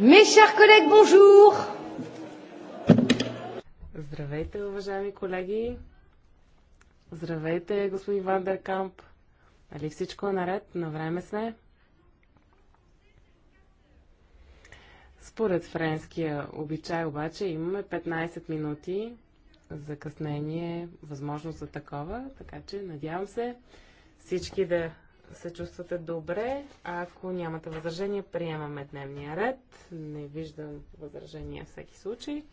Mes chers collègues, bonjour! Здравейте, уважаеми колеги! Здравейте, господин Вандеркамп! Нали всичко е наред? На време сме? Според френския обичай обаче имаме 15 минути закъснение, възможност за такова, така че надявам се всички да се чувствате добре. Ако нямате възражение, приемаме дневния ред. Не виждам възражения всеки случай.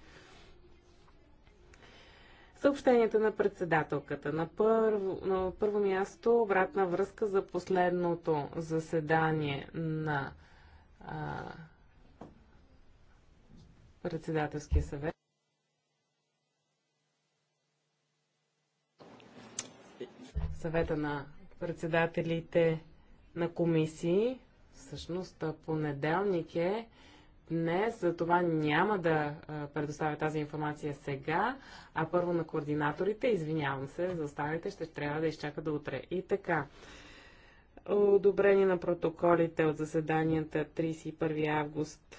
Съобщенията на председателката. На първо, на първо място обратна връзка за последното заседание на а, председателския съвет. Съвета на председателите на комисии. Всъщност понеделник е днес, за това няма да предоставя тази информация сега, а първо на координаторите. Извинявам се, за останалите ще трябва да изчака до утре. И така. Одобрение на протоколите от заседанията 31 август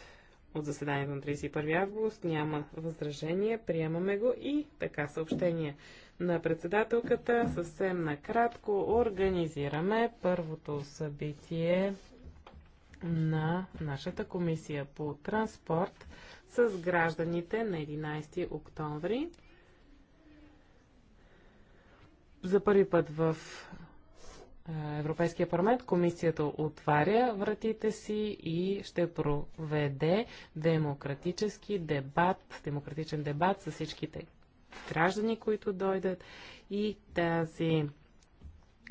от заседанието на 31 август. Няма възражение. Приемаме го и така съобщение на председателката. Съвсем накратко организираме първото събитие на нашата комисия по транспорт с гражданите на 11 октомври. За първи път в е, Европейския парламент комисията отваря вратите си и ще проведе демократически дебат, демократичен дебат с всичките граждани, които дойдат и тази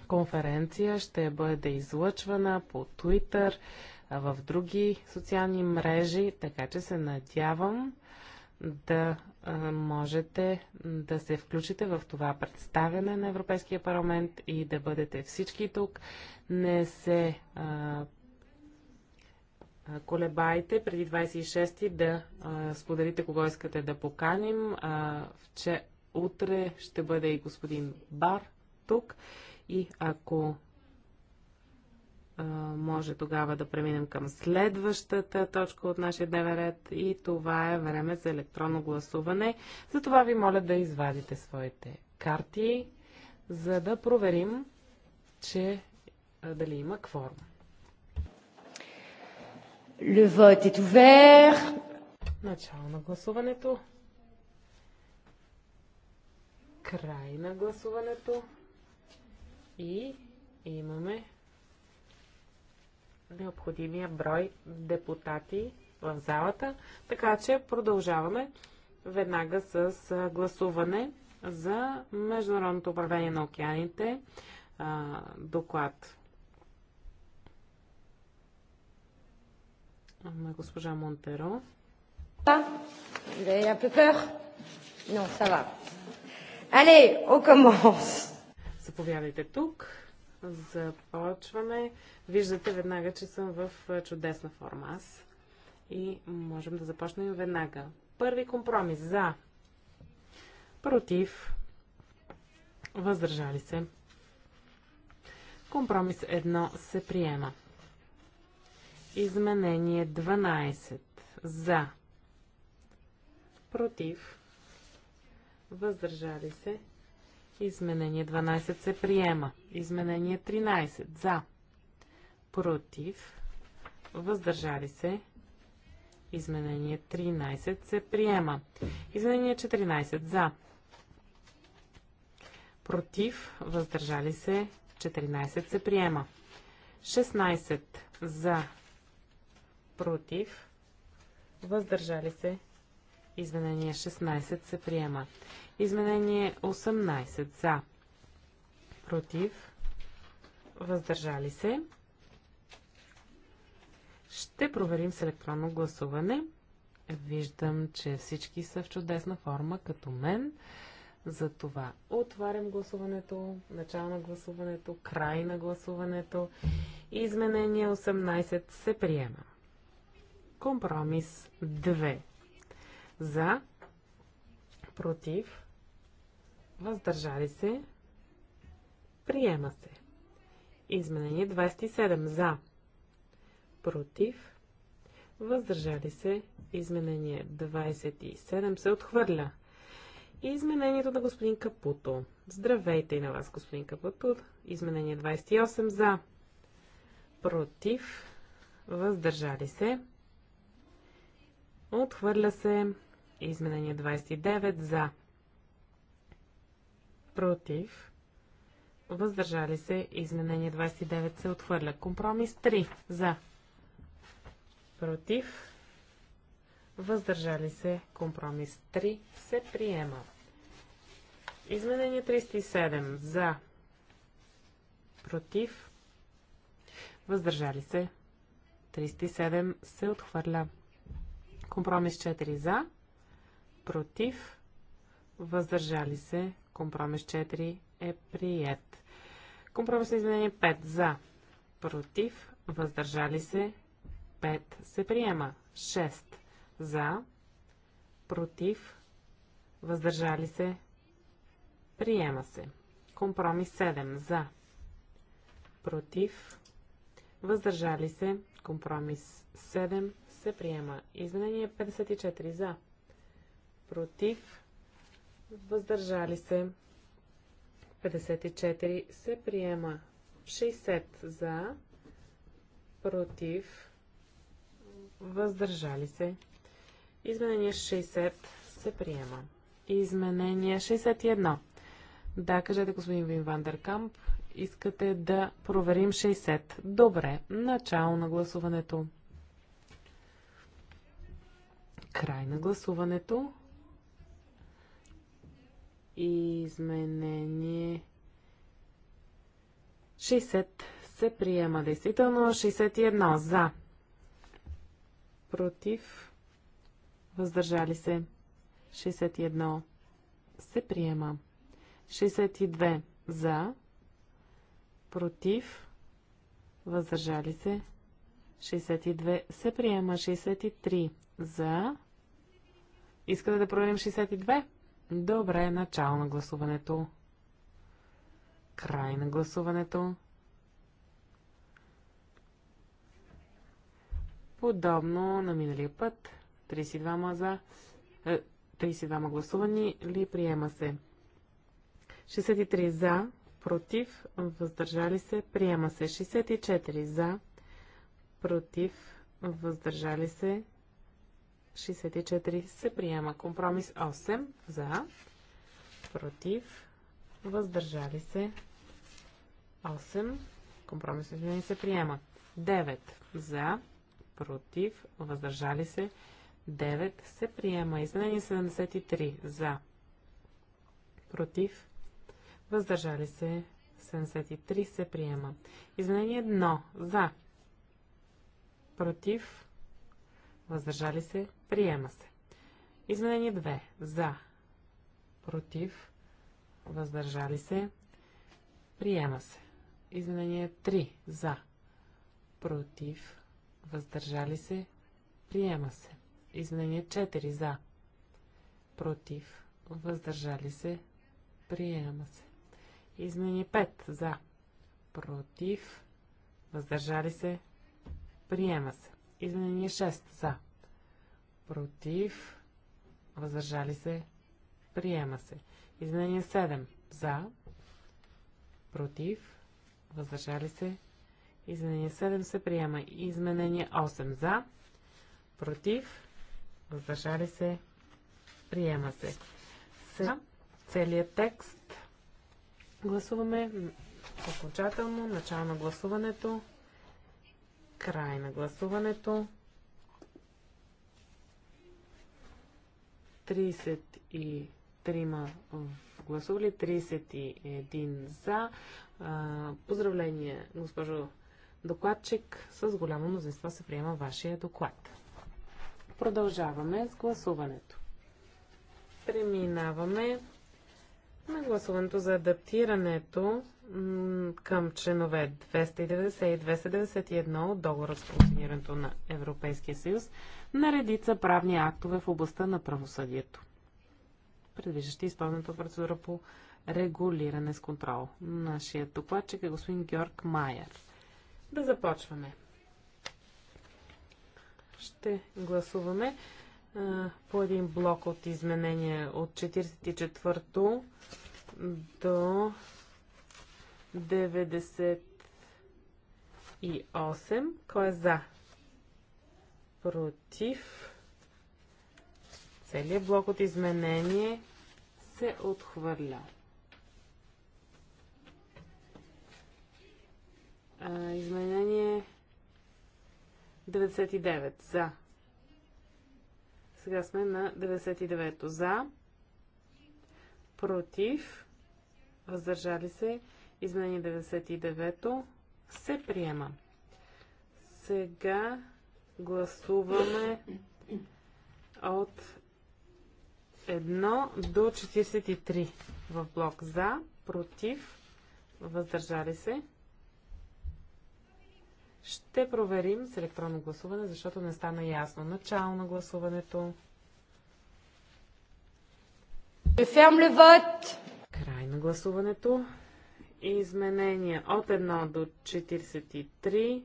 конференция ще бъде излъчвана по Twitter, в други социални мрежи, така че се надявам да можете да се включите в това представяне на Европейския парламент и да бъдете всички тук. Не се а, колебаете преди 26-ти да а, споделите кого искате да поканим. А, че утре ще бъде и господин Бар тук и ако а, може тогава да преминем към следващата точка от нашия дневен ред и това е време за електронно гласуване. Затова ви моля да извадите своите карти, за да проверим, че а, дали има кворум. Le vote est ouvert. Начало на гласуването. Край на гласуването. И имаме необходимия брой депутати в залата. Така че продължаваме веднага с гласуване за Международното управление на океаните. Доклад на госпожа Монтеро. Non, ça Но, сава. Але, commence. Заповядайте тук. Започваме. Виждате веднага, че съм в чудесна форма аз. И можем да започнем веднага. Първи компромис. За. Против. Въздържали се. Компромис едно се приема. Изменение 12. За. Против. Въздържали се. Изменение 12 се приема. Изменение 13. За. Против. Въздържали се. Изменение 13 се приема. Изменение 14. За. Против. Въздържали се. 14 се приема. 16. За против, въздържали се. Изменение 16 се приема. Изменение 18 за, против, въздържали се. Ще проверим с електронно гласуване. Виждам, че всички са в чудесна форма, като мен. Затова отварям гласуването, начало на гласуването, край на гласуването. Изменение 18 се приема. Компромис 2. За, против, въздържали се, приема се. Изменение 27. За, против, въздържали се, изменение 27 се отхвърля. И изменението на господин Капуто. Здравейте и на вас, господин Капуто. Изменение 28 за. Против. Въздържали се. Отхвърля се изменение 29 за. Против. Въздържали се. Изменение 29 се отхвърля. Компромис 3 за. Против. Въздържали се. Компромис 3 се приема. Изменение 37 за. Против. Въздържали се. 307 се отхвърля. Компромис 4 за, против, въздържали се. Компромис 4 е прият. на изменение 5 за, против, въздържали се. 5 се приема. 6 за, против, въздържали се. Приема се. Компромис 7 за, против, въздържали се. Компромис 7 се приема. Изменение 54 за. Против. Въздържали се. 54 се приема. 60 за. Против. Въздържали се. Изменение 60 се приема. Изменение 61. Да, кажете, господин Вин Вандеркамп, искате да проверим 60. Добре, начало на гласуването. Край на гласуването. Изменение 60 се приема действително. 61 за. Против. Въздържали се. 61 се приема. 62 за. Против. Въздържали се. 62 се приема. 63 за. Искате да проверим 62? Добре, начало на гласуването. Край на гласуването. Подобно на миналия път. 32 ма за... 32 е, гласувани ли приема се? 63 за, против, въздържали се, приема се. 64 за, против, въздържали се, 64 се приема. Компромис 8 за, против, въздържали се 8. Компромис 8 се приема. 9 за, против, въздържали се 9 се приема. Изменение 73 за, против, въздържали се 73 се приема. Изменение 1 за, против, въздържали се, приема се. Изменение 2. За, против, въздържали се, приема се. Изменение 3. За, против, въздържали се, приема се. Изменение 4. За, против, въздържали се, приема се. Изменение 5. За, против, въздържали се, приема се. Изменение 6 за. Против. Въздържали се. Приема се. Изменение 7 за. Против. Въздържали се. Изменение 7 се приема. Изменение 8 за. Против. Въздържали се. Приема се. Сега целият текст. Гласуваме окончателно начало на гласуването. Край на гласуването. 33 гласували, 31 за. Поздравление, госпожо докладчик. С голямо мнозинство се приема вашия доклад. Продължаваме с гласуването. Преминаваме на гласуването за адаптирането към членове 290 и 291 от договора с функционирането на Европейския съюз на редица правни актове в областта на правосъдието, предвиждащи изпълнената процедура по регулиране с контрол. Нашият докладчик е господин Георг Майер. Да започваме. Ще гласуваме по един блок от изменения от 44-то до 98. Кой е за? Против. Целият блок от изменение се отхвърля. изменение 99 за сега сме на 99-то. За, против, въздържали се, изменение 99-то се приема. Сега гласуваме от 1 до 43 в блок за, против, въздържали се. Ще проверим с електронно гласуване, защото не стана ясно. Начало на гласуването. Край на гласуването. Изменения от 1 до 43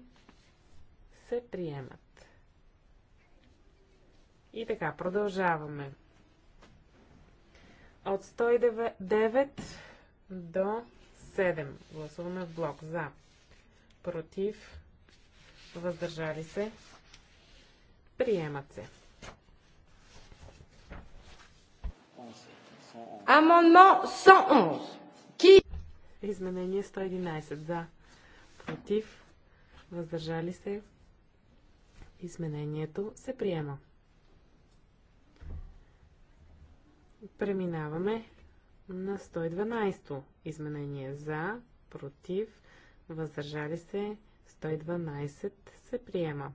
се приемат. И така, продължаваме. От 109 до 7. Гласуваме в блок за. Против въздържали се, приемат се. Амонмент Сонс. Ки? Изменение 111. За. Против. Въздържали се. Изменението се приема. Преминаваме на 112. Изменение за. Против. Въздържали се. 112 се приема.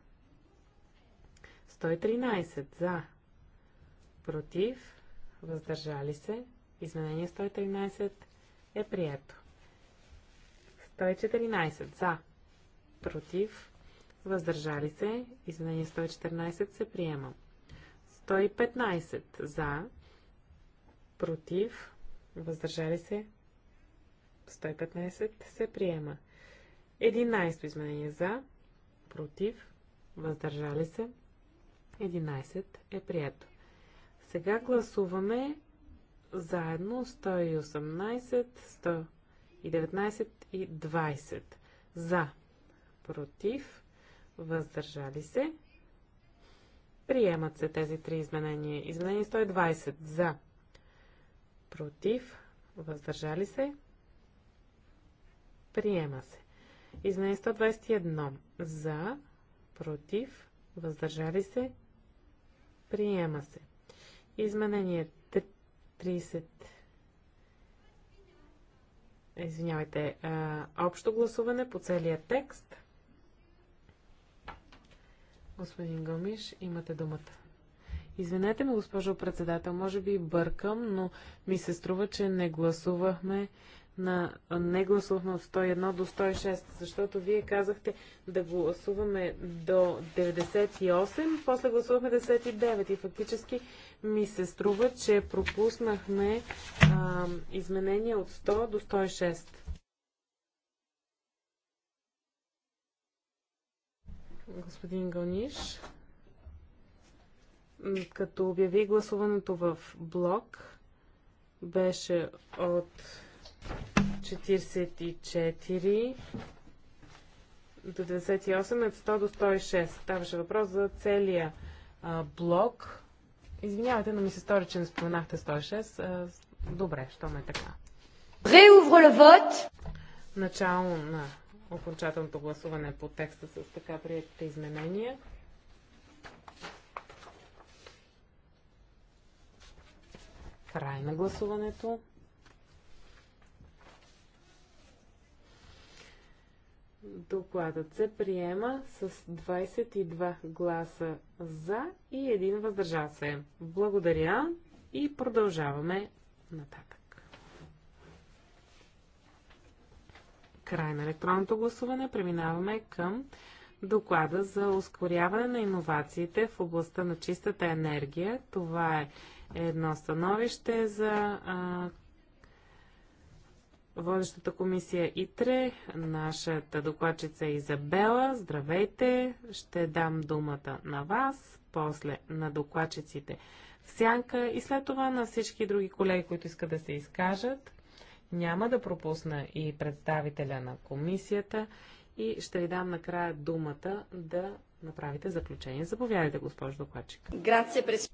113 за, против, въздържали се. Изменение 113 е прието. 114 за, против, въздържали се. Изменение 114 се приема. 115 за, против, въздържали се. 115 се приема. 11 изменение за, против, въздържали се. 11 е прието. Сега гласуваме заедно 118, 119 и 20. За, против, въздържали се. Приемат се тези три изменения. Изменение 120 за, против, въздържали се. Приема се. Измени 121. За, против, въздържали се, приема се. Изменение 30. Извинявайте, общо гласуване по целия текст. Господин Гомиш, имате думата. Извинете ме, госпожо председател, може би бъркам, но ми се струва, че не гласувахме на не гласувахме от 101 до 106, защото вие казахте да гласуваме до 98, после гласувахме 99 и фактически ми се струва, че пропуснахме а, изменения от 100 до 106. Господин Гълниш, като обяви гласуването в блок, беше от 44 до 98 е от 100 до 106. Ставаше въпрос за целия а, блок. Извинявайте, но ми се стори, че не споменахте 106. А, добре, що ме е така. Реувро Начало на окончателното гласуване по текста с така приятите изменения. Край на гласуването. Докладът се приема с 22 гласа за и един въздържал се. Благодаря и продължаваме нататък. Край на електронното гласуване преминаваме към доклада за ускоряване на иновациите в областта на чистата енергия. Това е едно становище за а, Водещата комисия ИТРЕ, нашата докладчица Изабела. Здравейте! Ще дам думата на вас, после на докладчиците в сянка и след това на всички други колеги, които искат да се изкажат. Няма да пропусна и представителя на комисията и ще ви дам накрая думата да направите заключение. Заповядайте, госпожо докладчик. Грация през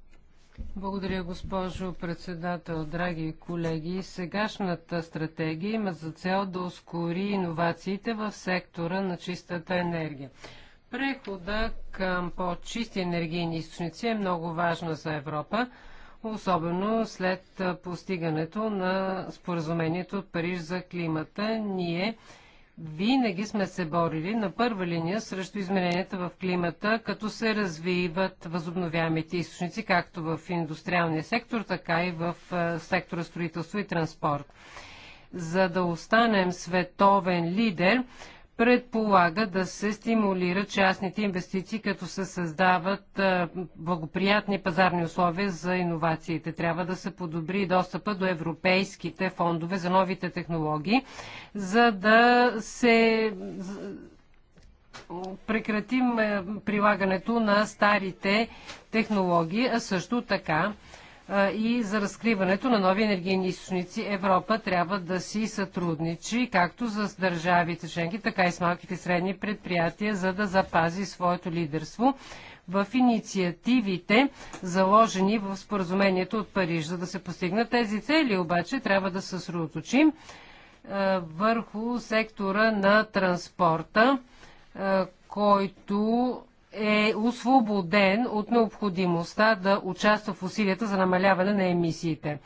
благодаря, госпожо председател, драги колеги. Сегашната стратегия има за цел да ускори иновациите в сектора на чистата енергия. Прехода към по-чисти енергийни източници е много важна за Европа, особено след постигането на споразумението от Париж за климата. Ние винаги сме се борили на първа линия срещу измененията в климата, като се развиват възобновяемите източници, както в индустриалния сектор, така и в сектора строителство и транспорт. За да останем световен лидер, предполага да се стимулират частните инвестиции, като се създават благоприятни пазарни условия за иновациите. Трябва да се подобри достъпа до европейските фондове за новите технологии, за да се прекратим прилагането на старите технологии, а също така и за разкриването на нови енергийни източници. Европа трябва да си сътрудничи както с държавите членки, така и с малките и средни предприятия, за да запази своето лидерство в инициативите, заложени в споразумението от Париж. За да се постигнат тези цели, обаче, трябва да се съсредоточим върху сектора на транспорта, който е освободен от необходимостта да участва в усилията за намаляване на емисиите.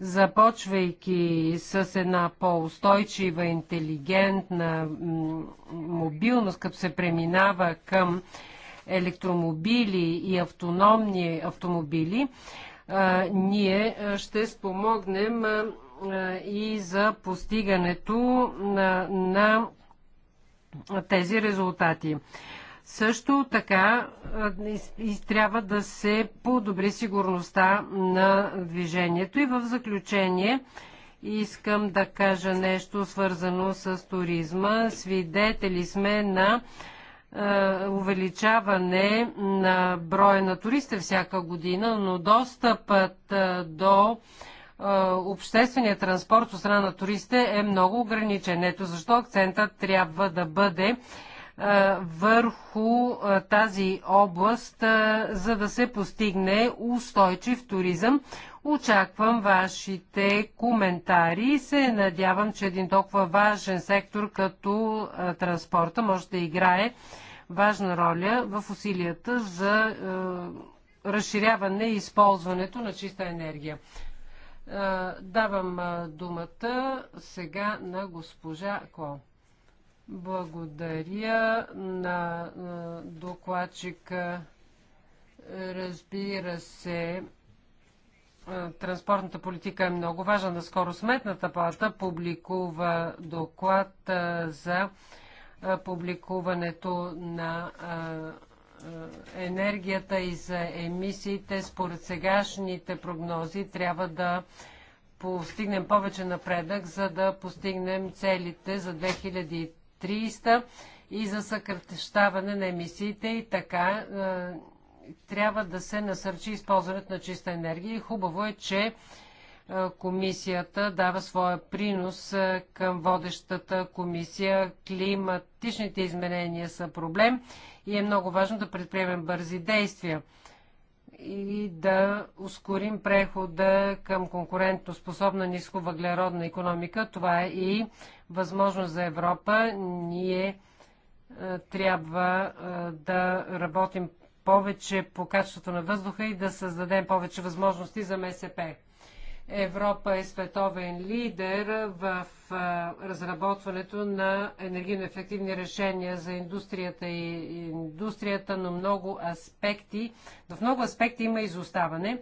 Започвайки с една по-устойчива, интелигентна мобилност, като се преминава към електромобили и автономни автомобили, ние ще спомогнем и за постигането на, на тези резултати. Също така трябва да се подобри сигурността на движението. И в заключение искам да кажа нещо свързано с туризма. Свидетели сме на увеличаване на броя на туристи всяка година, но достъпът до обществения транспорт от страна на туристите е много ограничен. Ето защо акцентът трябва да бъде върху тази област, за да се постигне устойчив туризъм. Очаквам вашите коментари и се надявам, че един толкова важен сектор като транспорта може да играе важна роля в усилията за разширяване и използването на чиста енергия. Давам думата сега на госпожа Кол. Благодаря на докладчика. Разбира се, транспортната политика е много важна. Наскоро Сметната палата публикува доклад за публикуването на енергията и за емисиите. Според сегашните прогнози трябва да постигнем повече напредък, за да постигнем целите за 2030 и за съкръщаване на емисиите и така е, трябва да се насърчи използването на чиста енергия. хубаво е, че е, комисията дава своя принос е, към водещата комисия. Климатичните изменения са проблем и е много важно да предприемем бързи действия и да ускорим прехода към конкурентно ниско нисковъглеродна економика. Това е и възможност за Европа. Ние е, трябва е, да работим повече по качеството на въздуха и да създадем повече възможности за МСП. Европа е световен лидер в разработването на енергийно ефективни решения за индустрията и индустрията, но много аспекти, в много аспекти има изоставане.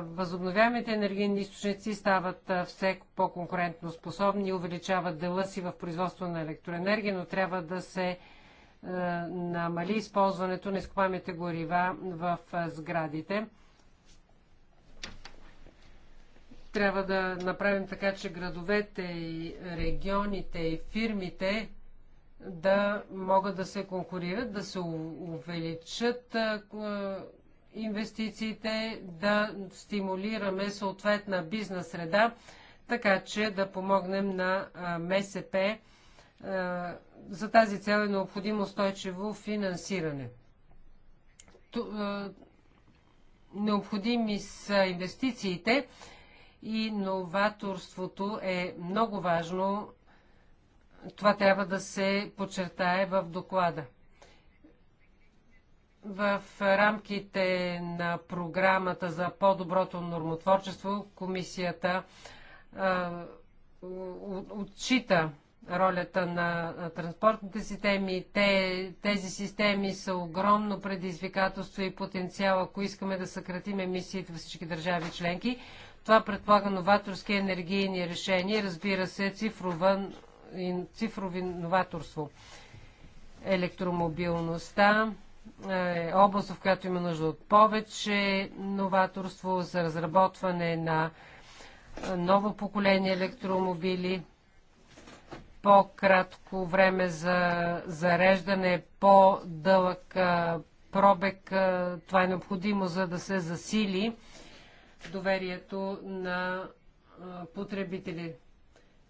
Възобновяемите енергийни източници стават все по-конкурентно способни и увеличават дела си в производство на електроенергия, но трябва да се намали използването на изкопаемите горива в сградите. Трябва да направим така, че градовете и регионите и фирмите да могат да се конкурират, да се увеличат инвестициите, да стимулираме съответна бизнес среда, така че да помогнем на МСП. За тази цел е необходимо устойчиво финансиране. Необходими са инвестициите, и новаторството е много важно. Това трябва да се подчертае в доклада. В рамките на програмата за по-доброто нормотворчество комисията а, отчита ролята на транспортните системи. Те, тези системи са огромно предизвикателство и потенциал, ако искаме да съкратим емисиите във всички държави членки. Това предполага новаторски енергийни решения, разбира се, цифрова, цифрови новаторство. Електромобилността е област, в която има нужда от повече новаторство за разработване на е, ново поколение електромобили, по-кратко време за зареждане, по-дълъг е, пробег. Е, това е необходимо, за да се засили доверието на потребители.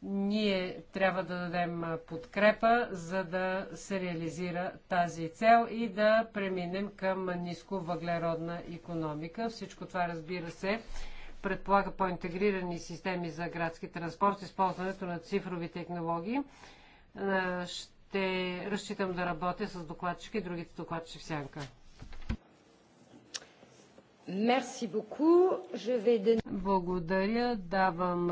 Ние трябва да дадем подкрепа, за да се реализира тази цел и да преминем към ниско въглеродна економика. Всичко това, разбира се, предполага по-интегрирани системи за градски транспорт, използването на цифрови технологии. Ще разчитам да работя с докладчики другите докладчи в сянка. Благодаря. Давам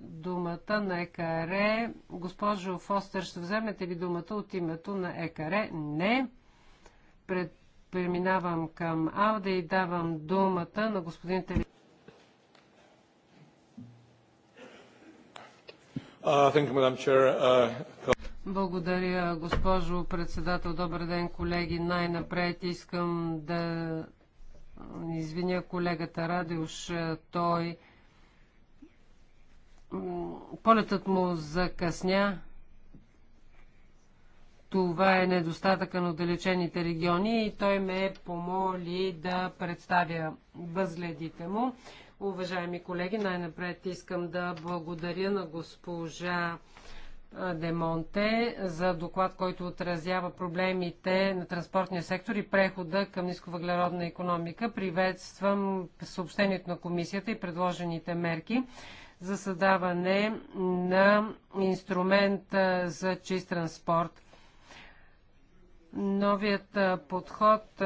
думата на ЕКАРЕ. Госпожо Фостер, ще вземете ли думата от името на ЕКАРЕ? Не. Пред, преминавам към Алда и давам думата на господин Телев. Благодаря, госпожо председател. Добър ден, колеги. Най-напред искам да извиня колегата Радиуш, е, той полетът му закъсня. Това е недостатъка на отдалечените региони и той ме помоли да представя възгледите му. Уважаеми колеги, най-напред искам да благодаря на госпожа Демонте за доклад, който отразява проблемите на транспортния сектор и прехода към нисковъглеродна економика. Приветствам съобщението на комисията и предложените мерки за създаване на инструмент за чист транспорт. Новият подход,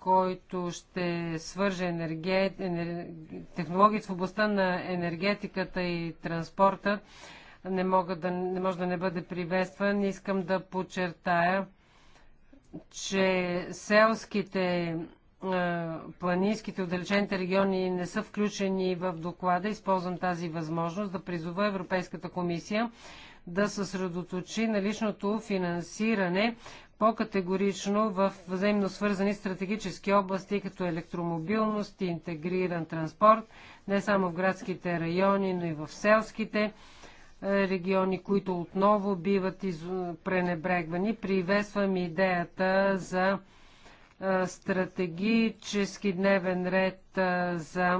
който ще свърже енерге... енер... технологии в областта на енергетиката и транспорта, не, мога да, не може да не бъде приветстван. Искам да подчертая, че селските планинските отдалечените региони не са включени в доклада. Използвам тази възможност да призова Европейската комисия да съсредоточи наличното финансиране по-категорично в взаимно свързани стратегически области, като електромобилност и интегриран транспорт, не само в градските райони, но и в селските региони, които отново биват пренебрегвани. Приветствам идеята за стратегически дневен ред за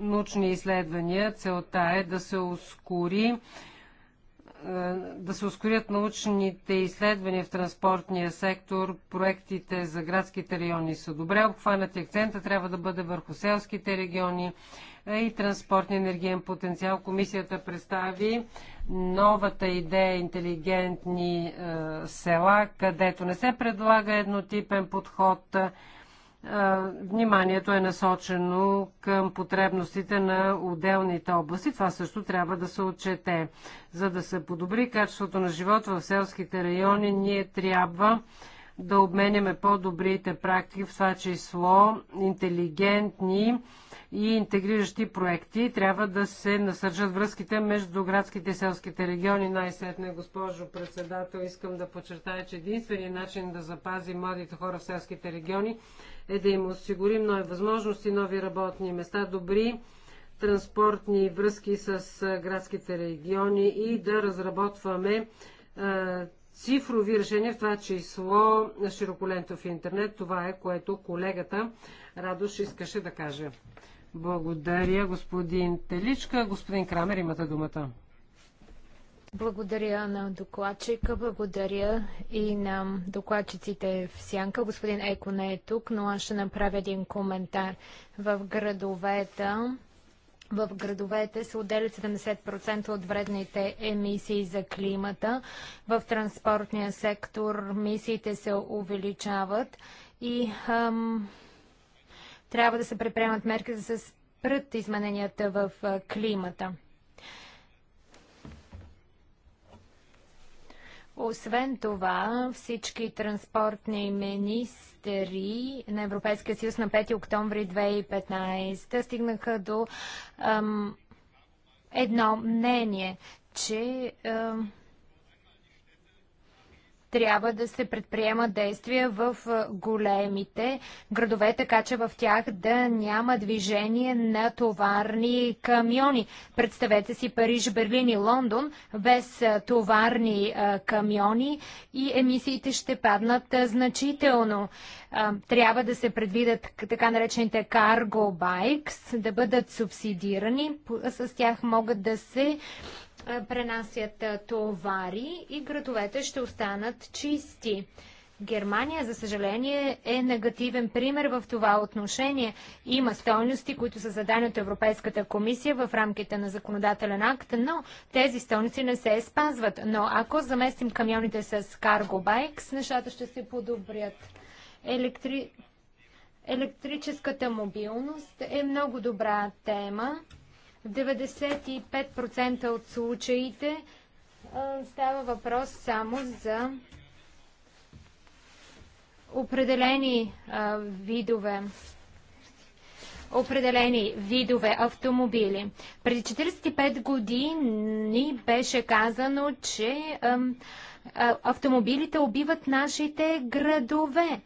научни изследвания. Целта е да се ускори да се ускорят научните изследвания в транспортния сектор, проектите за градските райони са добре обхванати, акцента трябва да бъде върху селските региони и транспортния енергиен потенциал. Комисията представи новата идея интелигентни села, където не се предлага еднотипен подход, вниманието е насочено към потребностите на отделните области. Това също трябва да се отчете. За да се подобри качеството на живот в селските райони, ние трябва да обменяме по-добрите практики, в това число интелигентни и интегриращи проекти. Трябва да се насържат връзките между градските и селските региони. Най-сетне, госпожо председател, искам да подчертая, че единственият начин да запази младите хора в селските региони е да им осигурим нови възможности, нови работни места, добри транспортни връзки с градските региони и да разработваме цифрови решения, в това число широколентов интернет. Това е което колегата Радош искаше да каже. Благодаря, господин Теличка. Господин Крамер, имате думата. Благодаря на докладчика, благодаря и на докладчиците в Сянка. Господин Еко не е тук, но аз ще направя един коментар. В градовете, в градовете се отделят 70% от вредните емисии за климата. В транспортния сектор мисиите се увеличават и ам, трябва да се предприемат мерки да се спрат измененията в климата. Освен това, всички транспортни министри на Европейския съюз на 5 октомври 2015 стигнаха до ам, едно мнение, че ам, трябва да се предприемат действия в големите градове, така че в тях да няма движение на товарни камиони. Представете си Париж, Берлин и Лондон без товарни камиони и емисиите ще паднат значително. Трябва да се предвидат така наречените cargo bikes, да бъдат субсидирани. С тях могат да се е, пренасят е, товари и градовете ще останат чисти. Германия, за съжаление, е негативен пример в това отношение. Има стойности, които са задани от Европейската комисия в рамките на законодателен акт, но тези стойности не се спазват. Но ако заместим камионите с Cargo Bikes, нещата ще се подобрят. Електри... Електрическата мобилност е много добра тема. В 95% от случаите става въпрос само за определени видове определени видове автомобили. Преди 45 години беше казано, че а, автомобилите убиват нашите градове.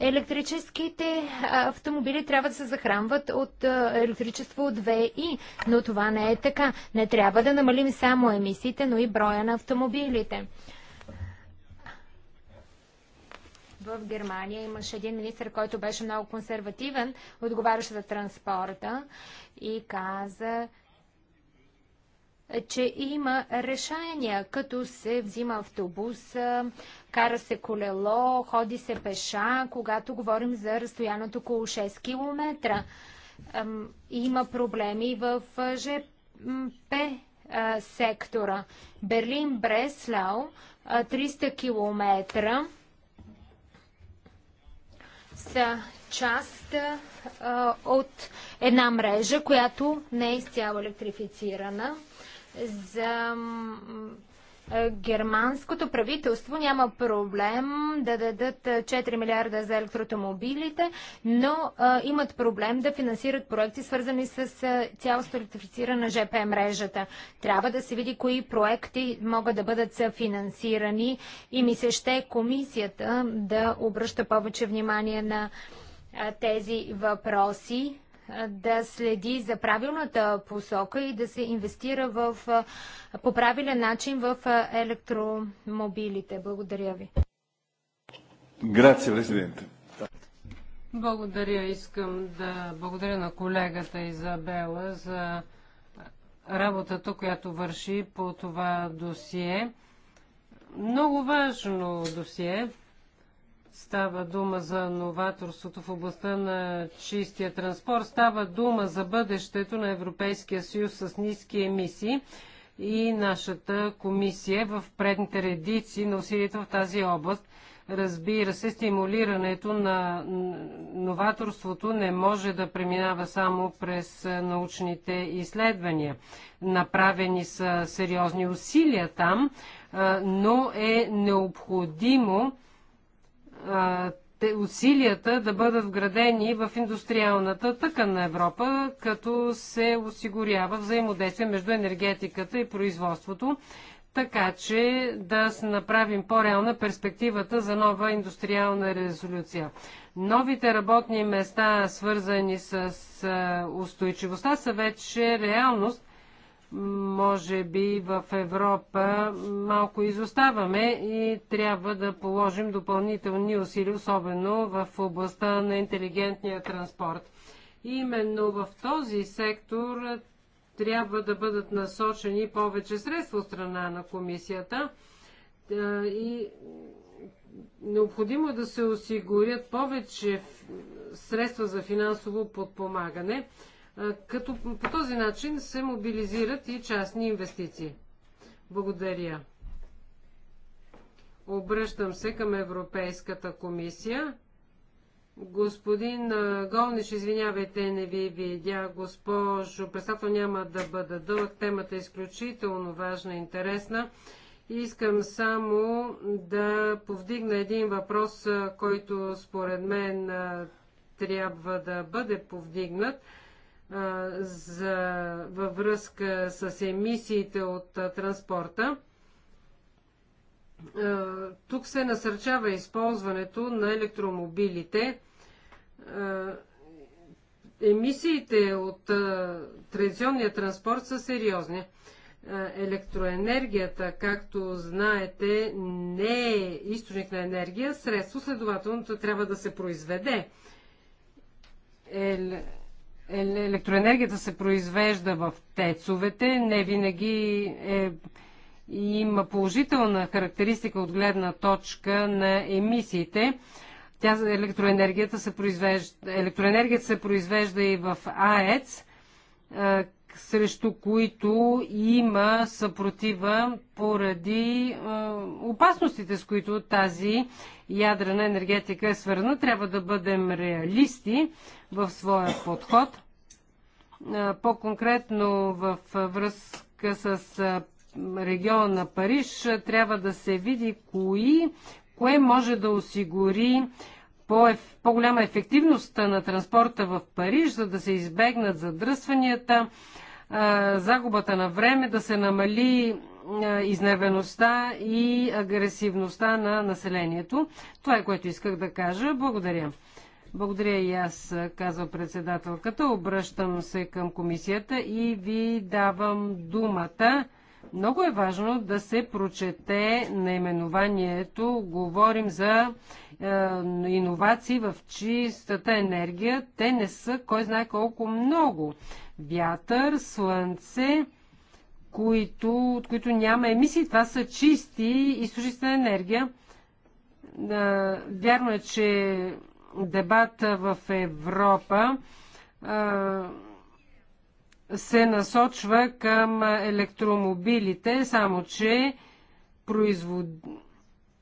Електрическите автомобили трябва да се захранват от електричество от ВИ, но това не е така. Не трябва да намалим само емисиите, но и броя на автомобилите. В Германия имаше един министр, който беше много консервативен, отговаряше за транспорта и каза, че има решения, като се взима автобус, кара се колело, ходи се пеша, когато говорим за разстоянието около 6 км. Има проблеми в ЖП сектора. Берлин-Бреслау, 300 км са част а, от една мрежа, която не е изцяло електрифицирана за германското правителство няма проблем да дадат 4 милиарда за електротомобилите, но а, имат проблем да финансират проекти, свързани с цялостно електрифицирана ЖП мрежата. Трябва да се види кои проекти могат да бъдат съфинансирани и ми се ще комисията да обръща повече внимание на а, тези въпроси да следи за правилната посока и да се инвестира в, по правилен начин в електромобилите. Благодаря ви. Грация, президенте. Благодаря. Искам да благодаря на колегата Изабела за работата, която върши по това досие. Много важно досие. Става дума за новаторството в областта на чистия транспорт. Става дума за бъдещето на Европейския съюз с ниски емисии и нашата комисия в предните редици на усилията в тази област. Разбира се, стимулирането на новаторството не може да преминава само през научните изследвания. Направени са сериозни усилия там, но е необходимо усилията да бъдат вградени в индустриалната тъкан на Европа, като се осигурява взаимодействие между енергетиката и производството, така че да направим по-реална перспективата за нова индустриална резолюция. Новите работни места, свързани с устойчивостта, са вече реалност – може би в Европа малко изоставаме и трябва да положим допълнителни усилия, особено в областта на интелигентния транспорт. Именно в този сектор трябва да бъдат насочени повече средства от страна на комисията и необходимо е да се осигурят повече средства за финансово подпомагане като по този начин се мобилизират и частни инвестиции. Благодаря. Обръщам се към Европейската комисия. Господин Голниш, извинявайте, не ви видя. Госпожо председател, няма да бъда дълъг. Темата е изключително важна и интересна. Искам само да повдигна един въпрос, който според мен трябва да бъде повдигнат за, във връзка с емисиите от а, транспорта. А, тук се насърчава използването на електромобилите. А, емисиите от традиционния транспорт са сериозни. Електроенергията, както знаете, не е източник на енергия, средство, следователно трябва да се произведе. Ел електроенергията се произвежда в тецовете, не винаги е, има положителна характеристика от гледна точка на емисиите. Тя, електроенергията, се произвежда, електроенергията се произвежда и в АЕЦ, срещу които има съпротива поради опасностите, с които тази ядрена енергетика е свързана. Трябва да бъдем реалисти в своя подход. По-конкретно в връзка с региона на Париж трябва да се види кои, кое може да осигури по-голяма ефективност на транспорта в Париж, за да се избегнат задръстванията, загубата на време, да се намали изнервеността и агресивността на населението. Това е което исках да кажа. Благодаря. Благодаря и аз, казва председателката. Обръщам се към комисията и ви давам думата. Много е важно да се прочете наименованието. Говорим за е, иновации в чистата енергия. Те не са кой знае колко много. Вятър, слънце, които, от които няма емисии. Това са чисти източници на енергия. Е, вярно е, че дебата в Европа е, се насочва към електромобилите, само че производ...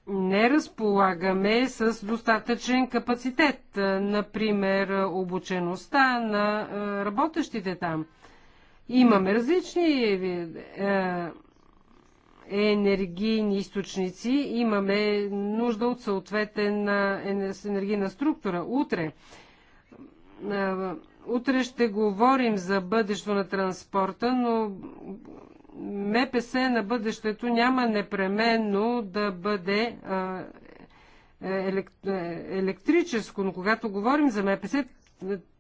не разполагаме с достатъчен капацитет, например обучеността на работещите там. Имаме различни е, е, енергийни източници, имаме нужда от съответен енергийна структура. Утре Утре ще говорим за бъдещето на транспорта, но МПС на бъдещето няма непременно да бъде е, е, електрическо, но когато говорим за МПС,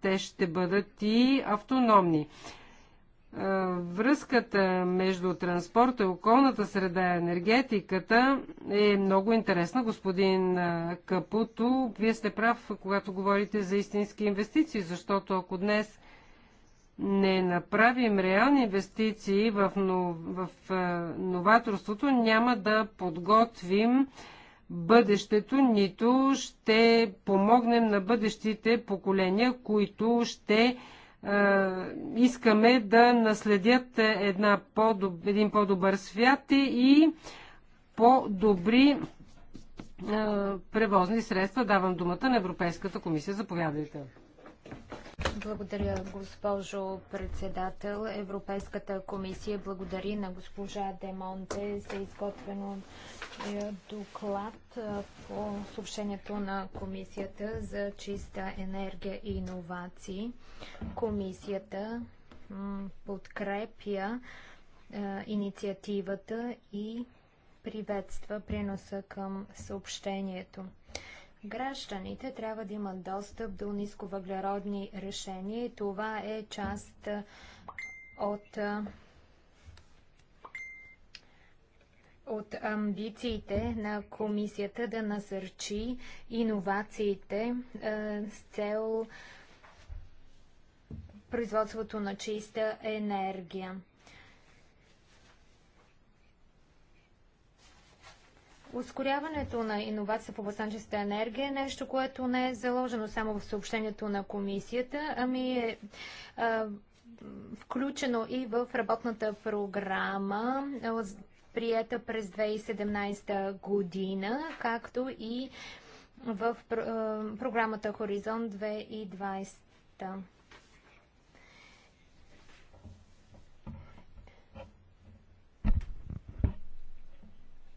те ще бъдат и автономни връзката между транспорта, околната среда и енергетиката е много интересна. Господин Капуто, вие сте прав, когато говорите за истински инвестиции, защото ако днес не направим реални инвестиции в, нов... в новаторството, няма да подготвим бъдещето, нито ще помогнем на бъдещите поколения, които ще е, искаме да наследят една по-доб... един по-добър свят и по-добри е, превозни средства. Давам думата на Европейската комисия. Заповядайте. Благодаря, госпожо председател. Европейската комисия благодари на госпожа Демонте за изготвено е, доклад по съобщението на Комисията за чиста енергия и иновации. Комисията подкрепя инициативата и приветства приноса към съобщението. Гражданите трябва да имат достъп до нисковъглеродни решения и това е част от от амбициите на комисията да насърчи иновациите е, с цел производството на чиста енергия. Ускоряването на иновация в областта на чиста енергия е нещо, което не е заложено само в съобщението на комисията, ами е, е включено и в работната програма прията през 2017 година, както и в програмата Хоризонт 2020.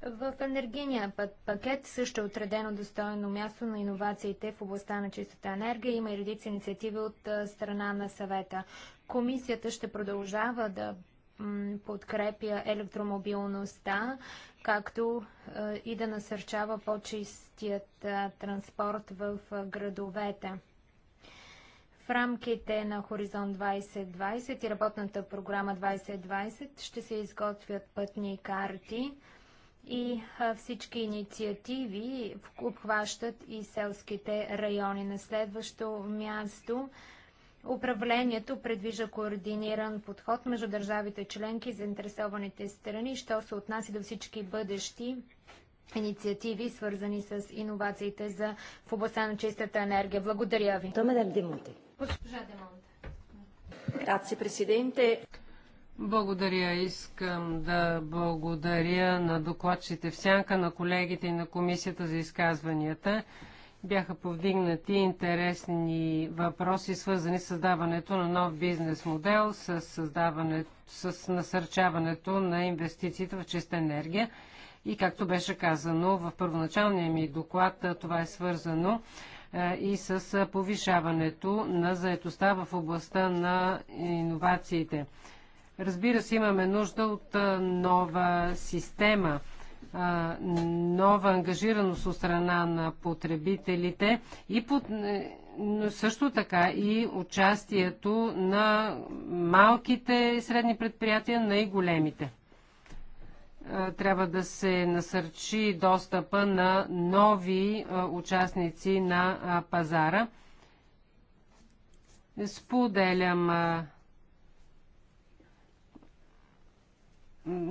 В енергийния пакет също е отредено достойно място на иновациите в областта на чистата енергия. Има и редица инициативи от страна на съвета. Комисията ще продължава да подкрепя електромобилността, както е, и да насърчава по-чистият е, транспорт в е, градовете. В рамките на Хоризонт 2020 и работната програма 2020 ще се изготвят пътни карти и всички инициативи обхващат и селските райони. На следващо място Управлението предвижда координиран подход между държавите членки и заинтересованите страни, що се отнася до всички бъдещи инициативи, свързани с иновациите за в областта на чистата енергия. Благодаря ви. Госпожа Демонте. Благодаря. Искам да благодаря на докладчите в сянка, на колегите и на комисията за изказванията бяха повдигнати интересни въпроси, свързани с създаването на нов бизнес модел, с, създаването, с насърчаването на инвестициите в чиста енергия. И както беше казано в първоначалния ми доклад, това е свързано е, и с повишаването на заетостта в областта на иновациите. Разбира се, имаме нужда от е, нова система – нова ангажираност от страна на потребителите и под, е, но също така и участието на малките и средни предприятия, на и големите. Трябва да се насърчи достъпа на нови участници на пазара. Споделям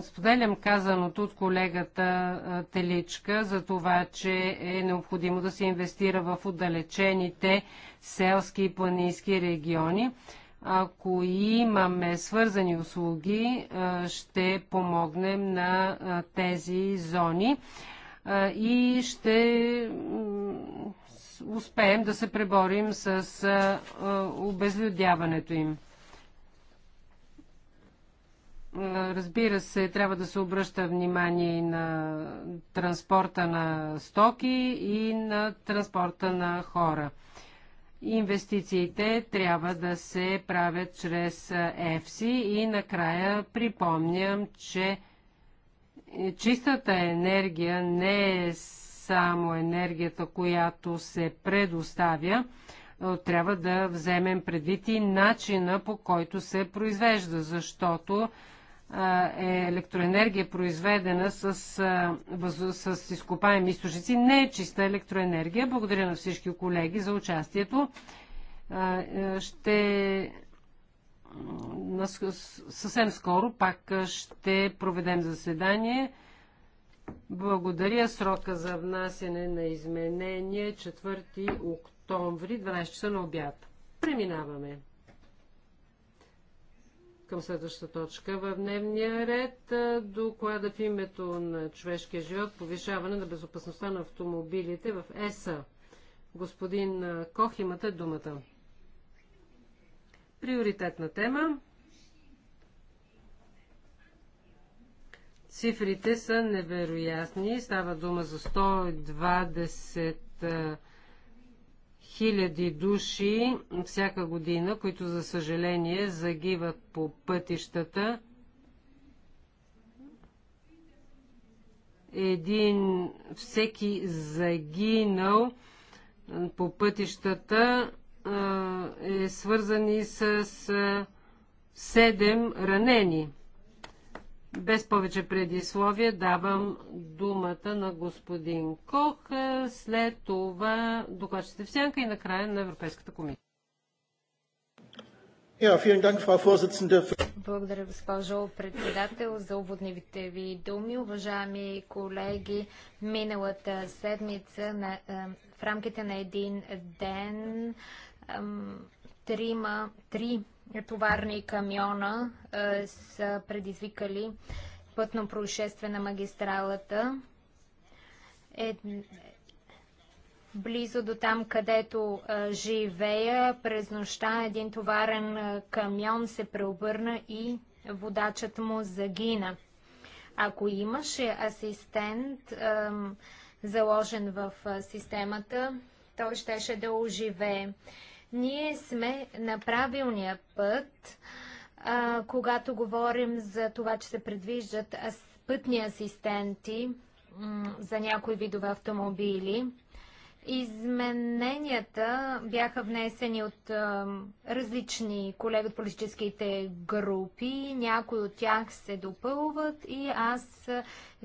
Споделям казаното от колегата Теличка за това, че е необходимо да се инвестира в отдалечените селски и планински региони. Ако имаме свързани услуги, ще помогнем на тези зони и ще успеем да се преборим с обезлюдяването им. Разбира се, трябва да се обръща внимание и на транспорта на стоки и на транспорта на хора. Инвестициите трябва да се правят чрез ЕФСИ и накрая припомням, че чистата енергия не е само енергията, която се предоставя, трябва да вземем предвид и начина по който се произвежда, защото е електроенергия, произведена с, с изкопаеми източници, не е чиста електроенергия. Благодаря на всички колеги за участието. Ще съвсем скоро пак ще проведем заседание. Благодаря. Срока за внасяне на изменение 4 октомври, 12 часа на обяд. Преминаваме към следващата точка в дневния ред. Доклада в името на човешкия живот, повишаване на безопасността на автомобилите в ЕСА. Господин Кох, имате думата. Приоритетна тема. Цифрите са невероятни. Става дума за 120 хиляди души всяка година, които за съжаление загиват по пътищата. Един, всеки загинал по пътищата е свързан и с седем ранени. Без повече предисловие давам думата на господин Кох, е, след това докладчите в сянка и накрая на Европейската комисия. Благодаря, госпожо председател, за уводните ви думи. Уважаеми колеги, миналата седмица на, е, в рамките на един ден трима, три товарни камиона е, са предизвикали пътно происшествие на магистралата. Е, близо до там, където е, живея, през нощта един товарен е, камион се преобърна и водачът му загина. Ако имаше асистент, заложен в системата, той щеше да оживее. Ние сме на правилния път, а, когато говорим за това, че се предвиждат пътни асистенти за някои видове автомобили. Измененията бяха внесени от а, различни колеги от политическите групи. Някои от тях се допълват и аз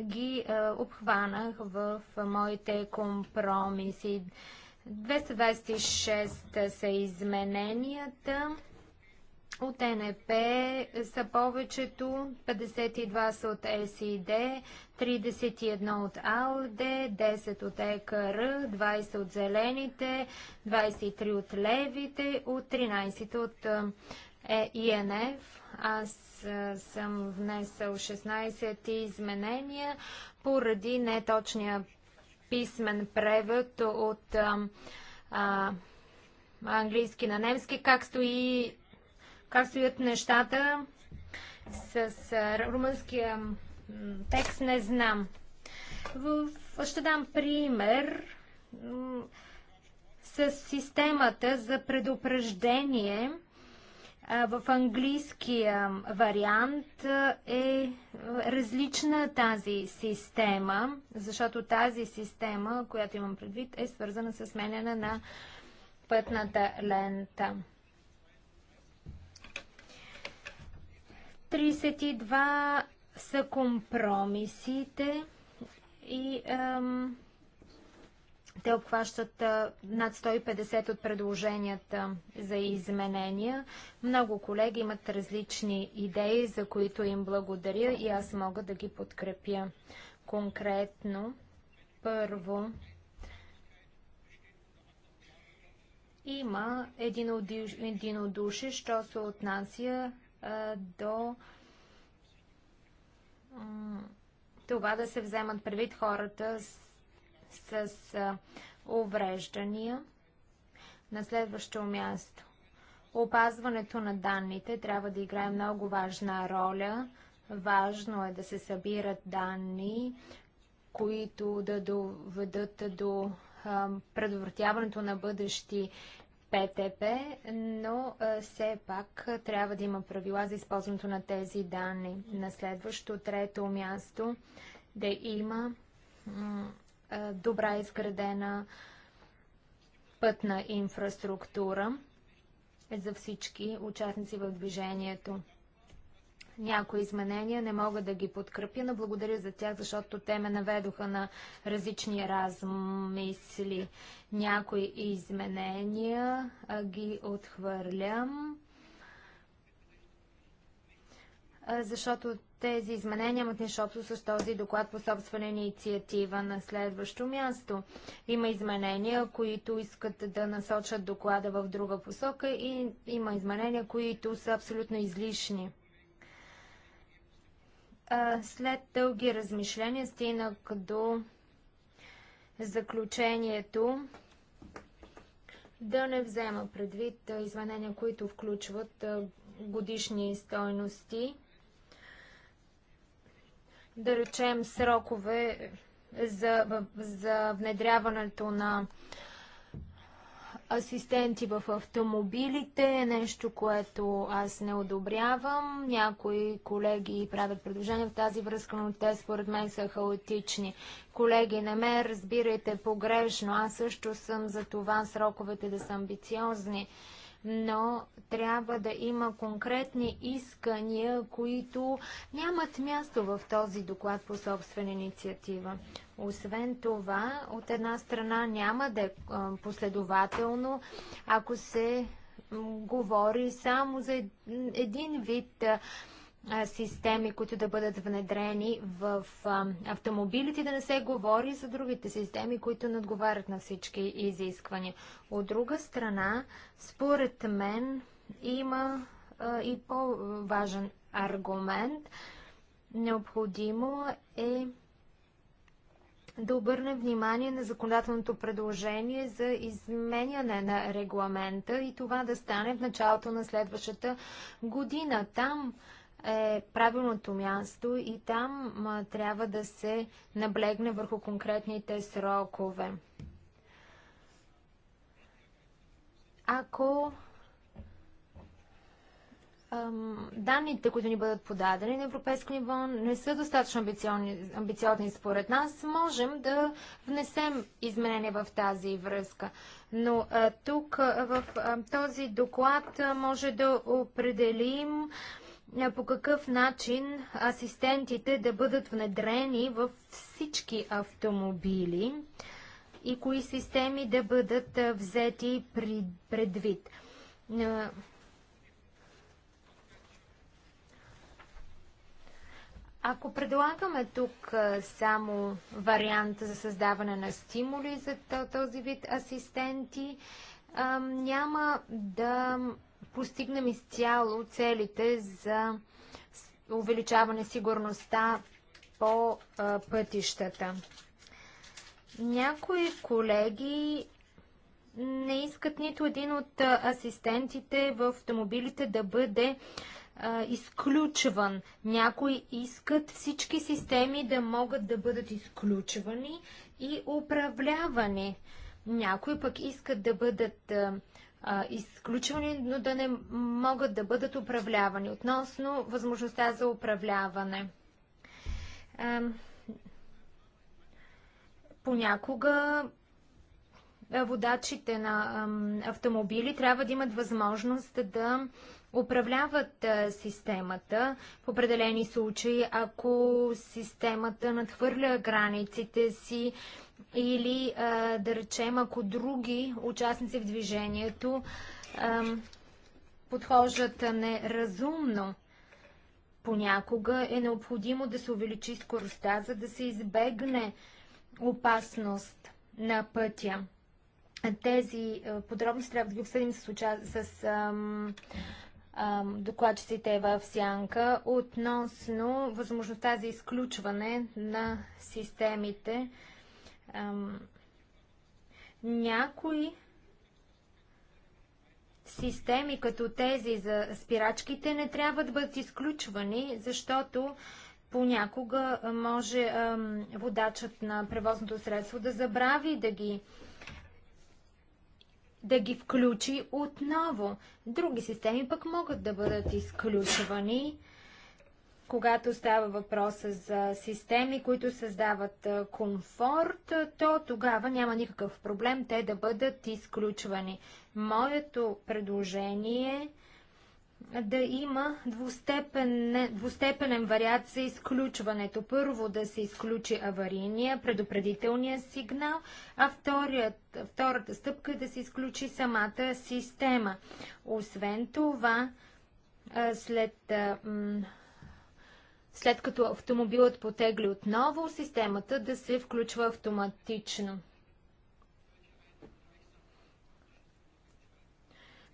ги а, обхванах в моите компромиси. 226 са измененията. От НП са повечето, 52 са от СИД, 31 от АЛД, 10 от ЕКР, 20 от Зелените, 23 от Левите, от 13 от е, ИНФ. Аз съм внесъл 16 изменения поради неточния писмен превод от а, а, английски на немски, как, стои, как стоят нещата с румънския текст, не знам. В, ще дам пример с системата за предупреждение – в английския вариант е, е различна тази система, защото тази система, която имам предвид, е свързана с сменяне на пътната лента. 32 са компромисите и ам, те обхващат над 150 от предложенията за изменения. Много колеги имат различни идеи, за които им благодаря и аз мога да ги подкрепя. Конкретно, първо, има души, що се отнася до това да се вземат предвид хората с с увреждания. На следващо място. Опазването на данните трябва да играе много важна роля. Важно е да се събират данни, които да доведат до а, предотвратяването на бъдещи ПТП, но а, все пак трябва да има правила за използването на тези данни. На следващо, трето място да има е, добра изградена пътна инфраструктура за всички участници в движението. Някои изменения не мога да ги подкрепя, но благодаря за тях, защото те ме наведоха на различни размисли. Някои изменения а, ги отхвърлям, а, защото тези изменения имат нещо общо с този доклад по собствена инициатива на следващо място. Има изменения, които искат да насочат доклада в друга посока и има изменения, които са абсолютно излишни. След дълги размишления стинах до заключението да не взема предвид изменения, които включват годишни стойности – да речем, срокове за, за внедряването на асистенти в автомобилите е нещо, което аз не одобрявам. Някои колеги правят предложения в тази връзка, но те според мен са хаотични. Колеги, не ме разбирайте погрешно. Аз също съм за това сроковете да са амбициозни но трябва да има конкретни искания, които нямат място в този доклад по собствена инициатива. Освен това, от една страна няма да е последователно, ако се говори само за един вид системи, които да бъдат внедрени в автомобилите, да не се говори за другите системи, които надговарят на всички изисквания. От друга страна, според мен има а, и по-важен аргумент. Необходимо е да обърнем внимание на законодателното предложение за изменяне на регламента и това да стане в началото на следващата година. Там е правилното място и там а, трябва да се наблегне върху конкретните срокове. Ако ам, данните, които ни бъдат подадени на европейско ниво, не са достатъчно амбициозни, според нас, можем да внесем изменения в тази връзка. Но а, тук а, в а, този доклад а, може да определим а, е, по какъв начин асистентите да бъдат внедрени във всички автомобили и кои системи да бъдат взети предвид. Е, ако предлагаме тук само вариант за създаване на стимули за този вид асистенти, няма да постигнем изцяло целите за увеличаване сигурността по а, пътищата. Някои колеги не искат нито един от асистентите в автомобилите да бъде а, изключван. Някои искат всички системи да могат да бъдат изключвани и управлявани. Някои пък искат да бъдат а, а, изключвани, но да не могат да бъдат управлявани. Относно възможността за управляване. А, понякога водачите на автомобили трябва да имат възможност да управляват системата. В определени случаи, ако системата надхвърля границите си или, да речем, ако други участници в движението подхождат неразумно. Понякога е необходимо да се увеличи скоростта, за да се избегне опасност на пътя. Тези подробности трябва да ги обсъдим с, уча... с ам, докладчиците в Сянка относно възможността за изключване на системите. Някои системи, като тези за спирачките, не трябва да бъдат изключвани, защото понякога може водачът на превозното средство да забрави да ги да ги включи отново. Други системи пък могат да бъдат изключвани, когато става въпроса за системи, които създават комфорт, то тогава няма никакъв проблем те да бъдат изключвани. Моето предложение е да има двустепен, двустепенен вариант за изключването. Първо да се изключи аварийния, предупредителния сигнал, а вторият, втората стъпка е да се изключи самата система. Освен това, след, след като автомобилът потегли отново, системата да се включва автоматично.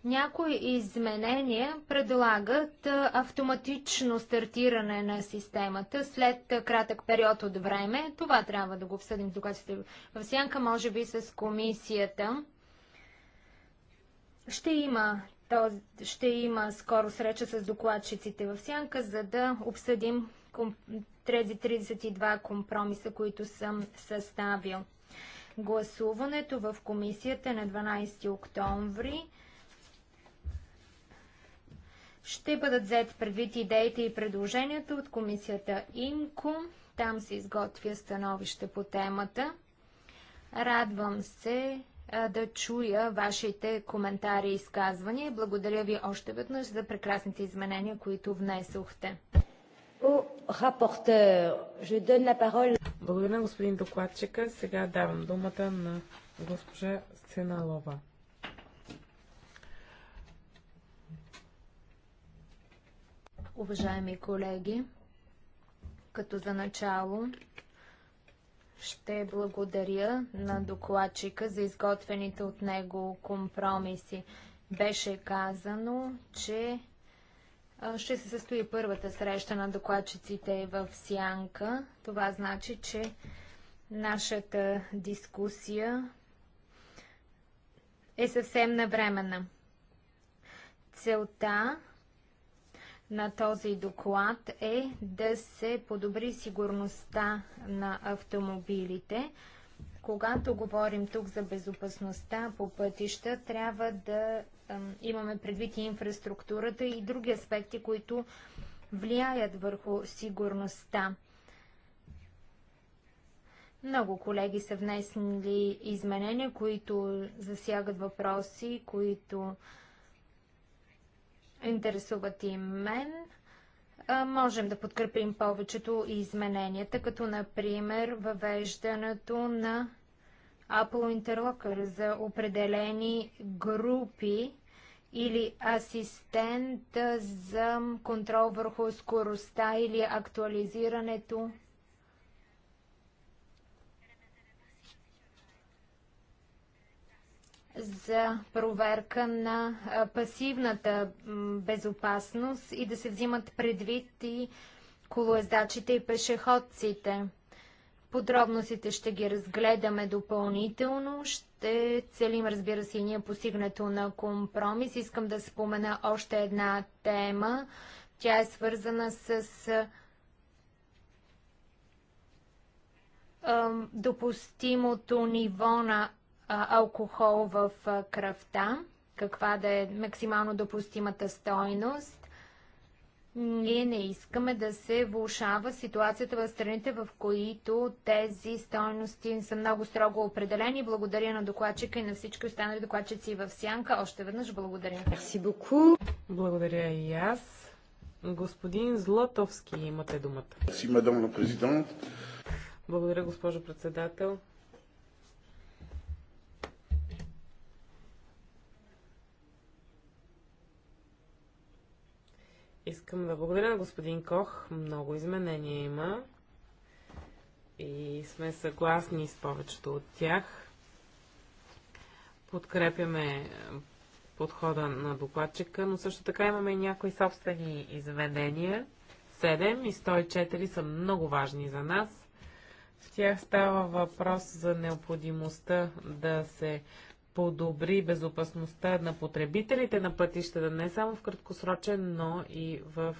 Някои изменения предлагат автоматично стартиране на системата след кратък период от време. Това трябва да го обсъдим тук в сянка, може би с комисията. Ще има, то, ще има скоро среща с докладчиците в сянка, за да обсъдим тези 32 компромиса, които съм съставил. Гласуването в комисията на 12 октомври ще бъдат взети предвид идеите и предложенията от комисията ИМКО. Там се изготвя становище по темата. Радвам се да чуя вашите коментари и изказвания. Благодаря ви още веднъж за прекрасните изменения, които внесохте. Благодаря, господин докладчика. Сега давам думата на госпожа Сеналова. Уважаеми колеги, като за начало ще благодаря на докладчика за изготвените от него компромиси. Беше казано, че ще се състои първата среща на докладчиците в Сянка. Това значи, че нашата дискусия е съвсем навременна. Целта на този доклад е да се подобри сигурността на автомобилите. Когато говорим тук за безопасността по пътища, трябва да имаме предвид и инфраструктурата и други аспекти, които влияят върху сигурността. Много колеги са внесли изменения, които засягат въпроси, които Интересуват и мен. Можем да подкрепим повечето измененията, като например въвеждането на Apple Interlocker за определени групи или асистент за контрол върху скоростта или актуализирането за проверка на пасивната безопасност и да се взимат предвид и колоездачите и пешеходците. Подробностите ще ги разгледаме допълнително. Ще целим, разбира се, и ние постигнато на компромис. Искам да спомена още една тема. Тя е свързана с допустимото ниво на алкохол в кръвта, каква да е максимално допустимата стойност. Ние не искаме да се влушава ситуацията в страните, в които тези стойности са много строго определени. Благодаря на докладчика и на всички останали докладчици в Сянка. Още веднъж благодаря. Благодаря и аз. Господин Златовски, имате думата. Благодаря, госпожо председател. Искам да благодаря на господин Кох. Много изменения има. И сме съгласни с повечето от тях. Подкрепяме подхода на докладчика, но също така имаме и някои собствени изменения. 7 и 104 са много важни за нас. В тях става въпрос за необходимостта да се подобри безопасността на потребителите на пътищата, не само в краткосрочен, но и в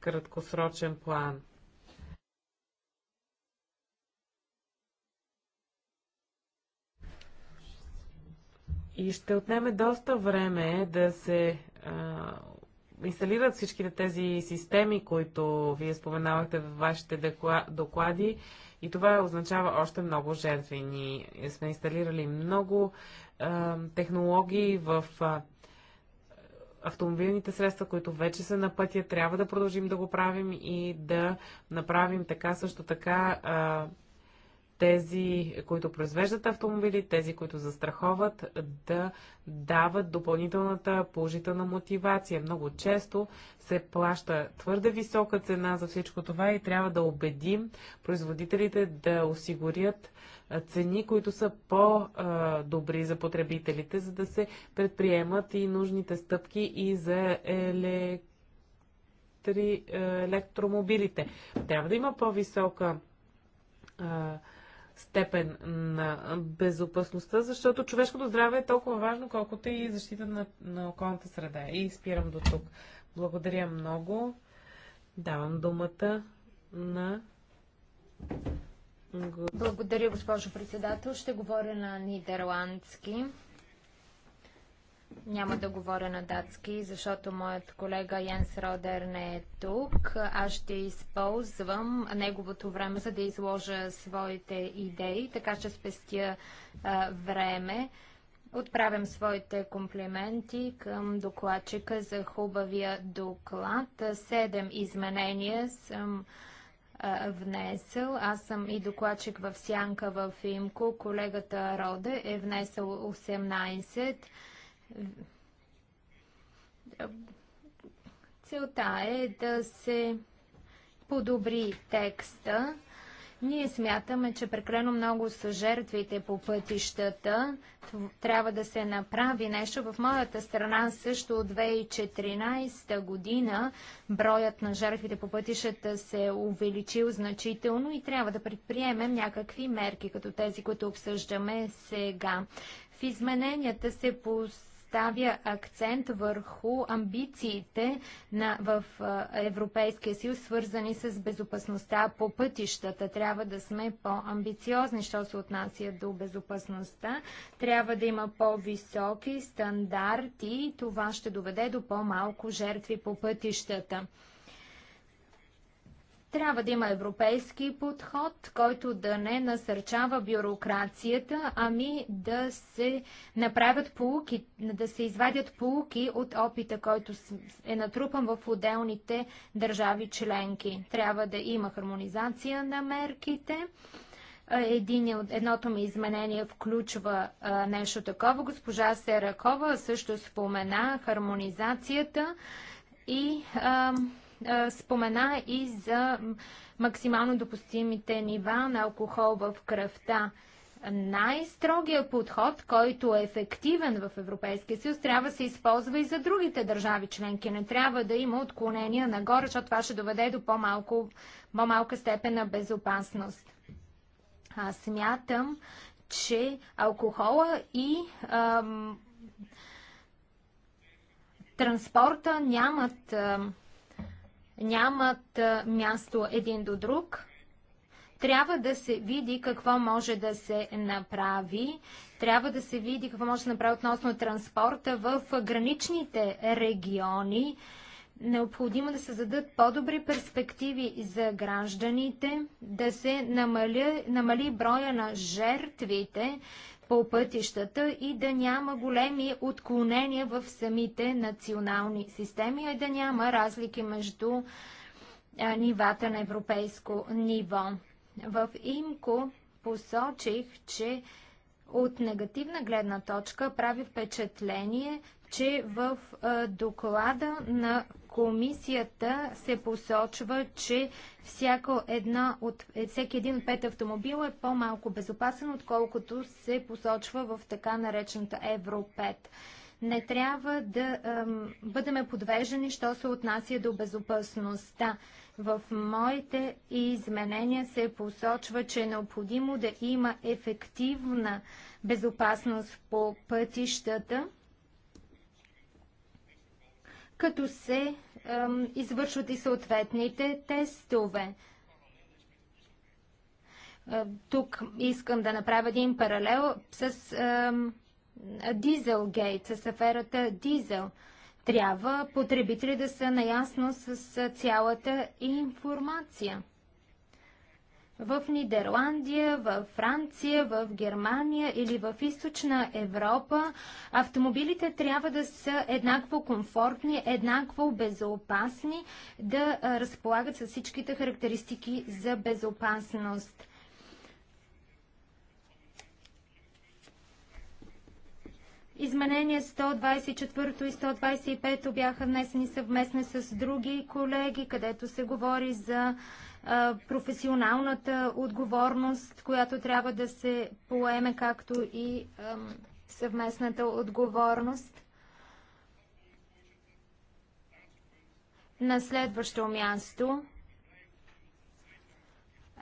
краткосрочен план. И ще отнеме доста време да се а, инсталират всичките тези системи, които вие споменавахте в вашите доклади и това означава още много жертви. Ние сме инсталирали много а, технологии в а, автомобилните средства, които вече са на пътя. Трябва да продължим да го правим и да направим така също така. А, тези, които произвеждат автомобили, тези, които застраховат, да дават допълнителната положителна мотивация. Много често се плаща твърде висока цена за всичко това и трябва да убедим производителите да осигурят цени, които са по-добри за потребителите, за да се предприемат и нужните стъпки и за електромобилите. Трябва да има по-висока степен на безопасността, защото човешкото здраве е толкова важно, колкото и защита на, на околната среда. И спирам до тук. Благодаря много. Давам думата на. Благодаря, госпожо председател. Ще говоря на нидерландски. Няма да говоря на датски, защото моят колега Янс Родер не е тук. Аз ще използвам неговото време, за да изложа своите идеи, така че спестя а, време. Отправям своите комплименти към докладчика за хубавия доклад. Седем изменения съм внесъл. Аз съм и докладчик в Сянка в Имко. Колегата Роде е внесъл 18 Целта е да се подобри текста. Ние смятаме, че прекалено много са жертвите по пътищата. Трябва да се направи нещо. В моята страна също от 2014 година броят на жертвите по пътищата се е увеличил значително и трябва да предприемем някакви мерки, като тези, които обсъждаме сега. В измененията се пос поставя акцент върху амбициите на, в Европейския съюз, свързани с безопасността по пътищата. Трябва да сме по-амбициозни, що се отнася до безопасността. Трябва да има по-високи стандарти и това ще доведе до по-малко жертви по пътищата. Трябва да има европейски подход, който да не насърчава бюрокрацията, ами да се направят полуки, да се извадят полуки от опита, който е натрупан в отделните държави членки. Трябва да има хармонизация на мерките. Един, едното ми изменение включва а, нещо такова. Госпожа Серакова също спомена хармонизацията и а, спомена и за максимално допустимите нива на алкохол в кръвта. Най-строгия подход, който е ефективен в Европейския съюз, трябва да се използва и за другите държави членки. Не трябва да има отклонения нагоре, защото това ще доведе до по-малко, по-малка степен на безопасност. Аз смятам, че алкохола и ам, транспорта нямат ам, нямат място един до друг. Трябва да се види какво може да се направи. Трябва да се види какво може да се направи относно транспорта в граничните региони. Необходимо да се зададат по-добри перспективи за гражданите, да се намали, намали броя на жертвите, по пътищата и да няма големи отклонения в самите национални системи, а да няма разлики между нивата на европейско ниво. В ИМКО посочих, че от негативна гледна точка прави впечатление, че в доклада на комисията се посочва, че всяко една от, всеки един от пет автомобила е по-малко безопасен, отколкото се посочва в така наречената Евро 5. Не трябва да ем, бъдем подвеждани, що се отнася до безопасността. В моите изменения се посочва, че е необходимо да има ефективна безопасност по пътищата, като се извършват и съответните тестове. Тук искам да направя един паралел с Дизелгейт, с аферата Дизел. Трябва потребители да са наясно с цялата информация в Нидерландия, в Франция, в Германия или в източна Европа автомобилите трябва да са еднакво комфортни, еднакво безопасни, да разполагат с всичките характеристики за безопасност. Изменения 124 и 125 бяха внесени съвместно с други колеги, където се говори за професионалната отговорност, която трябва да се поеме, както и съвместната отговорност. На следващо място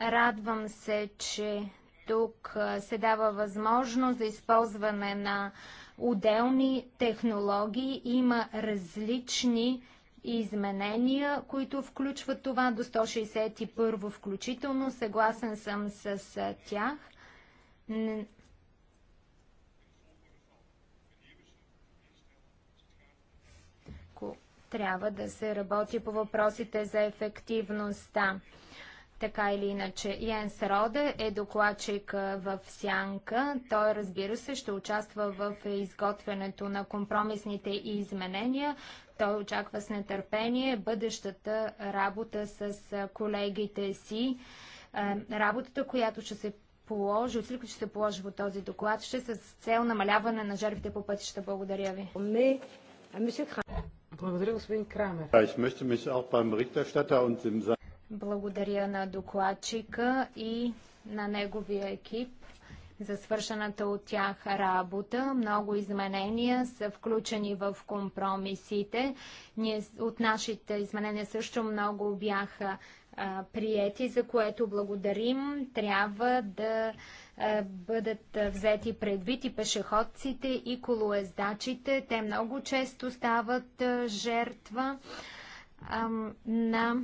радвам се, че тук се дава възможност за използване на отделни технологии, има различни изменения, които включват това до 161 включително. Съгласен съм с тях. Трябва да се работи по въпросите за ефективността. Така или иначе, Йенс Роде е докладчик в Сянка. Той, разбира се, ще участва в изготвянето на компромисните изменения. Той очаква с нетърпение бъдещата работа с колегите си. Работата, която ще се положи, от ще се положи в този доклад, ще с цел намаляване на жертвите по пътища. Благодаря ви. Благодаря, господин Крамер. Благодаря на докладчика и на неговия екип за свършената от тях работа. Много изменения са включени в компромисите. Ние, от нашите изменения също много бяха а, приети, за което благодарим. Трябва да бъдат взети предвид и пешеходците, и колоездачите. Те много често стават жертва на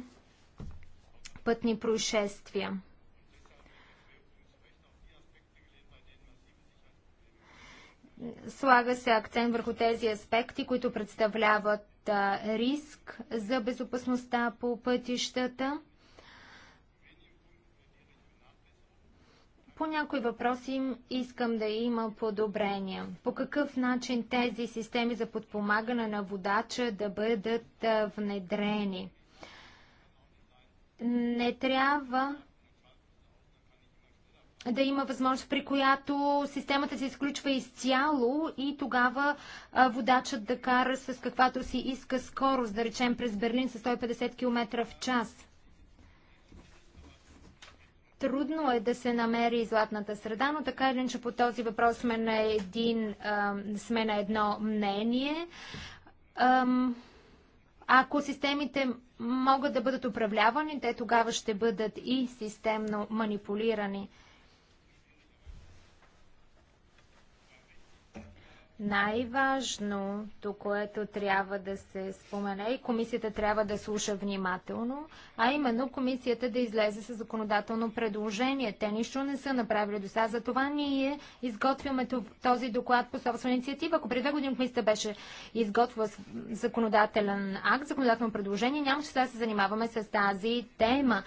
пътни происшествия. Слага се акцент върху тези аспекти, които представляват риск за безопасността по пътищата. По някои въпроси искам да има подобрения. По какъв начин тези системи за подпомагане на водача да бъдат внедрени? не трябва да има възможност, при която системата се изключва изцяло и тогава водачът да кара с каквато си иска скорост, да речем през Берлин с 150 км в час. Трудно е да се намери златната среда, но така или иначе по този въпрос сме на, един, сме на едно мнение. ако системите могат да бъдат управлявани, те тогава ще бъдат и системно манипулирани. Най-важното, което трябва да се спомене и комисията трябва да слуша внимателно, а именно комисията да излезе с законодателно предложение. Те нищо не са направили до сега. Затова ние изготвяме този доклад по собствена инициатива. Ако преди две години комисията беше изготвила законодателен акт, законодателно предложение, нямаше сега да се занимаваме с тази тема.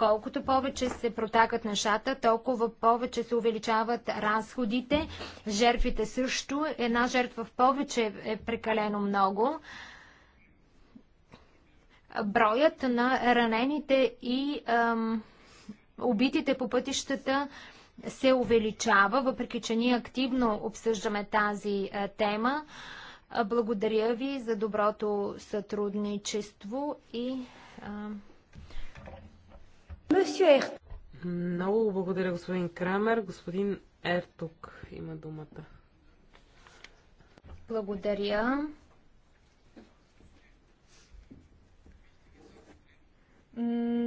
Колкото повече се протакат нещата, толкова повече се увеличават разходите. Жертвите също. Една жертва в повече е прекалено много. Броят на ранените и ам, убитите по пътищата се увеличава, въпреки че ние активно обсъждаме тази а, е, тема. Благодаря ви за доброто сътрудничество и а, много благодаря, господин Крамер. Господин Ертук има думата. Благодаря.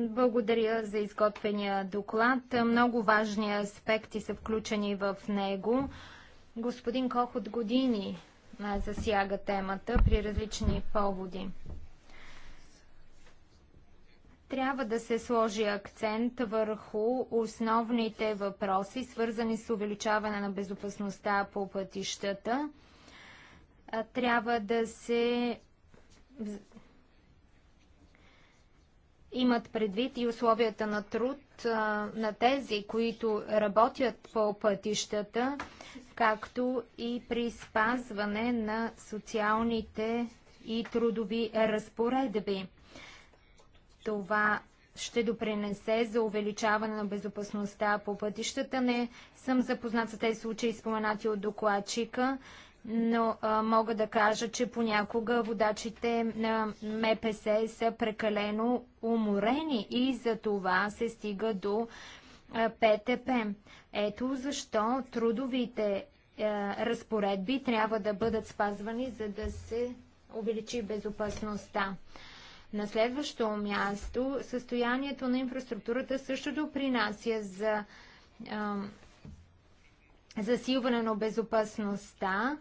Благодаря за изготвения доклад. Много важни аспекти са включени в него. Господин Кох от години засяга темата при различни поводи трябва да се сложи акцент върху основните въпроси, свързани с увеличаване на безопасността по пътищата. Трябва да се имат предвид и условията на труд на тези, които работят по пътищата, както и при спазване на социалните и трудови разпоредби. Това ще допринесе за увеличаване на безопасността по пътищата. Не съм запознат с тези случаи, споменати от докладчика, но а, мога да кажа, че понякога водачите на МПС са прекалено уморени и за това се стига до а, ПТП. Ето защо трудовите а, разпоредби трябва да бъдат спазвани, за да се увеличи безопасността. На следващо място, състоянието на инфраструктурата също допринася за засилване на безопасността.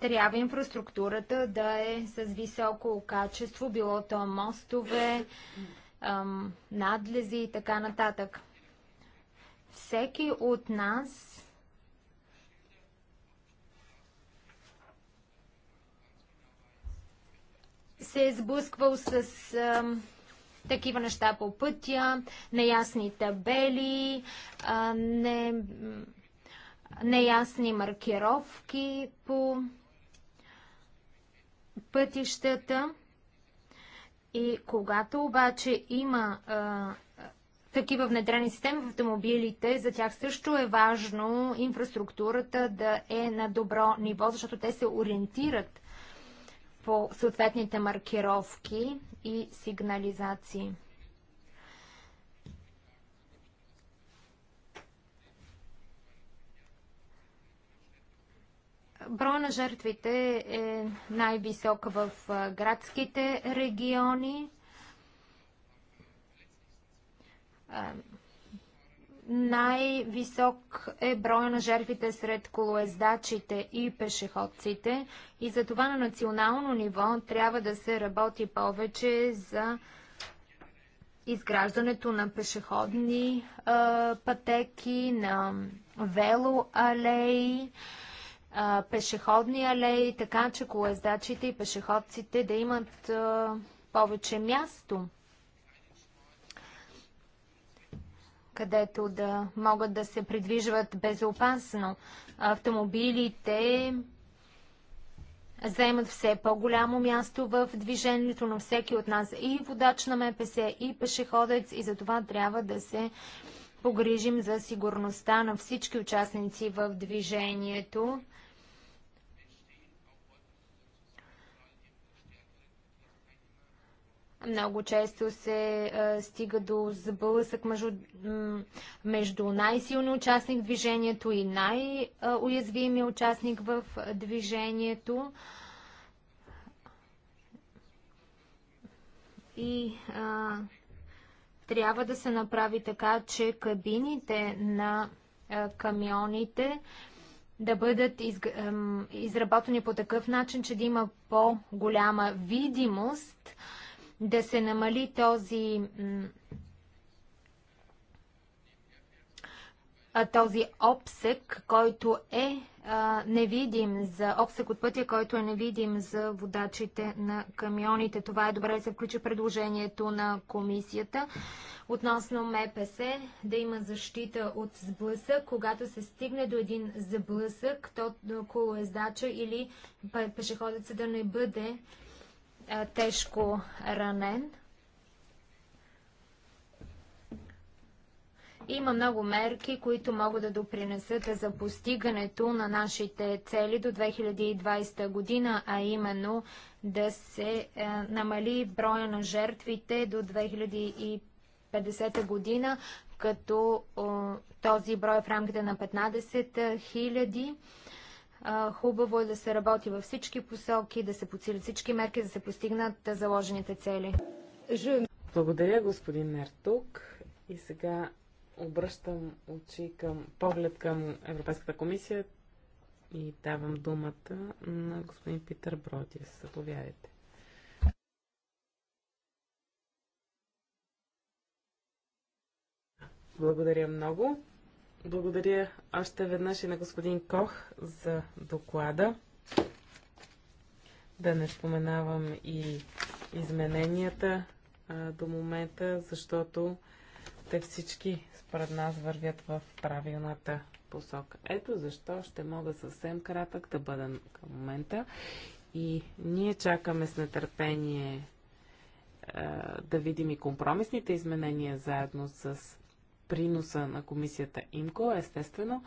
Трябва инфраструктурата да е с високо качество, било то мостове, надлези и така нататък. Всеки от нас се е сблъсквал с а, такива неща по пътя, неясни табели, а, не, неясни маркировки по пътищата. И когато обаче има а, такива внедрени системи в автомобилите, за тях също е важно инфраструктурата да е на добро ниво, защото те се ориентират по съответните маркировки и сигнализации. Броя на жертвите е най-висок в градските региони. Най-висок е броя на жертвите сред колоездачите и пешеходците и за това на национално ниво трябва да се работи повече за изграждането на пешеходни а, пътеки, на велоалеи, а, пешеходни алеи, така че колоездачите и пешеходците да имат а, повече място. където да могат да се придвижват безопасно. Автомобилите заемат все по-голямо място в движението на всеки от нас и водач на МПС, и пешеходец, и за това трябва да се погрижим за сигурността на всички участници в движението. Много често се а, стига до забълъсък между, между най-силния участник в движението и най-уязвимия участник в движението. И а, трябва да се направи така, че кабините на а, камионите да бъдат из, изработени по такъв начин, че да има по-голяма видимост да се намали този този обсек, който е невидим за обсек от пътя, който е невидим за водачите на камионите. Това е добре да се включи предложението на комисията относно МПС, да има защита от сблъсък. Когато се стигне до един сблъсък, то колоездача или пешеходеца да не бъде е, тежко ранен. Има много мерки, които могат да допринесат за постигането на нашите цели до 2020 година, а именно да се е, намали броя на жертвите до 2050 година, като този брой е в рамките на 15 000. Хубаво е да се работи във всички посоки, да се подсилят всички мерки, да се постигнат заложените цели. Благодаря, господин Ертук. И сега обръщам очи към поглед към Европейската комисия и давам думата на господин Питър Бродиес. Заповядайте. Благодаря много. Благодаря още веднъж и на господин Кох за доклада. Да не споменавам и измененията а, до момента, защото те всички според нас вървят в правилната посока. Ето защо ще мога съвсем кратък да бъда към момента. И ние чакаме с нетърпение а, да видим и компромисните изменения заедно с приноса на комисията ИМКО, естествено.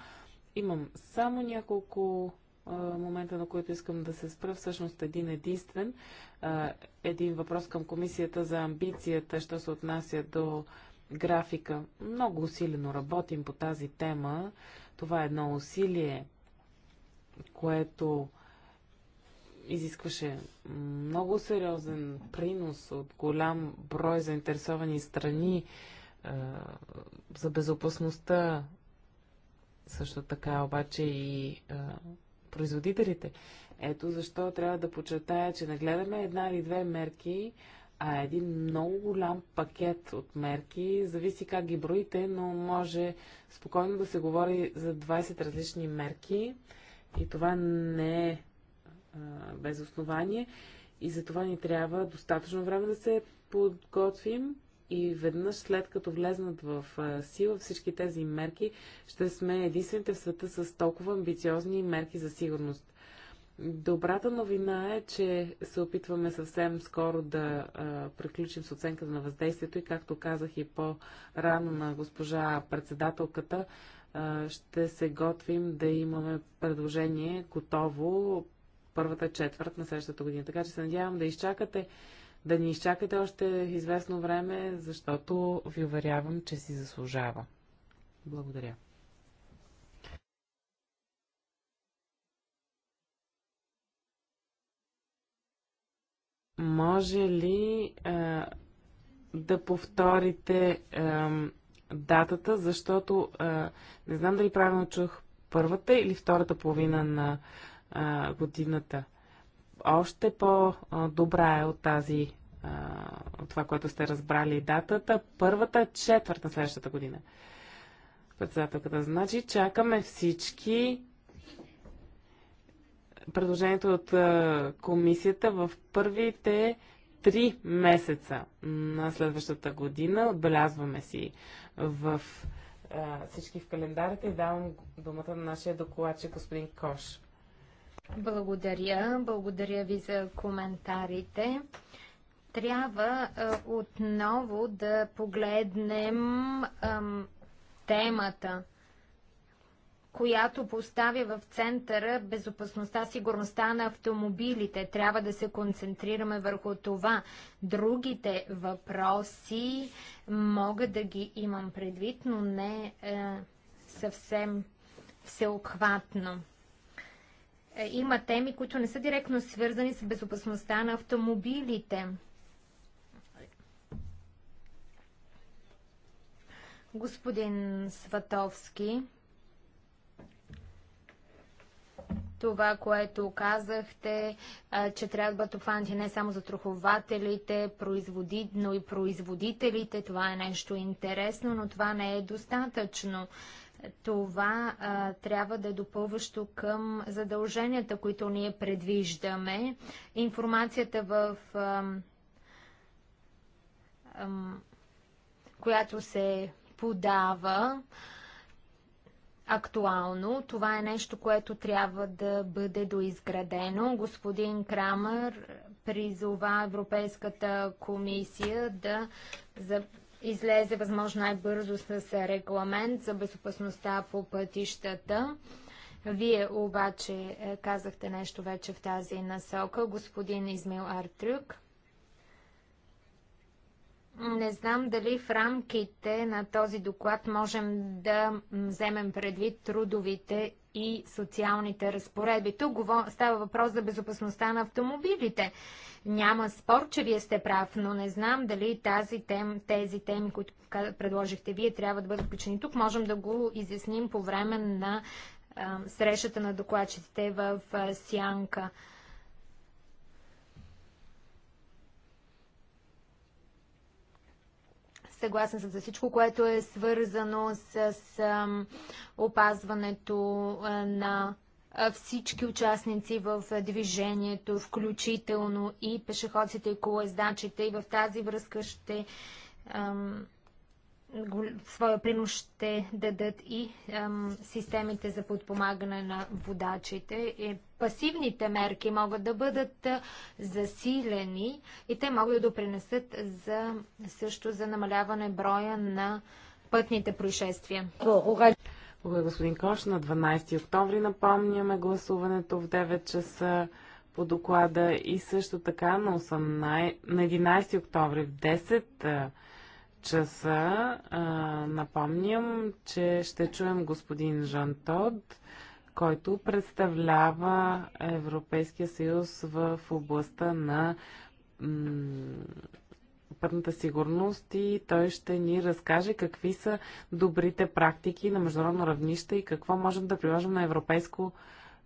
Имам само няколко а, момента, на които искам да се спра. Всъщност един единствен. А, един въпрос към комисията за амбицията, що се отнася до графика. Много усилено работим по тази тема. Това е едно усилие, което изискваше много сериозен принос от голям брой заинтересовани страни за безопасността, също така обаче и а, производителите. Ето защо трябва да подчертая, че не гледаме една или две мерки, а един много голям пакет от мерки. Зависи как ги броите, но може спокойно да се говори за 20 различни мерки. И това не е без основание. И за това ни трябва достатъчно време да се подготвим и веднъж след като влезнат в сила всички тези мерки, ще сме единствените в света с толкова амбициозни мерки за сигурност. Добрата новина е, че се опитваме съвсем скоро да а, приключим с оценката на въздействието и, както казах и по-рано на госпожа председателката, а, ще се готвим да имаме предложение готово първата четвърт на следващата година. Така че се надявам да изчакате да ни изчакате още известно време, защото ви уверявам, че си заслужава. Благодаря. Може ли е, да повторите е, датата, защото е, не знам дали правилно чух първата или втората половина на е, годината още по-добра е от тази, от това, което сте разбрали датата, първата четвърт на следващата година. Председателката, значи чакаме всички предложението от комисията в първите три месеца на следващата година. Отбелязваме си в всички в календарите и давам думата на нашия докладчик господин Кош. Благодаря. Благодаря ви за коментарите. Трябва а, отново да погледнем а, темата, която поставя в центъра безопасността, сигурността на автомобилите. Трябва да се концентрираме върху това. Другите въпроси мога да ги имам предвид, но не а, е, съвсем всеобхватно. Е, има теми, които не са директно свързани с безопасността на автомобилите. Господин Сватовски, това, което казахте, че трябва да бъдат не само затрахователите, производи, но и производителите. Това е нещо интересно, но това не е достатъчно. Това а, трябва да е допълващо към задълженията, които ние предвиждаме. Информацията в а, а, която се подава актуално. Това е нещо, което трябва да бъде доизградено. Господин Крамър призова Европейската комисия да излезе възможно най-бързо с регламент за безопасността по пътищата. Вие обаче е, казахте нещо вече в тази насока, господин Измил Артрюк. Не знам дали в рамките на този доклад можем да вземем предвид трудовите и социалните разпоредби. Тук става въпрос за безопасността на автомобилите. Няма спор, че вие сте прав, но не знам дали тази тем, тези теми, които предложихте вие, трябва да бъдат включени тук. Можем да го изясним по време на а, срещата на докладчиците в а, Сянка. Съгласен съм за всичко, което е свързано с, с опазването на всички участници в движението, включително и пешеходците и колоездачите. И в тази връзка ще ам, своя принос ще дадат и ем, системите за подпомагане на водачите. И е, пасивните мерки могат да бъдат засилени и те могат да допринесат за, също за намаляване броя на пътните происшествия. Благодаря, господин Кош. На 12 октомври напомняме гласуването в 9 часа по доклада и също така на, 18, на 11 октомври в 10 часа. А, напомням, че ще чуем господин Жан Тод, който представлява Европейския съюз в областта на пътната сигурност и той ще ни разкаже какви са добрите практики на международно равнище и какво можем да приложим на европейско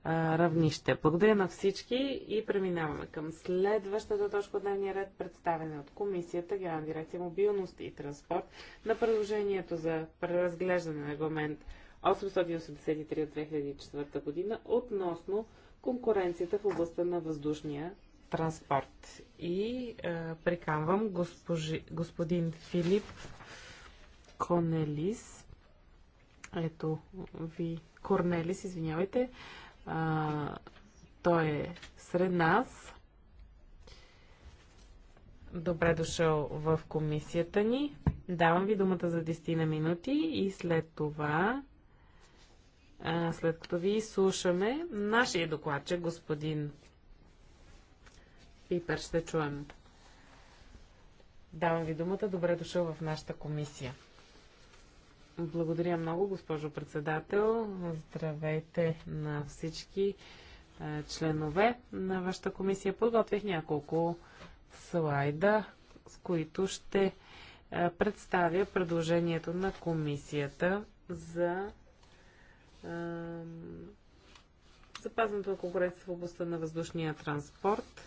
равнище. Благодаря на всички и преминаваме към следващата точка от дневния ред, представене от Комисията Генерална дирекция мобилност и транспорт на предложението за преразглеждане на регламент 883 от 2004 година относно конкуренцията в областта на въздушния транспорт. И е, приканвам госпожи, господин Филип Конелис. Ето ви, Корнелис, извинявайте, а, той е сред нас. Добре дошъл в комисията ни. Давам ви думата за 10 на минути и след това, а, след като ви изслушаме, нашия докладчик, господин Пипер, ще чуем. Давам ви думата. Добре дошъл в нашата комисия. Благодаря много, госпожо председател. Здравейте на всички е, членове на вашата комисия. Подготвих няколко слайда, с които ще е, представя предложението на комисията за е, запазването на конкуренция в областта на въздушния транспорт.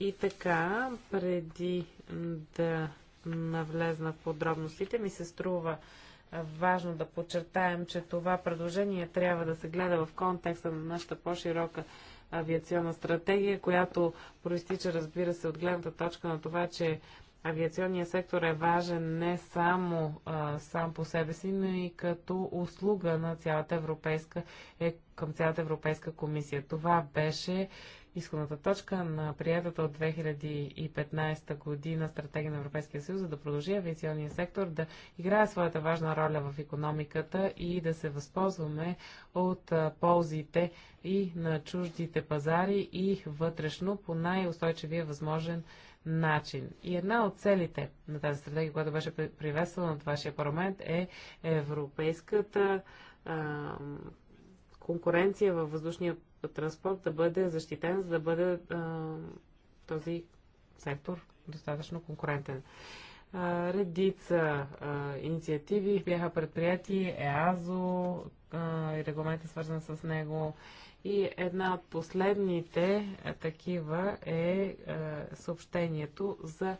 И така, преди да навлезна в подробностите, ми се струва важно да подчертаем, че това предложение трябва да се гледа в контекста на нашата по-широка авиационна стратегия, която проистича, разбира се, от гледната точка на това, че авиационният сектор е важен не само а, сам по себе си, но и като услуга на цялата европейска, е, към цялата Европейска комисия. Това беше изходната точка на приятата от 2015 година стратегия на Европейския съюз, за да продължи авиационния сектор да играе своята важна роля в економиката и да се възползваме от ползите и на чуждите пазари и вътрешно по най-устойчивия възможен начин. И една от целите на тази стратегия, която беше приветствана от вашия парламент, е европейската конкуренция във въздушния транспорт да бъде защитен, за да бъде а, този сектор достатъчно конкурентен. А, редица а, инициативи бяха предприяти, ЕАЗО а, и регламента свързан с него. И една от последните а, такива е а, съобщението за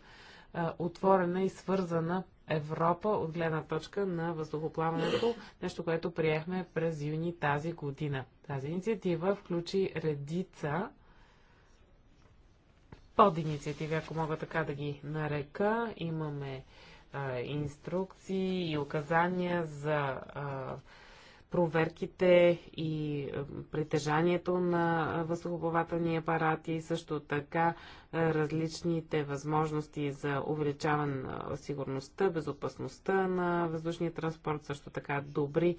а, отворена и свързана Европа от гледна точка на въздухоплаването, нещо, което приехме през юни тази година. Тази инициатива включи редица подинициативи, ако мога така да ги нарека. Имаме а, инструкции и указания за а, проверките и е, притежанието на въздухоплавателни апарати, също така е, различните възможности за увеличаване на сигурността, безопасността на въздушния транспорт, също така добри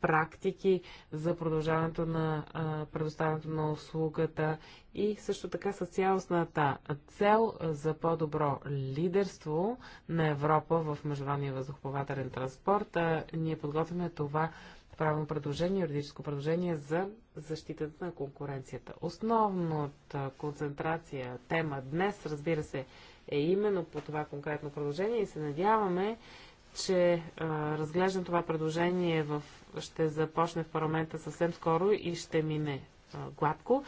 практики за продължаването на е, предоставянето на услугата и също така с цялостната цел за по-добро лидерство на Европа в международния въздухоплавателен транспорт. Ние подготвяме това правно предложение, юридическо предложение за защитата на конкуренцията. Основната концентрация, тема днес, разбира се, е именно по това конкретно предложение и се надяваме, че а, разглеждам това предложение в, ще започне в парламента съвсем скоро и ще мине а, гладко.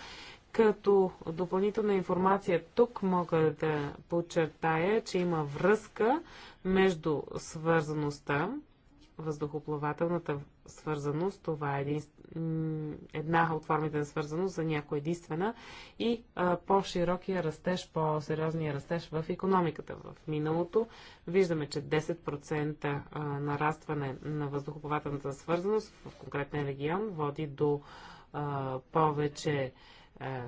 Като допълнителна информация тук мога да подчертая, че има връзка между свързаността, въздухоплавателната свързаност. Това е един, една от формите на свързаност за някоя единствена и по-широкия растеж, по-сериозния растеж в економиката. В миналото виждаме, че 10% нарастване на въздухоплавателната свързаност в конкретен регион води до а, повече а,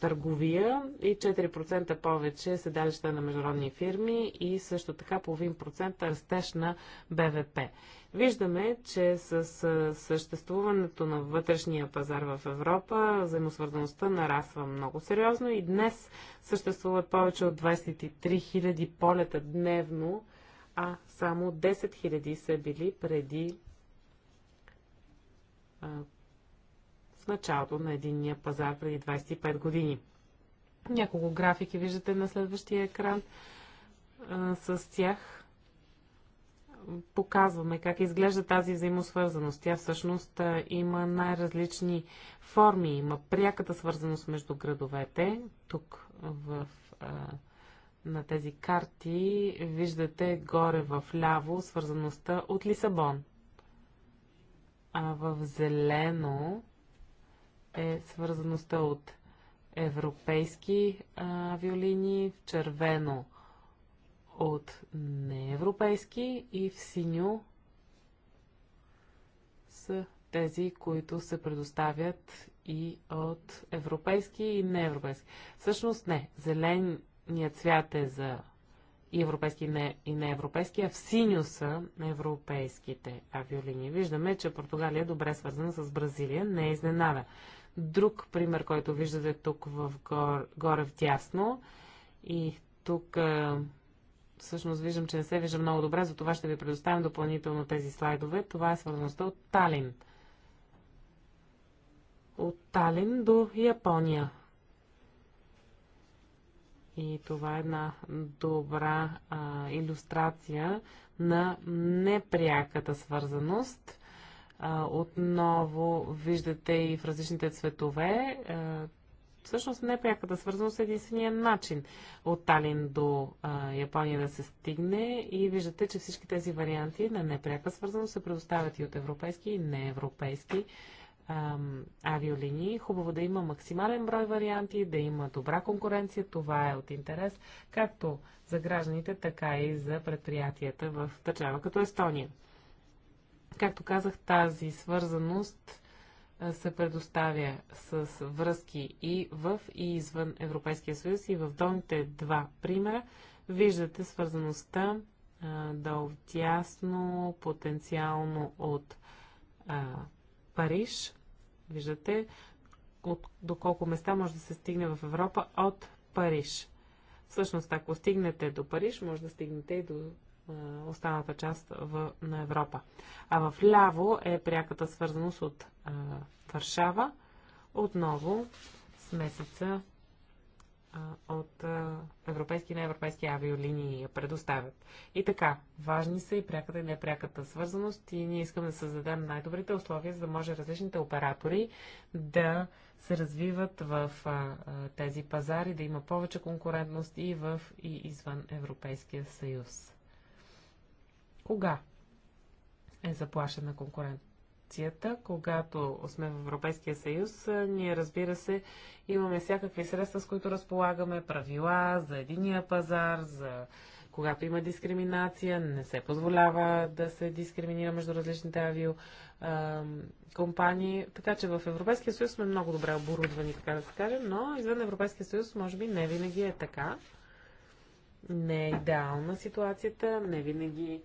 търговия и 4% повече седалища на международни фирми и също така половин процент растеж на БВП. Виждаме, че с съществуването на вътрешния пазар в Европа, взаимосвързаността нараства много сериозно и днес съществуват повече от 23 000 полета дневно, а само 10 000 са били преди а, в началото на единния пазар преди 25 години. Няколко графики виждате на следващия екран а, с тях показваме как изглежда тази взаимосвързаност. Тя всъщност има най-различни форми. Има пряката свързаност между градовете. Тук в, а, на тези карти виждате горе в ляво свързаността от Лисабон. А в зелено е свързаността от европейски авиолинии, в червено – от неевропейски и в синьо са тези, които се предоставят и от европейски и неевропейски. Всъщност не. Зеленият цвят е за и европейски и, не, и неевропейски, а в синьо са на европейските авиолинии. Виждаме, че Португалия е добре свързана с Бразилия. Не е изненада. Друг пример, който виждате тук в гор, горе в дясно и тук всъщност виждам, че не се вижда много добре, затова ще ви предоставим допълнително тези слайдове. Това е свързаността от Талин. От Талин до Япония. И това е една добра а, иллюстрация на непряката свързаност. А, отново виждате и в различните цветове а, всъщност непряката свързаност е единствения начин от Талин до а, Япония да се стигне и виждате, че всички тези варианти на непряка свързаност се предоставят и от европейски и неевропейски авиолинии. Хубаво да има максимален брой варианти, да има добра конкуренция. Това е от интерес както за гражданите, така и за предприятията в държава като Естония. Както казах, тази свързаност се предоставя с връзки и в и извън Европейския съюз. И в долните два примера виждате свързаността долу тясно, потенциално от а, Париж. Виждате от, до колко места може да се стигне в Европа от Париж. Всъщност, ако стигнете до Париж, може да стигнете и до е, останалата част в, на Европа. А в ляво е пряката свързаност от а, е, Варшава. Отново месеца а, е, от а, европейски и неевропейски авиолинии я предоставят. И така, важни са и пряката и непряката свързаност и ние искаме да създадем най-добрите условия, за да може различните оператори да се развиват в а, тези пазари, да има повече конкурентност и в и извън Европейския съюз. Кога е заплашена конкуренцията? Когато сме в Европейския съюз, ние разбира се имаме всякакви средства, с които разполагаме, правила за единия пазар, за когато има дискриминация, не се позволява да се дискриминира между различните авиокомпании. Така че в Европейския съюз сме много добре оборудвани, така да се каже, но извън Европейския съюз може би не винаги е така. Не е идеална ситуацията, не винаги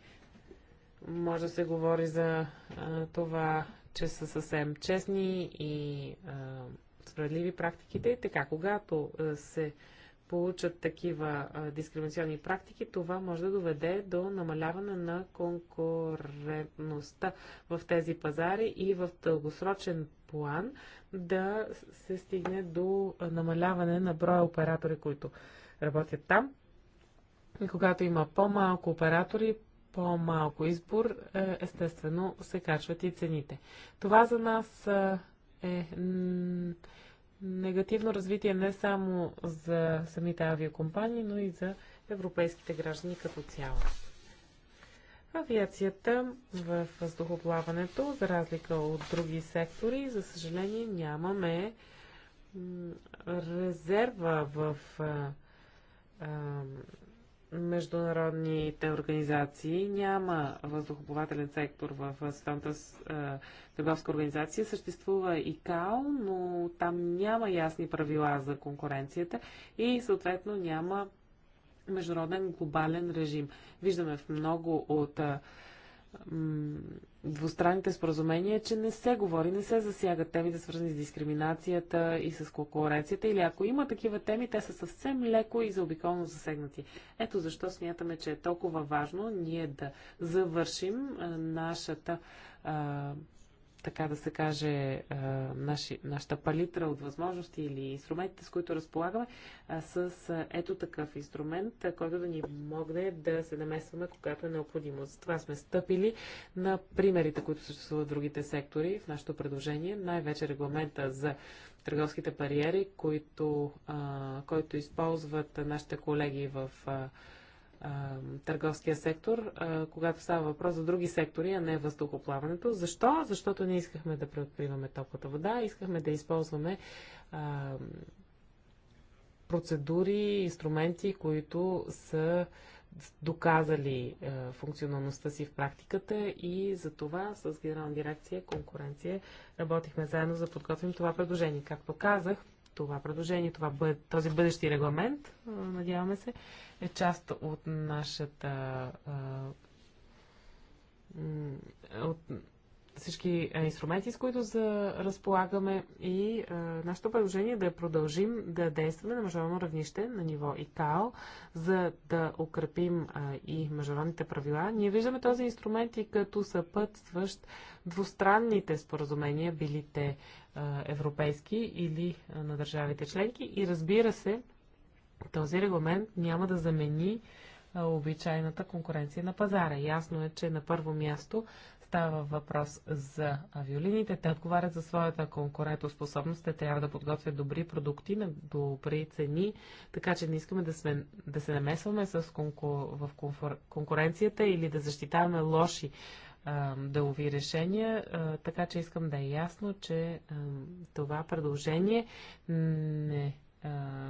може да се говори за а, това, че са съвсем честни и а, справедливи практиките. И така, когато а, се получат такива а, дискриминационни практики, това може да доведе до намаляване на конкурентността в тези пазари и в дългосрочен план да се стигне до намаляване на броя оператори, които работят там. И когато има по-малко оператори, по-малко избор, е, естествено се качват и цените. Това за нас е, е негативно развитие не само за самите авиакомпании, но и за европейските граждани като цяло. Авиацията в въздухоплаването, за разлика от други сектори, за съжаление нямаме резерва в е, международните организации, няма въздухоплавателен сектор в Световната е, търговска организация. Съществува и КАО, но там няма ясни правила за конкуренцията и съответно няма международен глобален режим. Виждаме в много от е, двустранните споразумения, че не се говори, не се засягат темите свързани с дискриминацията и с конкуренцията, или ако има такива теми, те са съвсем леко и заобиколно засегнати. Ето защо смятаме, че е толкова важно ние да завършим нашата а, така да се каже, е, наши, нашата палитра от възможности или инструментите, с които разполагаме, с ето такъв инструмент, който да ни помогне да се намесваме, когато е необходимо. Затова сме стъпили на примерите, които съществуват в другите сектори в нашето предложение, най-вече регламента за търговските бариери, които, който използват нашите колеги в търговския сектор, когато става въпрос за други сектори, а не въздухоплаването. Защо? Защото не искахме да преоткриваме топлата вода, искахме да използваме процедури, инструменти, които са доказали функционалността си в практиката и за това с Генерална дирекция конкуренция работихме заедно за подготвим това предложение. Както казах, това предложение, това този бъдещи регламент, надяваме се, е част от нашата от всички е, инструменти, с които за разполагаме и а, е, нашето предложение е да продължим да действаме на международно равнище, на ниво ИКАО, за да укрепим а, е, и международните правила. Ние виждаме този инструмент и като съпътстващ двустранните споразумения, били те а, европейски или а, на държавите членки. И разбира се, този регламент няма да замени обичайната конкуренция на пазара. Ясно е, че на първо място става въпрос за авиолините. Те отговарят за своята конкурентоспособност. Те трябва да подготвят добри продукти на добри цени, така че не искаме да, сме, да се намесваме с конкур... в конкуренцията или да защитаваме лоши а, решения. така че искам да е ясно, че това предложение не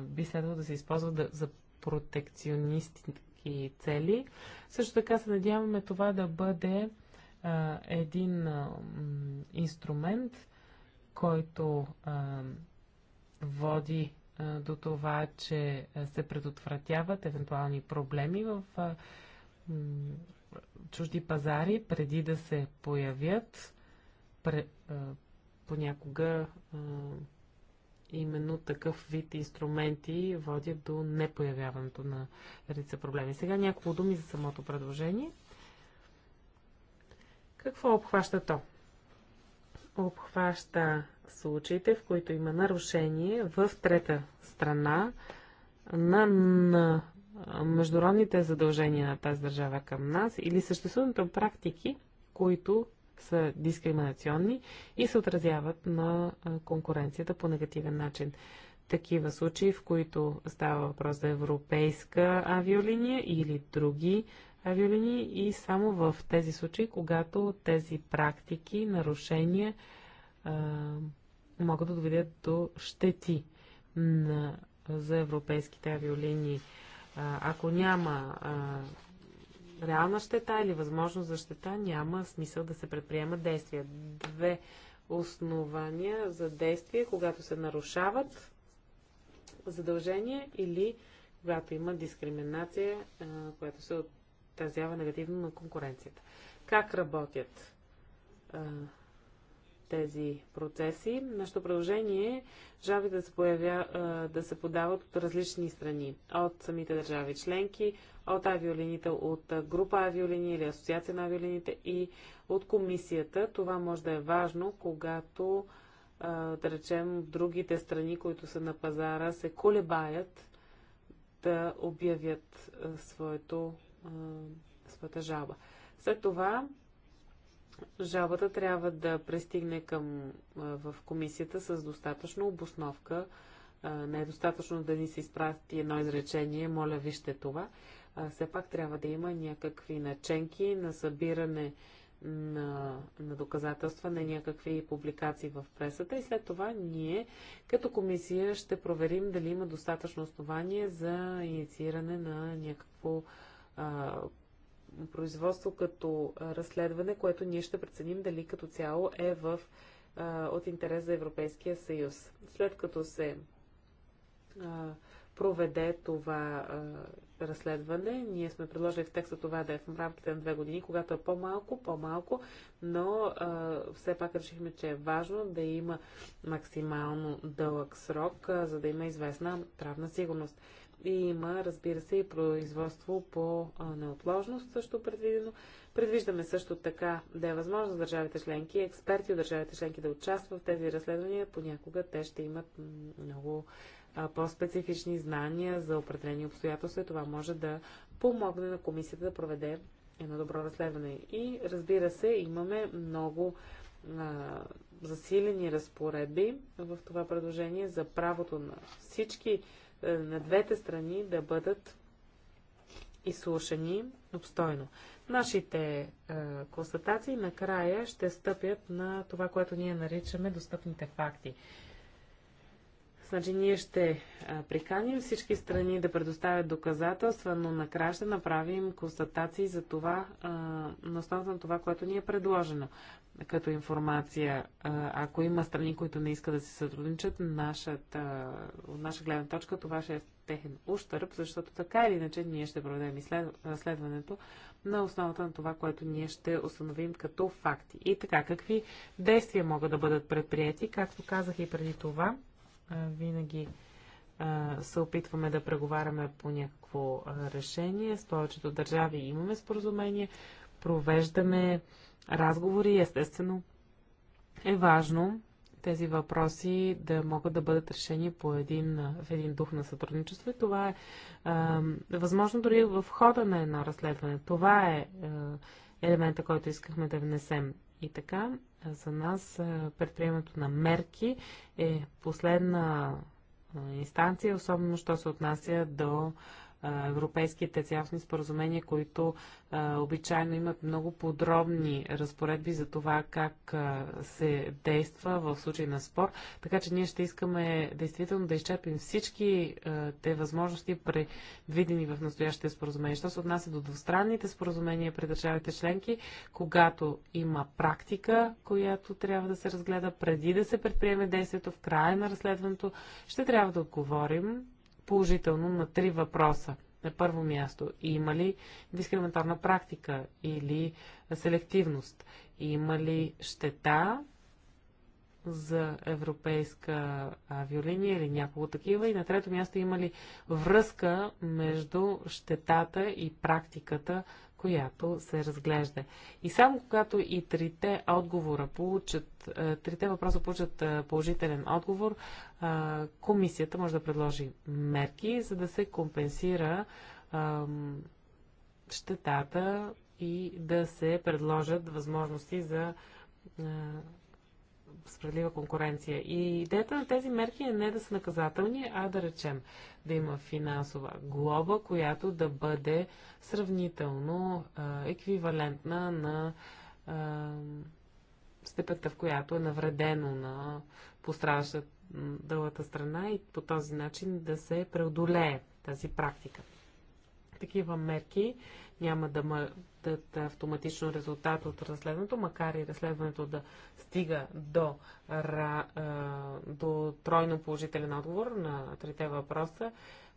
би следвало да се използва за протекционистки цели. Също така се надяваме това да бъде а, един а, инструмент, който а, води а, до това, че се предотвратяват евентуални проблеми в а, чужди пазари преди да се появят. Пре, а, понякога а, именно такъв вид инструменти водят до непоявяването на редица проблеми. Сега няколко думи за самото предложение. Какво обхваща то? Обхваща случаите, в които има нарушение в трета страна на, на международните задължения на тази държава към нас или съществуването практики, които са дискриминационни и се отразяват на конкуренцията по негативен начин. Такива случаи, в които става въпрос за европейска авиолиния или други авиолинии и само в тези случаи, когато тези практики, нарушения могат да доведат до щети на, за европейските авиолинии. ако няма а, реална щета или възможност за щета, няма смисъл да се предприема действия. Две основания за действие, когато се нарушават задължения или когато има дискриминация, а, която се от отразява негативно на конкуренцията. Как работят а, тези процеси? Нашето предложение е жалбите да се, появя, а, да се подават от различни страни. От самите държави членки, от авиолините, от група авиолини или асоциация на авиолините и от комисията. Това може да е важно, когато да речем, другите страни, които са на пазара, се колебаят да обявят своето своята жалба. След това жалбата трябва да пристигне към, в комисията с достатъчно обосновка. не е достатъчно да ни се изпрати едно изречение, моля вижте това. все пак трябва да има някакви наченки на събиране на, на доказателства, на някакви публикации в пресата и след това ние като комисия ще проверим дали има достатъчно основание за иницииране на някакво производство като разследване, което ние ще преценим дали като цяло е в, а, от интерес за Европейския съюз. След като се а, проведе това а, разследване, ние сме предложили в текста това да е в рамките на две години, когато е по-малко, по-малко, но а, все пак решихме, че е важно да има максимално дълъг срок, а, за да има известна правна сигурност. И има, разбира се, и производство по неотложност също предвидено. Предвиждаме също така да е възможно държавите членки, експерти от държавите членки да участват в тези разследвания. Понякога те ще имат много по-специфични знания за определени обстоятелства и това може да помогне на комисията да проведе едно добро разследване. И разбира се, имаме много а, засилени разпоредби в това предложение за правото на всички е, на двете страни да бъдат изслушани обстойно. Нашите е, констатации накрая ще стъпят на това, което ние наричаме достъпните факти. Значи ние ще приканим всички страни да предоставят доказателства, но накрая ще направим констатации за това, на основата на това, което ни е предложено като информация. Ако има страни, които не искат да се сътрудничат, нашата, от наша гледна точка това ще е техен ущърп, защото така или иначе ние ще проведем изследването на основата на това, което ние ще установим като факти. И така, какви действия могат да бъдат предприяти, както казах и преди това, винаги се опитваме да преговаряме по някакво решение. С повечето държави имаме споразумение, провеждаме разговори. Естествено е важно тези въпроси да могат да бъдат решени по един, в един дух на сътрудничество. И това е, е възможно дори в хода на едно разследване. Това е, е елемента, който искахме да внесем. И така, за нас предприемането на мерки е последна инстанция, особено що се отнася до европейските цялостни споразумения, които обичайно имат много подробни разпоредби за това как се действа в случай на спор. Така че ние ще искаме действително да изчерпим всички те възможности, предвидени в настоящите споразумения. Що се отнася до двустранните споразумения при държавите членки, когато има практика, която трябва да се разгледа преди да се предприеме действието в края на разследването, ще трябва да отговорим положително на три въпроса. На първо място, има ли дискриминаторна практика или селективност? Има ли щета за европейска авиолиния или няколко такива? И на трето място, има ли връзка между щетата и практиката която се разглежда. И само когато и трите отговора получат, е, трите въпроса получат е, положителен отговор, е, комисията може да предложи мерки, за да се компенсира щетата и да се предложат възможности за справедлива конкуренция. И идеята на тези мерки е не да са наказателни, а да речем да има финансова глоба, която да бъде сравнително а, еквивалентна на а, степента, в която е навредено на пострадащата дългата страна и по този начин да се преодолее тази практика. Такива мерки няма да дадат автоматично резултат от разследването, макар и разследването да стига до, до тройно положителен отговор на трите въпроса,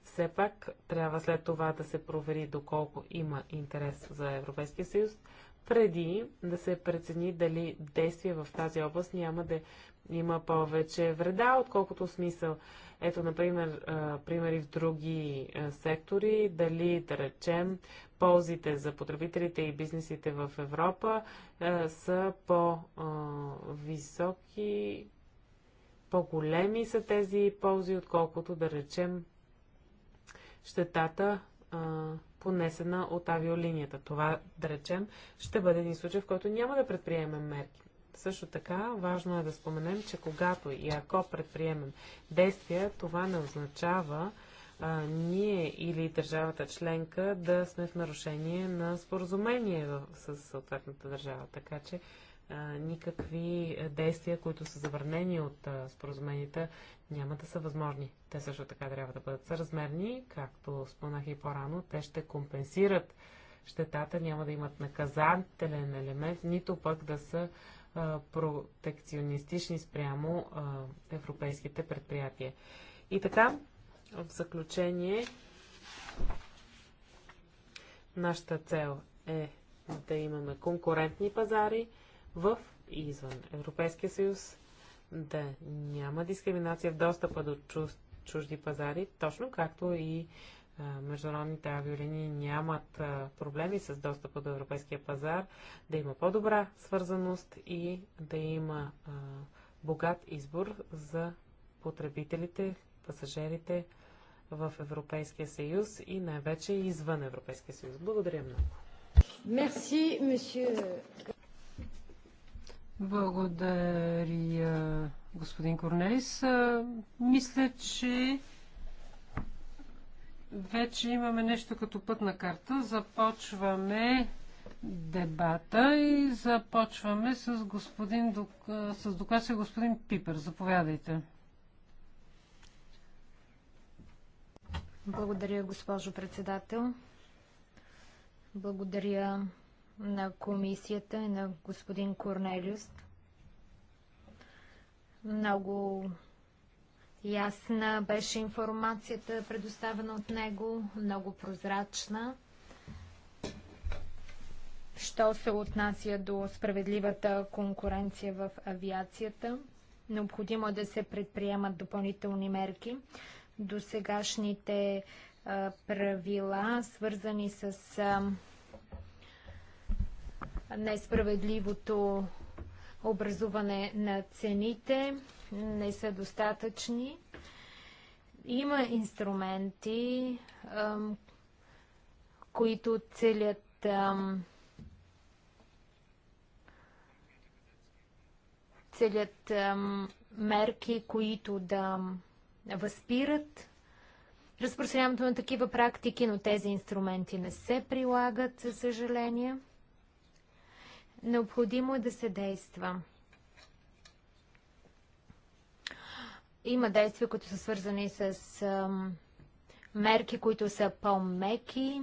все пак трябва след това да се провери доколко има интерес за Европейския съюз, преди да се прецени дали действие в тази област няма да има повече вреда, отколкото смисъл. Ето, например, примери в други сектори, дали, да речем, ползите за потребителите и бизнесите в Европа са по-високи, по-големи са тези ползи, отколкото, да речем, щетата понесена от авиолинията. Това, да речем, ще бъде един случай, в който няма да предприемем мерки. Също така, важно е да споменем, че когато и ако предприемем действия, това не означава а, ние или държавата членка да сме в нарушение на споразумение с съответната държава. Така че а, никакви действия, които са забранени от а, споразуменията, няма да са възможни. Те също така трябва да бъдат съразмерни, както споменах и по-рано, те ще компенсират щетата, няма да имат наказателен елемент, нито пък да са а, протекционистични спрямо а, европейските предприятия. И така, в заключение, нашата цел е да имаме конкурентни пазари в и извън Европейския съюз да няма дискриминация в достъпа до чужди пазари, точно както и международните авиолинии нямат проблеми с достъпа до европейския пазар, да има по-добра свързаност и да има богат избор за потребителите, пасажирите в Европейския съюз и най-вече извън Европейския съюз. Благодаря много. Мерси, месье. Благодаря, господин Корнелис. Мисля, че вече имаме нещо като пътна карта. Започваме дебата и започваме с, господин, с доклад господин Пипер. Заповядайте. Благодаря, госпожо председател. Благодаря на комисията и е на господин Корнелиус. Много ясна беше информацията, предоставена от него, много прозрачна. Що се отнася до справедливата конкуренция в авиацията, необходимо е да се предприемат допълнителни мерки. До сегашните правила, свързани с несправедливото образуване на цените не са достатъчни. Има инструменти, които целят целят мерки, които да възпират разпространяването на такива практики, но тези инструменти не се прилагат, за съжаление. Необходимо е да се действа. Има действия, които са свързани с мерки, които са по-меки.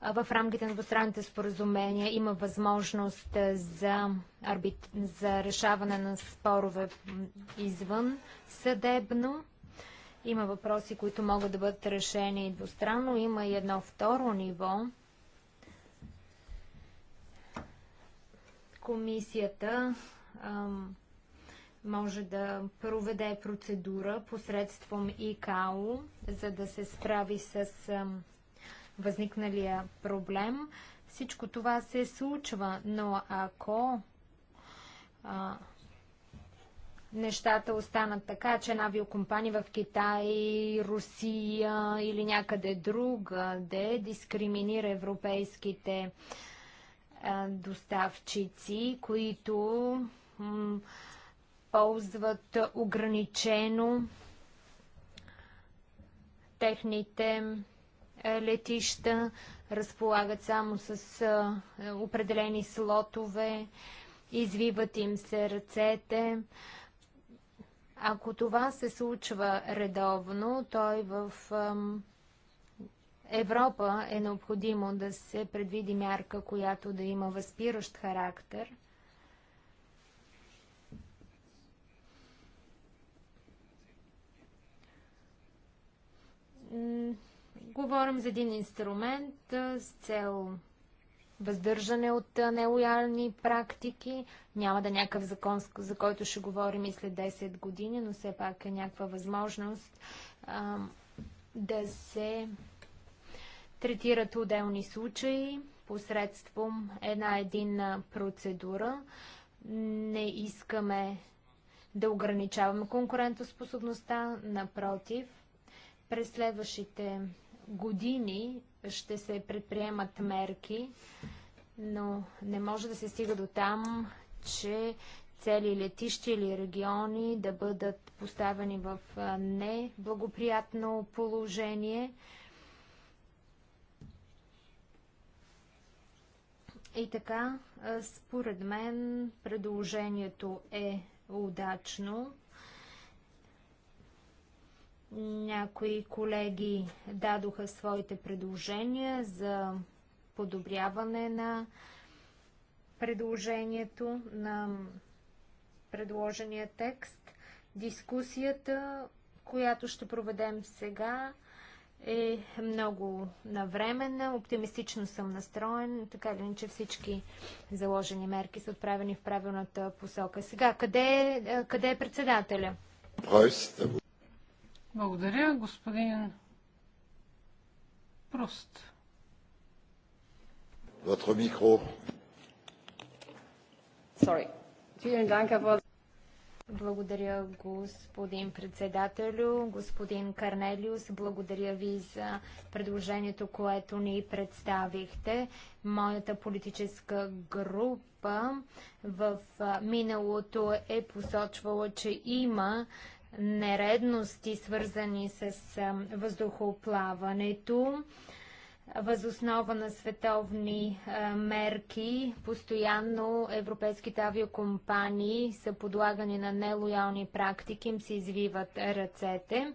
В рамките на двустранните споразумения има възможност за, арбит... за решаване на спорове извън съдебно. Има въпроси, които могат да бъдат решени двустранно. Има и едно второ ниво – комисията може да проведе процедура посредством ИКАО, за да се справи с възникналия проблем. Всичко това се случва, но ако нещата останат така, че една авиокомпания в Китай, Русия или някъде другаде дискриминира европейските доставчици, които ползват ограничено техните летища, разполагат само с определени слотове, извиват им се ръцете. Ако това се случва редовно, той в ам, Европа е необходимо да се предвиди мярка, която да има възпиращ характер. Говорим за един инструмент с цел въздържане от нелоялни практики. Няма да е някакъв закон, за който ще говорим и след 10 години, но все пак е някаква възможност да се третират отделни случаи посредством една единна процедура. Не искаме да ограничаваме конкурентоспособността, напротив, през следващите години ще се предприемат мерки, но не може да се стига до там, че цели летища или региони да бъдат поставени в неблагоприятно положение – И така, според мен, предложението е удачно. Някои колеги дадоха своите предложения за подобряване на предложението на предложения текст. Дискусията, която ще проведем сега, е много навременна. Оптимистично съм настроен, така ли, че всички заложени мерки са отправени в правилната посока. Сега, къде, е, е къде е председателя? Благодаря, господин Прост. Votre микро. Sorry. Vielen Dank, Herr благодаря, господин председателю. Господин Карнелиус, благодаря ви за предложението, което ни представихте. Моята политическа група в миналото е посочвала, че има нередности, свързани с въздухоплаването. Възоснова на световни мерки, постоянно европейските авиокомпании са подлагани на нелоялни практики, им се извиват ръцете.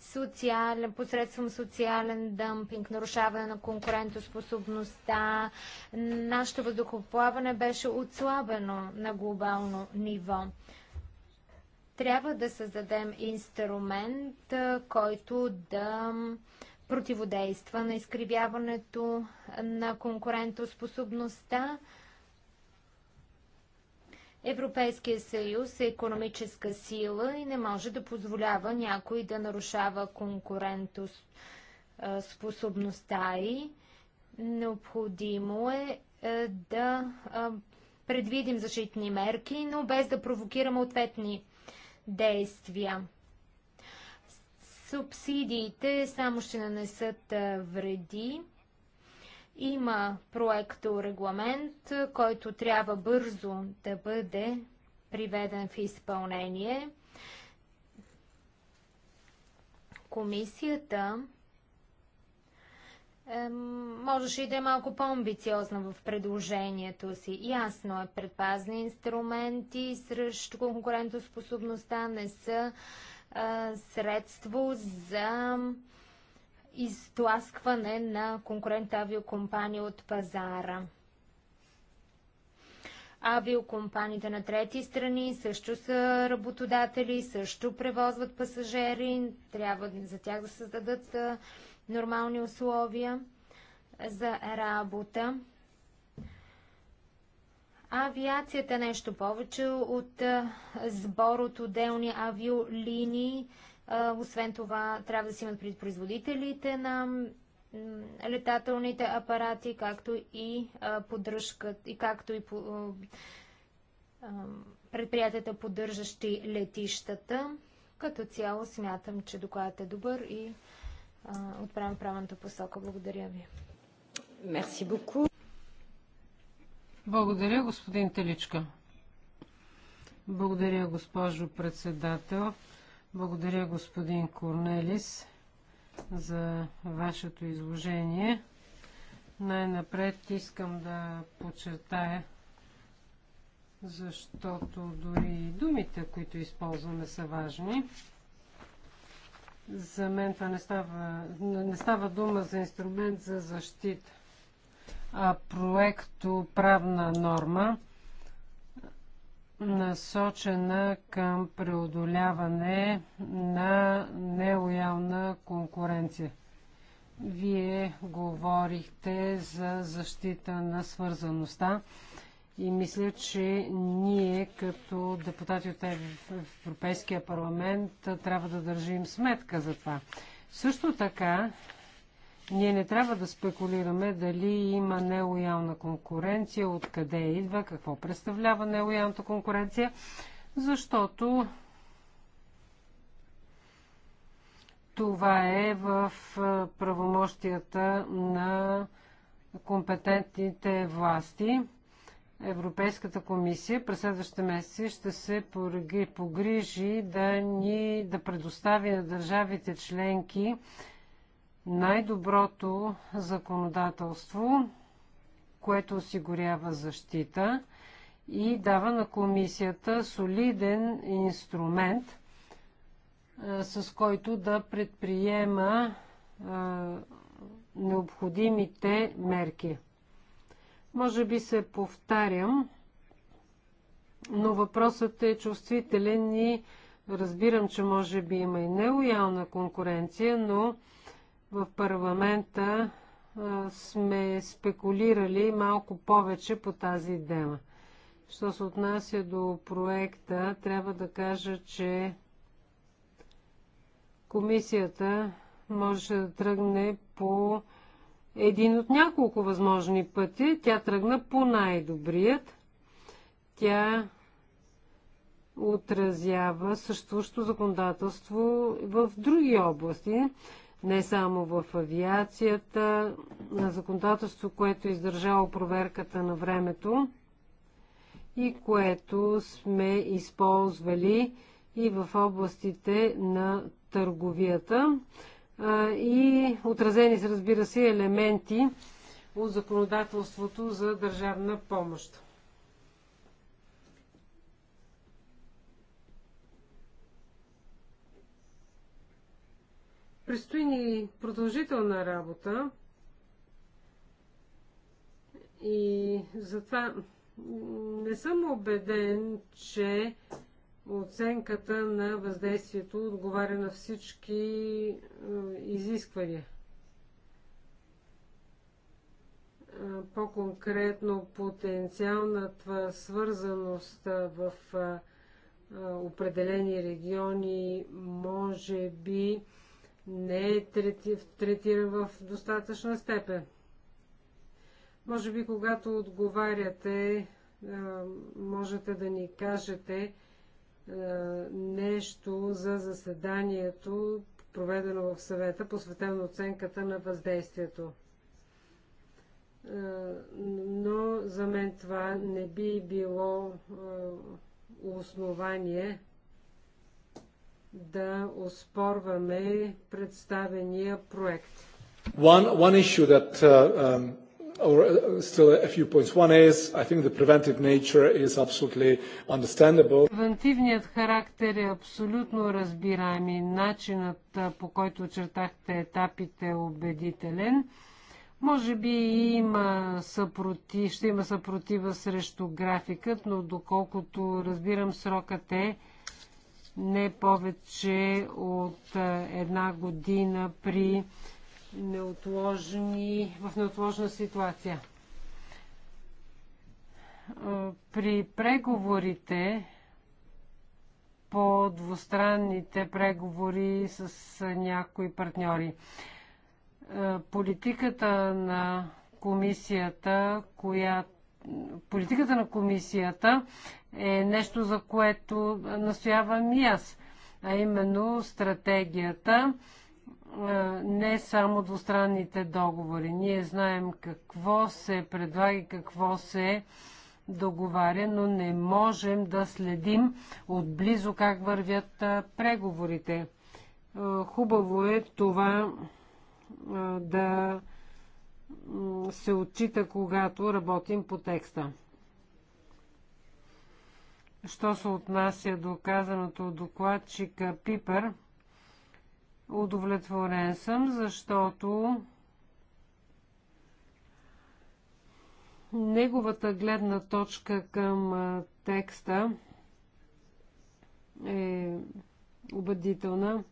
Социален, посредством социален дъмпинг, нарушаване на конкурентоспособността. Нашето въздухоплаване беше отслабено на глобално ниво трябва да създадем инструмент, който да противодейства на изкривяването на конкурентоспособността. Европейския съюз е економическа сила и не може да позволява някой да нарушава конкурентоспособността и необходимо е, е да е, предвидим защитни мерки, но без да провокираме ответни действия. Субсидиите само ще нанесат вреди. Има проекто регламент, който трябва бързо да бъде приведен в изпълнение. Комисията е, можеше и да е малко по-амбициозна в предложението си. Ясно е, предпазни инструменти срещу конкурентоспособността не са средство за изтласкване на конкурент авиокомпании от пазара. Авиокомпаниите на трети страни също са работодатели, също превозват пасажери, трябва за тях да създадат нормални условия за работа. Авиацията е нещо повече от сбор от отделни авиолинии. Освен това, трябва да си имат пред производителите на летателните апарати, както и поддръжкат, и както и предприятията, поддържащи летищата. Като цяло смятам, че докладът е добър и отправям правилната посока. Благодаря ви. Мерси буку. Благодаря, господин Теличка. Благодаря, госпожо председател. Благодаря, господин Корнелис, за вашето изложение. Най-напред искам да подчертая, защото дори думите, които използваме, са важни. За мен това не става, не става дума за инструмент за защита проекто правна норма, насочена към преодоляване на нелоялна конкуренция. Вие говорихте за защита на свързаността и мисля, че ние като депутати от Европейския парламент трябва да държим сметка за това. Също така ние не трябва да спекулираме дали има нелоялна конкуренция, откъде идва, какво представлява нелоялната конкуренция, защото това е в правомощията на компетентните власти. Европейската комисия през следващите месеци ще се погрижи да ни да предостави на държавите членки най-доброто законодателство, което осигурява защита и дава на комисията солиден инструмент, с който да предприема необходимите мерки. Може би се повтарям, но въпросът е чувствителен и разбирам, че може би има и нелоялна конкуренция, но в парламента сме спекулирали малко повече по тази тема. Що се отнася до проекта, трябва да кажа, че комисията можеше да тръгне по един от няколко възможни пъти. Тя тръгна по най-добрият. Тя отразява съществуващо законодателство в други области не само в авиацията, законодателство, което е издържало проверката на времето и което сме използвали и в областите на търговията. И отразени са, разбира се, елементи от законодателството за държавна помощ. Предстои ни продължителна работа и затова не съм убеден, че оценката на въздействието отговаря на всички е, изисквания. По-конкретно потенциалната свързаност в определени региони може би не е третиран в достатъчна степен. Може би, когато отговаряте, можете да ни кажете нещо за заседанието, проведено в съвета, посветено оценката на въздействието. Но за мен това не би било основание да оспорваме представения проект. One, one issue that, uh, um, or uh, still a few points. One is, I think the preventive nature is absolutely understandable. Превентивният характер е абсолютно разбираем и начинът по който очертахте етапите е убедителен. Може би има съпротив, ще има съпротива срещу графикът, но доколкото разбирам срокът е не повече от една година при неотложни, в неотложна ситуация. При преговорите по двустранните преговори с някои партньори. Политиката на комисията, коя... Политиката на комисията е нещо, за което настоявам и аз, а именно стратегията е, не само двустранните договори. Ние знаем какво се предлага и какво се договаря, но не можем да следим отблизо как вървят преговорите. Е, хубаво е това е, да се отчита, когато работим по текста. Що се отнася до казаното от докладчика Пипер, удовлетворен съм, защото неговата гледна точка към текста е убедителна.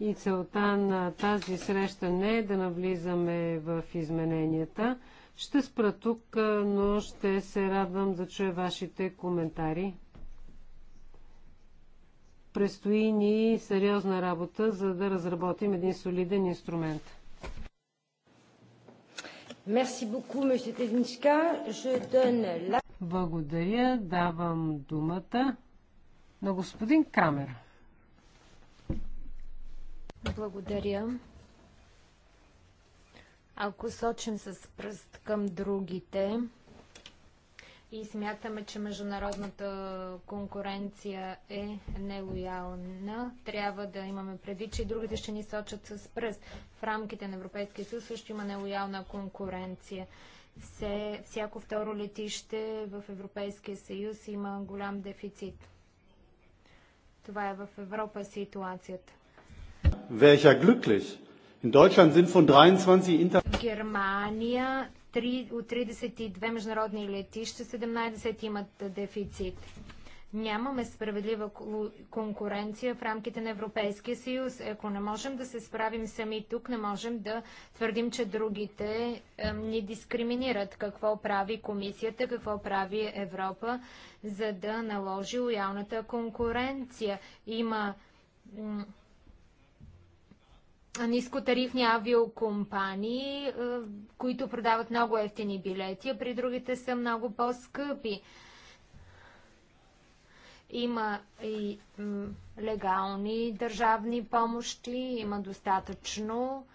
И целта на тази среща не е да навлизаме в измененията, ще спра тук, но ще се радвам да чуя вашите коментари. Престои ни сериозна работа, за да разработим един солиден инструмент. Благодаря. Давам думата на господин Камера. Благодаря. Ако сочим с пръст към другите и смятаме, че международната конкуренция е нелоялна, трябва да имаме преди, че и другите ще ни сочат с пръст. В рамките на Европейския съюз също има нелоялна конкуренция. Все, всяко второ летище в Европейския съюз има голям дефицит. Това е в Европа ситуацията. Welcher glücklich, In Deutschland sind von 23 Inter Германия 3 от 32 международни летища 17 имат дефицит. Нямаме справедлива конкуренция в рамките на Европейския съюз. Ако не можем да се справим сами тук, не можем да твърдим, че другите е, ни дискриминират. Какво прави комисията, какво прави Европа, за да наложи лоялната конкуренция? Има нискотарифни авиокомпании, е, които продават много ефтини билети, а при другите са много по-скъпи. Има и легални държавни помощи, има достатъчно.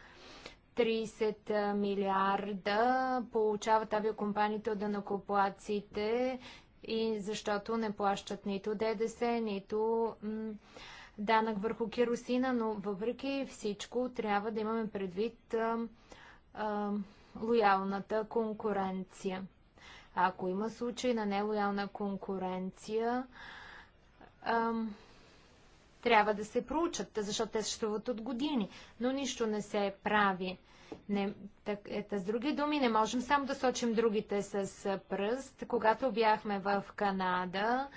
30 е, милиарда получават авиокомпаниите от данокоплаците и защото не плащат нито ДДС, нито данък върху керосина, но въпреки всичко трябва да имаме предвид а, а, лоялната конкуренция. Ако има случай на нелоялна конкуренция, а, трябва да се проучат, защото те съществуват от години, но нищо не се прави. Не, так, ета, с други думи, не можем само да сочим другите с пръст. Когато бяхме в Канада,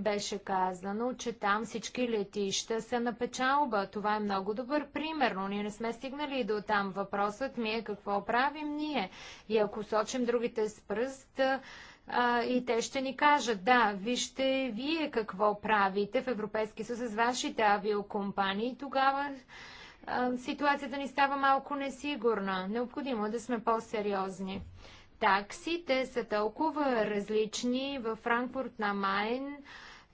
беше казано, че там всички летища са на печалба. Това е много добър пример, но ние не сме стигнали до там. Въпросът ми е какво правим ние. И ако сочим другите с пръст, а, и те ще ни кажат, да, вижте вие какво правите в Европейски съюз с вашите авиокомпании, тогава а, ситуацията ни става малко несигурна. Необходимо е да сме по-сериозни таксите са толкова различни. В Франкфурт на Майн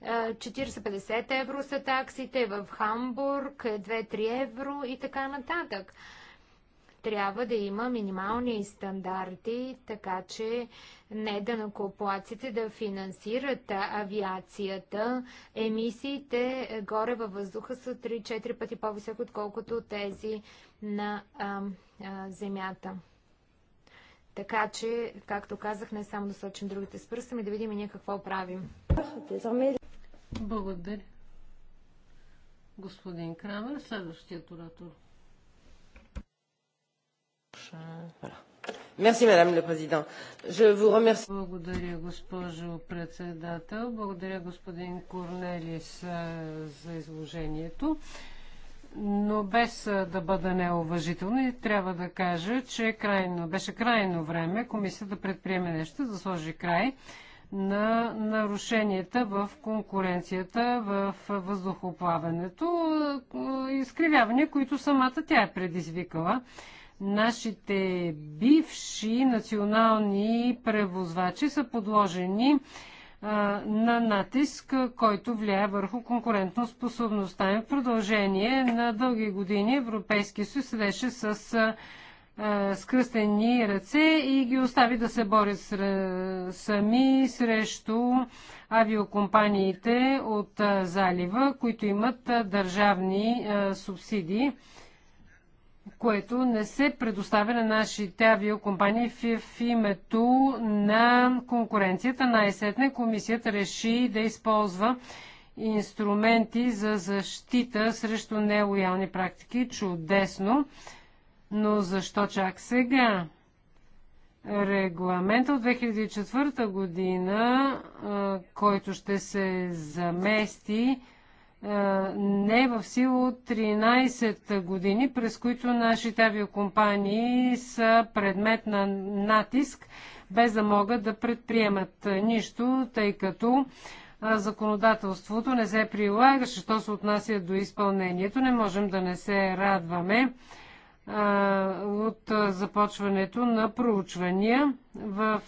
40-50 евро са таксите, в Хамбург 2-3 е, евро и така нататък. Трябва да има минимални стандарти, така че не да накоплаците да финансират авиацията. Емисиите е, горе във въздуха са 3-4 пъти по-високи, отколкото тези на а, а, земята. Така че, както казах, не само да сочим другите с пръста, ми да видим и ние какво правим. Благодаря. Господин Крамер, следващият оратор. Merci, madame le président. Je vous remercie. Благодаря, госпожо председател. Благодаря, господин Корнелис, за изложението но без да бъда неуважителна, трябва да кажа, че крайно, беше крайно време комисията да предприеме нещо, да сложи край на нарушенията в конкуренцията в въздухоплаването, изкривявания, които самата тя е предизвикала. Нашите бивши национални превозвачи са подложени на натиск, който влияе върху конкурентно способността им. В продължение на дълги години Европейския съюз седеше с скръстени ръце и ги остави да се борят сами срещу авиокомпаниите от залива, които имат държавни субсидии което не се предоставя на нашите авиокомпании в, в името на конкуренцията. Най-сетне комисията реши да използва инструменти за защита срещу нелоялни практики. Чудесно! Но защо чак сега? Регламента от 2004 година, който ще се замести е, не е в сила от 13 години, през които нашите авиокомпании са предмет на натиск, без да могат да предприемат нищо, тъй като е, законодателството не се прилага, що се отнася до изпълнението. Не можем да не се радваме е, от започването на проучвания в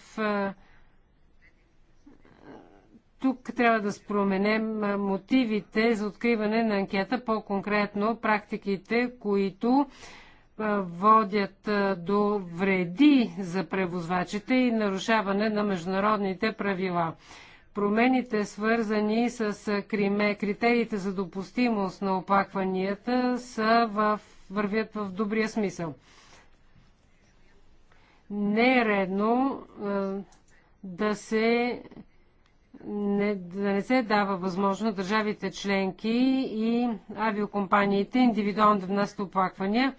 тук трябва да споменем мотивите за откриване на анкета, по-конкретно практиките, които водят до вреди за превозвачите и нарушаване на международните правила. Промените, свързани с Криме, критериите за допустимост на оплакванията, са в, вървят в добрия смисъл. Не е редно да се не, да не се дава възможно държавите членки и авиокомпаниите индивидуално да внасят оплаквания.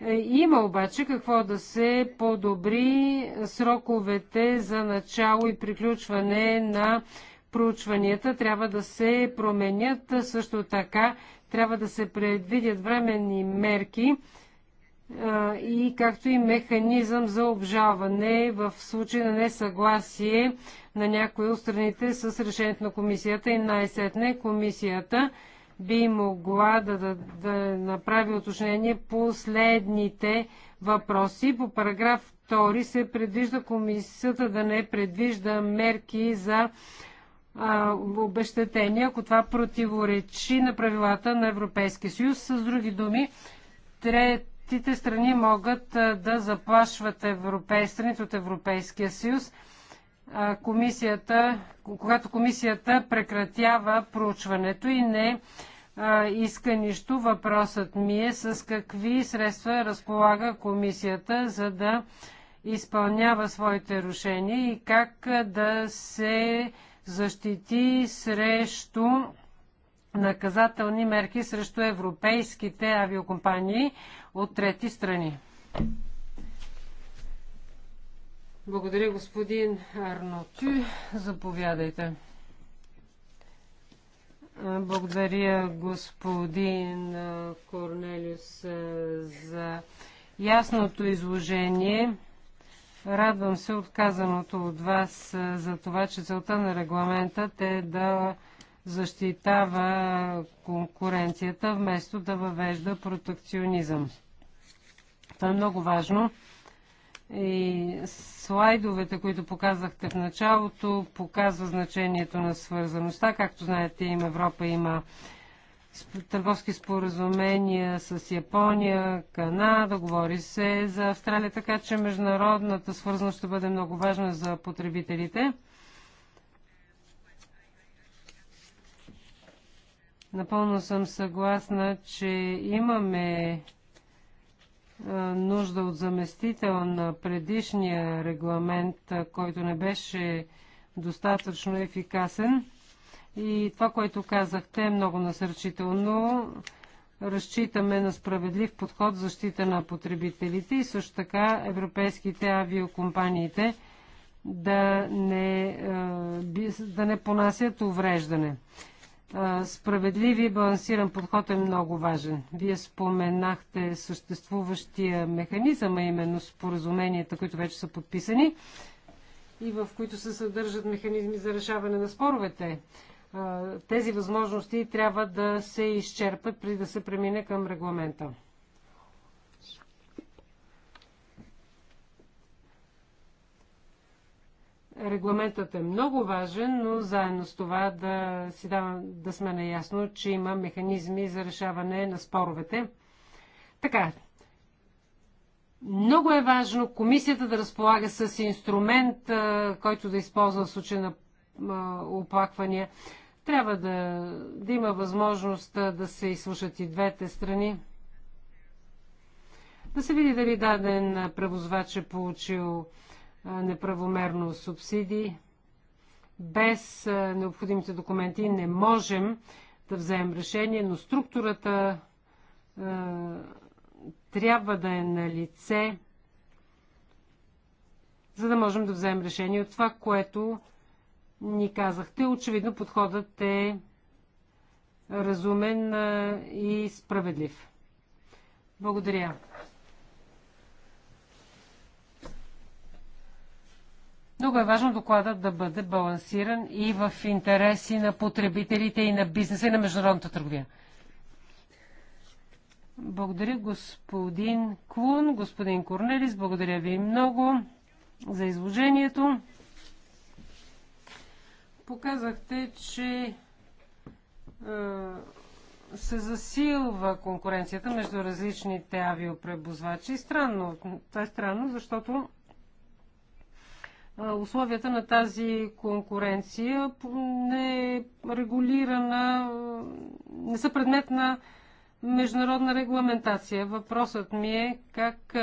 Е, има обаче какво да се подобри сроковете за начало и приключване на проучванията. Трябва да се променят също така. Трябва да се предвидят временни мерки и както и механизъм за обжалване в случай на несъгласие на някои от страните с решението на комисията и най-сетне комисията би могла да, да, да направи уточнение по следните въпроси. По параграф 2 се предвижда комисията да не предвижда мерки за обещетения, ако това противоречи на правилата на Европейския съюз. С други думи, трет, Тите страни могат да заплашват страните от Европейския съюз, комисията, когато комисията прекратява проучването и не иска нищо. Въпросът ми е с какви средства разполага комисията, за да изпълнява своите решения и как да се защити срещу наказателни мерки срещу европейските авиокомпании от трети страни. Благодаря, господин Арноти. Заповядайте. Благодаря, господин Корнелиус, за ясното изложение. Радвам се отказаното от вас за това, че целта на регламентът е да защитава конкуренцията, вместо да въвежда протекционизъм. Това е много важно. И слайдовете, които показахте в началото, показва значението на свързаността. Както знаете, има Европа има търговски споразумения с Япония, Канада, говори се за Австралия, така че международната свързаност ще бъде много важна за потребителите. Напълно съм съгласна, че имаме нужда от заместител на предишния регламент, който не беше достатъчно ефикасен. И това, което казахте, е много насърчително. Разчитаме на справедлив подход защита на потребителите и също така европейските авиокомпаниите да не, да не понасят увреждане. Справедлив и балансиран подход е много важен. Вие споменахте съществуващия механизъм, а именно споразуменията, които вече са подписани и в които се съдържат механизми за решаване на споровете. Тези възможности трябва да се изчерпат преди да се премине към регламента. Регламентът е много важен, но заедно с това да, си давам, да сме наясно, че има механизми за решаване на споровете. Така, много е важно комисията да разполага с инструмент, който да използва в случай на оплаквания. Трябва да, да има възможност да се изслушат и двете страни. Да се види дали даден превозвач е получил неправомерно субсидии. Без необходимите документи не можем да вземем решение, но структурата трябва да е на лице, за да можем да вземем решение от това, което ни казахте. Очевидно подходът е разумен и справедлив. Благодаря. Много е важно докладът да бъде балансиран и в интереси на потребителите и на бизнеса и на международната търговия. Благодаря господин Клун, господин Корнелис, благодаря ви много за изложението. Показахте, че се засилва конкуренцията между различните авиопребозвачи. Странно, това е странно, защото условията на тази конкуренция не, е регулирана, не са предмет на международна регламентация. Въпросът ми е как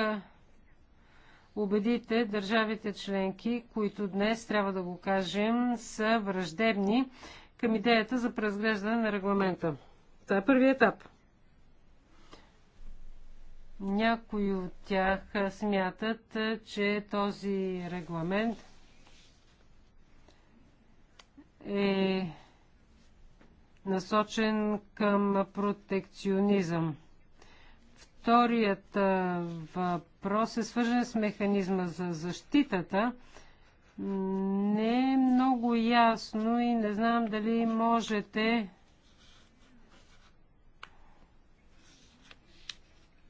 убедите държавите членки, които днес, трябва да го кажем, са враждебни към идеята за преразглеждане на регламента. Това е първият етап. Някои от тях смятат, че този регламент е насочен към протекционизъм. Вторият въпрос е свързан с механизма за защитата. Не е много ясно и не знам дали можете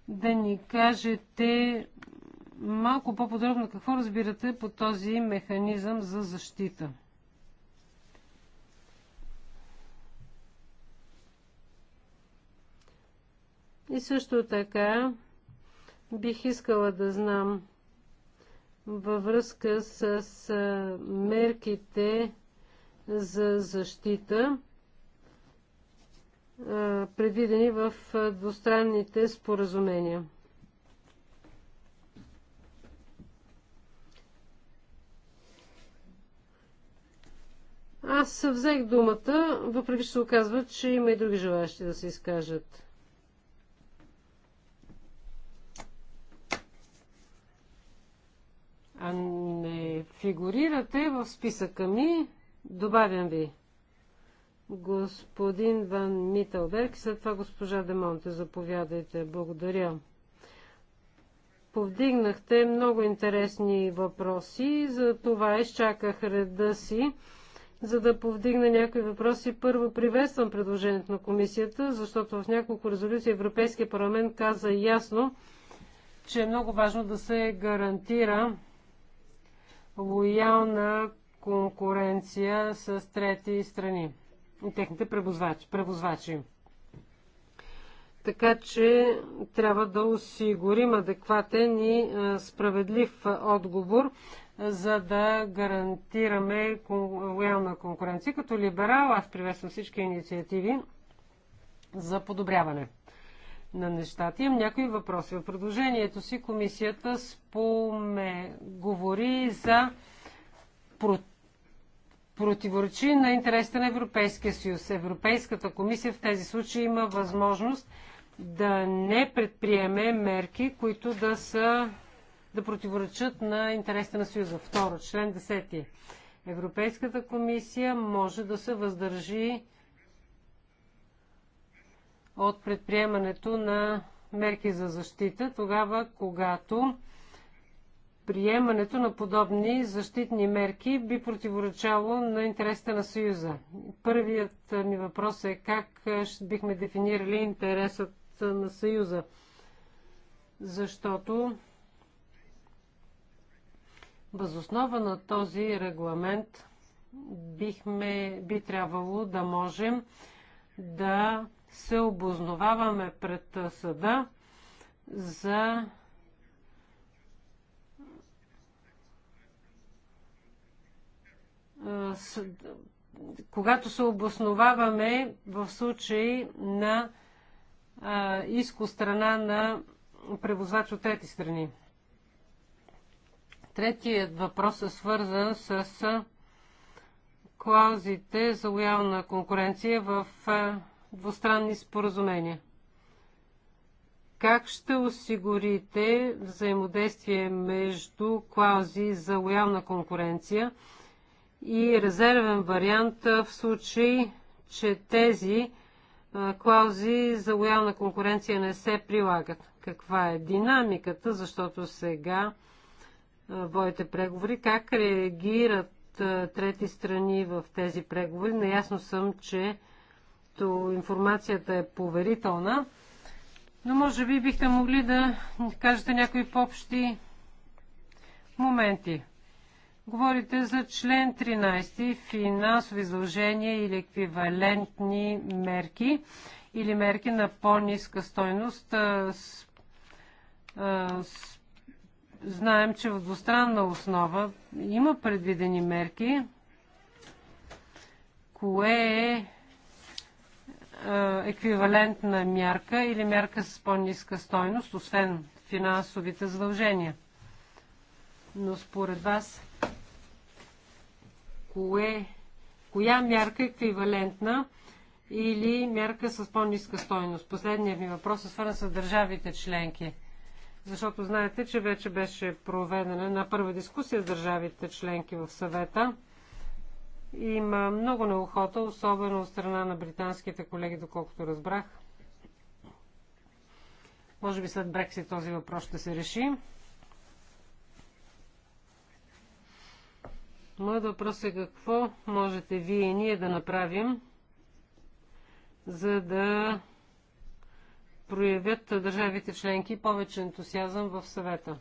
да ни кажете малко по-подробно какво разбирате по този механизъм за защита. И също така бих искала да знам във връзка с мерките за защита предвидени в двустранните споразумения. Аз взех думата, въпреки че се оказва, че има и други желащи да се изкажат. А не фигурирате в списъка ми, добавям ви господин Ван Мителберг след това госпожа Демонте. Заповядайте. Благодаря. Повдигнахте много интересни въпроси, за това изчаках реда си, за да повдигна някои въпроси. Първо приветствам предложението на комисията, защото в няколко резолюции Европейския парламент каза ясно, че е много важно да се гарантира лоялна конкуренция с трети страни техните превозвачи. превозвачи. Така че трябва да осигурим адекватен и справедлив отговор, за да гарантираме лоялна конкуренция. Като либерал аз приветствам всички инициативи за подобряване на нещата. Имам някои въпроси. В предложението си комисията споме говори за против противоречи на интересите на Европейския съюз. Европейската комисия в тези случаи има възможност да не предприеме мерки, които да са да противоречат на интересите на Съюза. Второ, член 10. Европейската комисия може да се въздържи от предприемането на мерки за защита, тогава когато Приемането на подобни защитни мерки би противоречало на интересите на Съюза. Първият ми въпрос е как бихме дефинирали интересът на Съюза, защото възоснова на този регламент бихме, би трябвало да можем да се обознаваме пред съда за когато се обосноваваме в случай на иско страна на превозвач от трети страни. Третият въпрос е свързан с клаузите за лоялна конкуренция в двустранни споразумения. Как ще осигурите взаимодействие между клаузи за лоялна конкуренция – и резервен вариант в случай, че тези клаузи за лоялна конкуренция не се прилагат. Каква е динамиката, защото сега водите преговори, как реагират трети страни в тези преговори. Наясно съм, че то информацията е поверителна, но може би бихте могли да кажете някои по-общи моменти. Говорите за член 13 финансови задължения или еквивалентни мерки или мерки на по-ниска стойност. Знаем, че в двустранна основа има предвидени мерки. Кое е еквивалентна мярка или мярка с по-ниска стойност, освен финансовите задължения? но според вас кое, коя мярка е еквивалентна или мярка с по-ниска стойност? Последният ми въпрос е свързан с държавите членки. Защото знаете, че вече беше проведена на първа дискусия с държавите членки в съвета. Има много неохота, особено от страна на британските колеги, доколкото разбрах. Може би след Брексит този въпрос ще се реши. Моят въпрос е какво можете вие и ние да направим, за да проявят държавите членки повече ентусиазъм в съвета.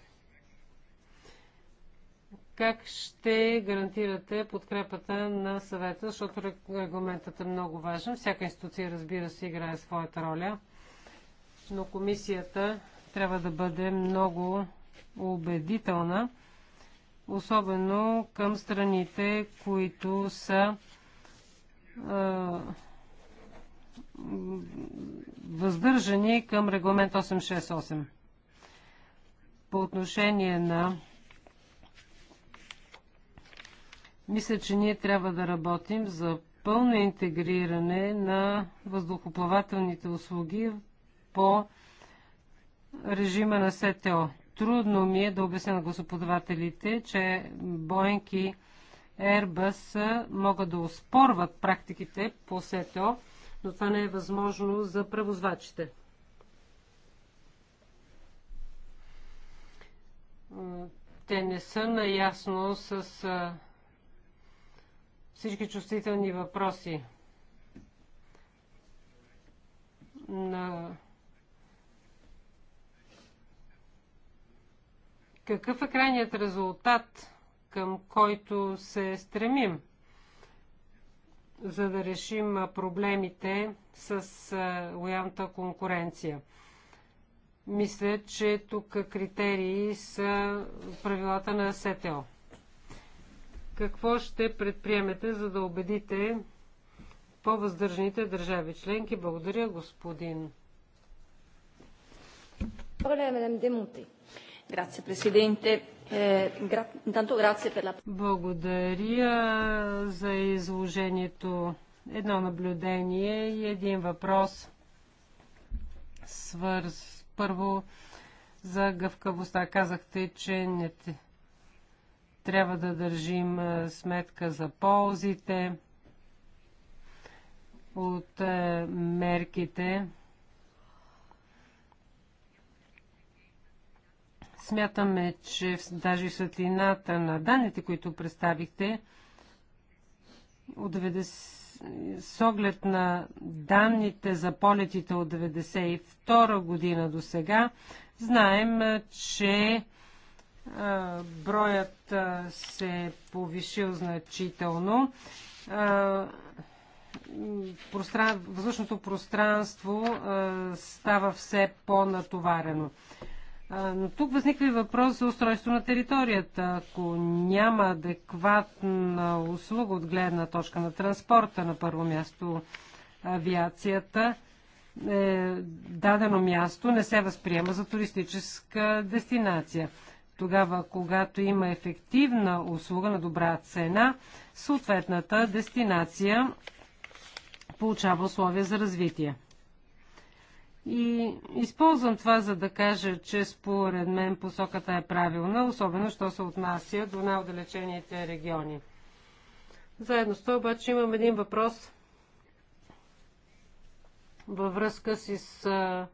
Как ще гарантирате подкрепата на съвета, защото регламентът е много важен. Всяка институция, разбира се, играе своята роля, но комисията трябва да бъде много убедителна особено към страните, които са а, въздържани към регламент 868. По отношение на мисля, че ние трябва да работим за пълно интегриране на въздухоплавателните услуги по режима на СТО. Трудно ми е да обясня на гласоподавателите, че Боинг и Airbus могат да оспорват практиките по СТО, но това не е възможно за превозвачите. Те не са наясно с всички чувствителни въпроси на Какъв е крайният резултат, към който се стремим, за да решим проблемите с лоялната конкуренция? Мисля, че тук критерии са правилата на СТО. Какво ще предприемете, за да убедите по-въздържаните държави членки? Благодаря, господин. Проблемът е демонтиран. Grazie, Presidente. Eh, Благодаря за изложението. Едно наблюдение и един въпрос. Свърз. Първо, за гъвкавостта. Казахте, че не трябва да държим сметка за ползите от мерките. Смятаме, че даже в светлината на данните, които представихте, от 90, с оглед на данните за полетите от 1992 година до сега, знаем, че броят се е повишил значително. Въздушното пространство става все по-натоварено. Но тук възниква и въпрос за устройство на територията. Ако няма адекватна услуга от гледна точка на транспорта, на първо място авиацията, е, дадено място не се възприема за туристическа дестинация. Тогава, когато има ефективна услуга на добра цена, съответната дестинация получава условия за развитие. И използвам това, за да кажа, че според мен посоката е правилна, особено, що се отнася до най-отдалечените региони. Заедно с това обаче имам един въпрос във връзка си с а,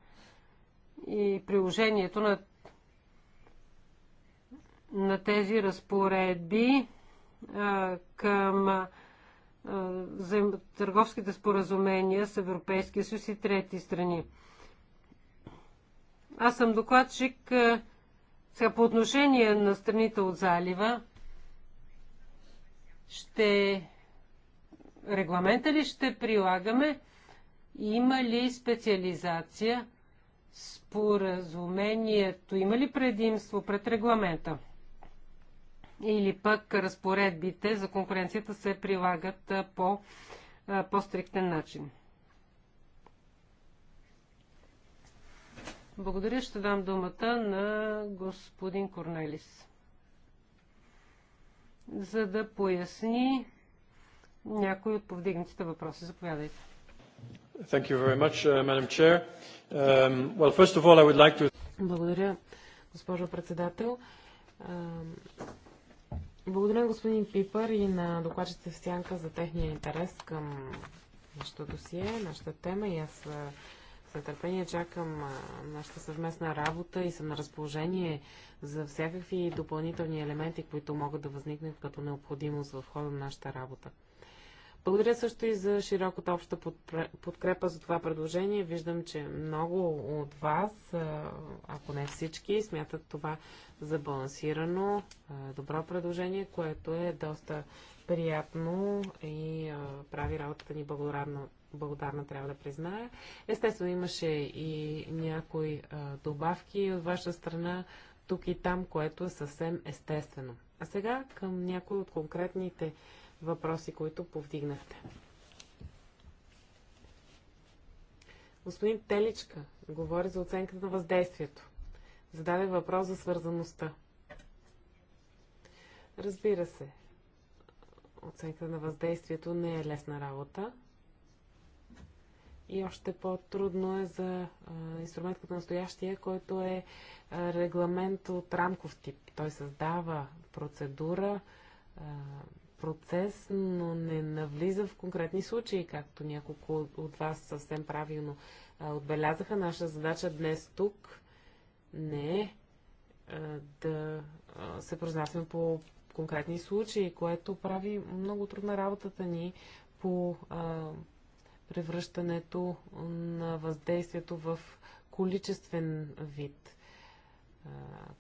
и приложението на, на тези разпоредби а, към а, за търговските споразумения с Европейския съюз и трети страни. Аз съм докладчик е, сега по отношение на страните от залива. Ще регламента ли ще прилагаме? Има ли специализация? Споразумението има ли предимство пред регламента? Или пък разпоредбите за конкуренцията се прилагат е, по е, по-стриктен начин? Благодаря. Ще дам думата на господин Корнелис, за да поясни някои от повдигнатите въпроси. Заповядайте. Thank you very much, uh, Madam Chair. Um, well, first of all, I would like to... Благодаря, госпожо председател. благодаря господин Пипър и на докладчите в Сянка за техния интерес към нашето досие, нашата тема и аз uh, с нетърпение чакам нашата съвместна работа и съм на разположение за всякакви допълнителни елементи, които могат да възникнат като необходимост в хода на нашата работа. Благодаря също и за широката обща подкрепа за това предложение. Виждам, че много от вас, ако не всички, смятат това за балансирано, добро предложение, което е доста приятно и прави работата ни благодарна благодарна, трябва да призная. Естествено, имаше и някои а, добавки от ваша страна тук и там, което е съвсем естествено. А сега към някои от конкретните въпроси, които повдигнахте. Господин Теличка говори за оценката на въздействието. Зададе въпрос за свързаността. Разбира се, оценката на въздействието не е лесна работа и още по-трудно е за инструмент като настоящия, който е регламент от рамков тип. Той създава процедура, процес, но не навлиза в конкретни случаи, както няколко от вас съвсем правилно отбелязаха. Наша задача днес тук не е да се произнасяме по конкретни случаи, което прави много трудна работата ни по а, превръщането на въздействието в количествен вид.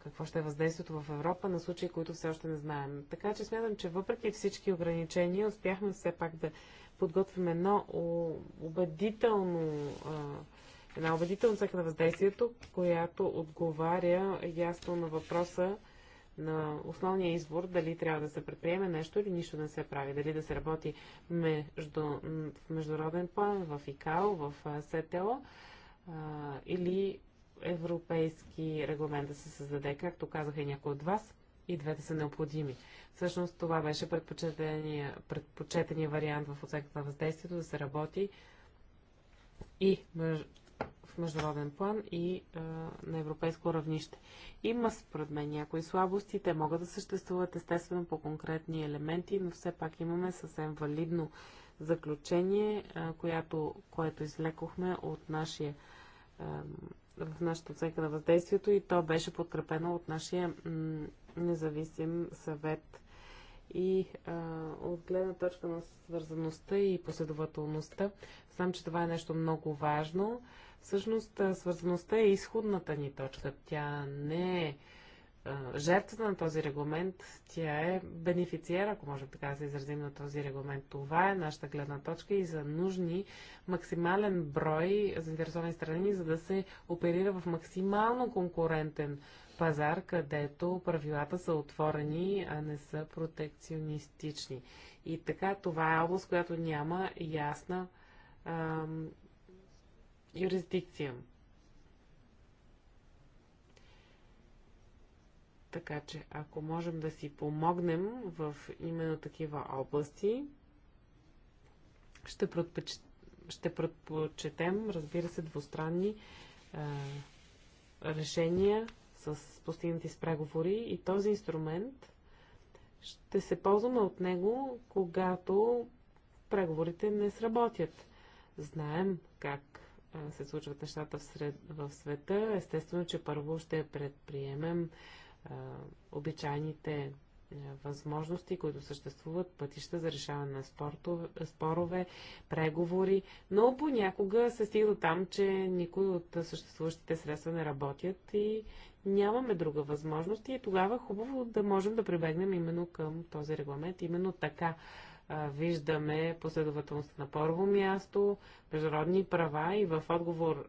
Какво ще е въздействието в Европа на случаи, които все още не знаем. Така че смятам, че въпреки всички ограничения, успяхме все пак да подготвим едно убедително една убедителна оценка на въздействието, която отговаря ясно на въпроса на основния избор дали трябва да се предприеме нещо или нищо да не се прави. Дали да се работи между, в международен план, в ИКАО, в СТО а, или европейски регламент да се създаде, както казаха и някои от вас, и двете са необходими. Всъщност това беше предпочетения, предпочетения вариант в оценката на въздействието да се работи и в международен план и а, на европейско равнище. Има според мен някои слабости, те могат да съществуват естествено по конкретни елементи, но все пак имаме съвсем валидно заключение, а, която, което излекохме от нашия а, в нашата оценка на въздействието и то беше подкрепено от нашия независим съвет. И а, от гледна точка на свързаността и последователността, знам, че това е нещо много важно. Всъщност, свързаността е изходната ни точка. Тя не е жертвата на този регламент, тя е бенефициер, ако можем така да се изразим на този регламент. Това е нашата гледна точка и за нужни максимален брой заинтересовани страни, за да се оперира в максимално конкурентен пазар, където правилата са отворени, а не са протекционистични. И така това е област, която няма ясна ам, юрисдикция. Така че, ако можем да си помогнем в именно такива области, ще, предпоч... ще предпочетем, разбира се, двустранни е, решения с постигнати с преговори и този инструмент ще се ползваме от него, когато преговорите не сработят. Знаем как се случват нещата в, сред, в света, естествено, че първо ще предприемем а, обичайните а, възможности, които съществуват, пътища за решаване на спортове, спорове, преговори, но понякога се стига там, че никой от съществуващите средства не работят и нямаме друга възможност и тогава е хубаво да можем да прибегнем именно към този регламент, именно така виждаме последователността на първо място, международни права и в отговор,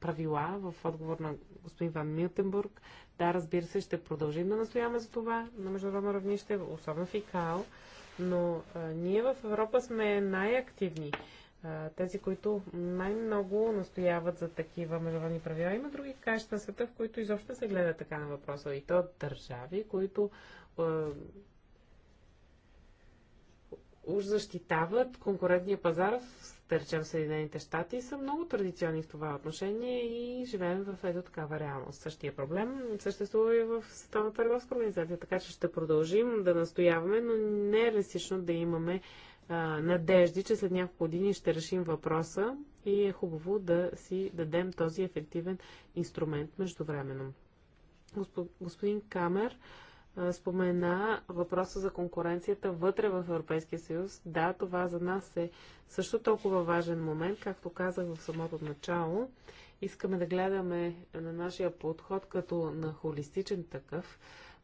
правила, в отговор на господин Ван Милтенбург. Да, разбира се, ще продължим да настояваме за това на международно равнище, особено в ИКАО, но а, ние в Европа сме най-активни. Тези, които най-много настояват за такива международни правила. Има други краища на света, в които изобщо се гледа така на въпроса. И то държави, които уж защитават конкурентния пазар в, да речем, Съединените щати, са много традиционни в това отношение и живеем в ето такава реалност. Същия проблем съществува и в Световна търговска организация, така че ще продължим да настояваме, но не е реалистично да имаме а, надежди, че след няколко години ще решим въпроса и е хубаво да си дадем този ефективен инструмент междувременно. Господин Камер, спомена въпроса за конкуренцията вътре в Европейския съюз. Да, това за нас е също толкова важен момент, както казах в самото начало. Искаме да гледаме на нашия подход като на холистичен такъв.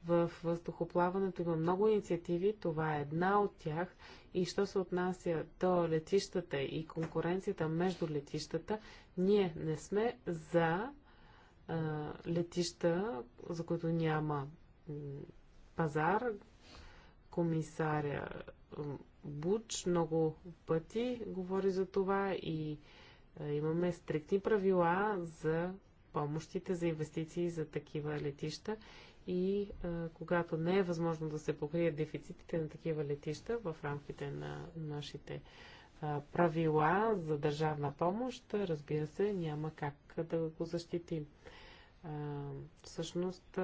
В въздухоплаването има много инициативи, това е една от тях. И що се отнася до летищата и конкуренцията между летищата, ние не сме за а, летища, за които няма пазар. Комисаря Буч много пъти говори за това и имаме стриктни правила за помощите за инвестиции за такива летища и а, когато не е възможно да се покрият дефицитите на такива летища в рамките на нашите а, правила за държавна помощ, разбира се, няма как да го защитим. А, всъщност,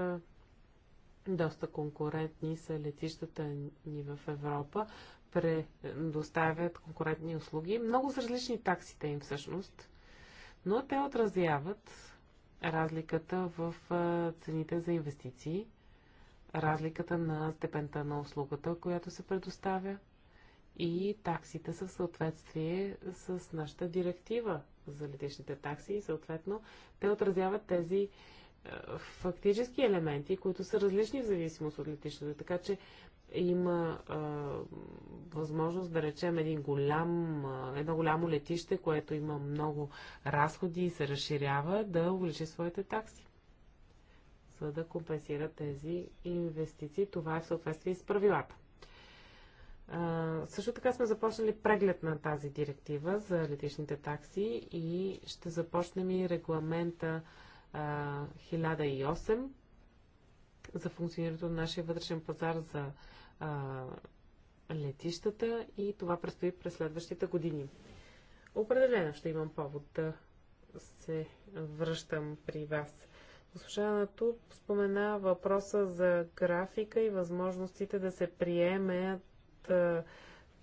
доста конкурентни са летищата ни в Европа, предоставят конкурентни услуги. Много са различни таксите им всъщност, но те отразяват разликата в цените за инвестиции, разликата на степента на услугата, която се предоставя и таксите са в съответствие с нашата директива за летищните такси и съответно те отразяват тези фактически елементи, които са различни в зависимост от летището. Така че има а, възможност да речем един голям, а, едно голямо летище, което има много разходи и се разширява, да увеличи своите такси, за да компенсира тези инвестиции. Това е в съответствие с правилата. А, също така сме започнали преглед на тази директива за летищните такси и ще започнем и регламента 1008 за функционирането на нашия вътрешен пазар за а, летищата и това предстои през следващите години. Определено ще имам повод да се връщам при вас. Послушаването спомена въпроса за графика и възможностите да се приемат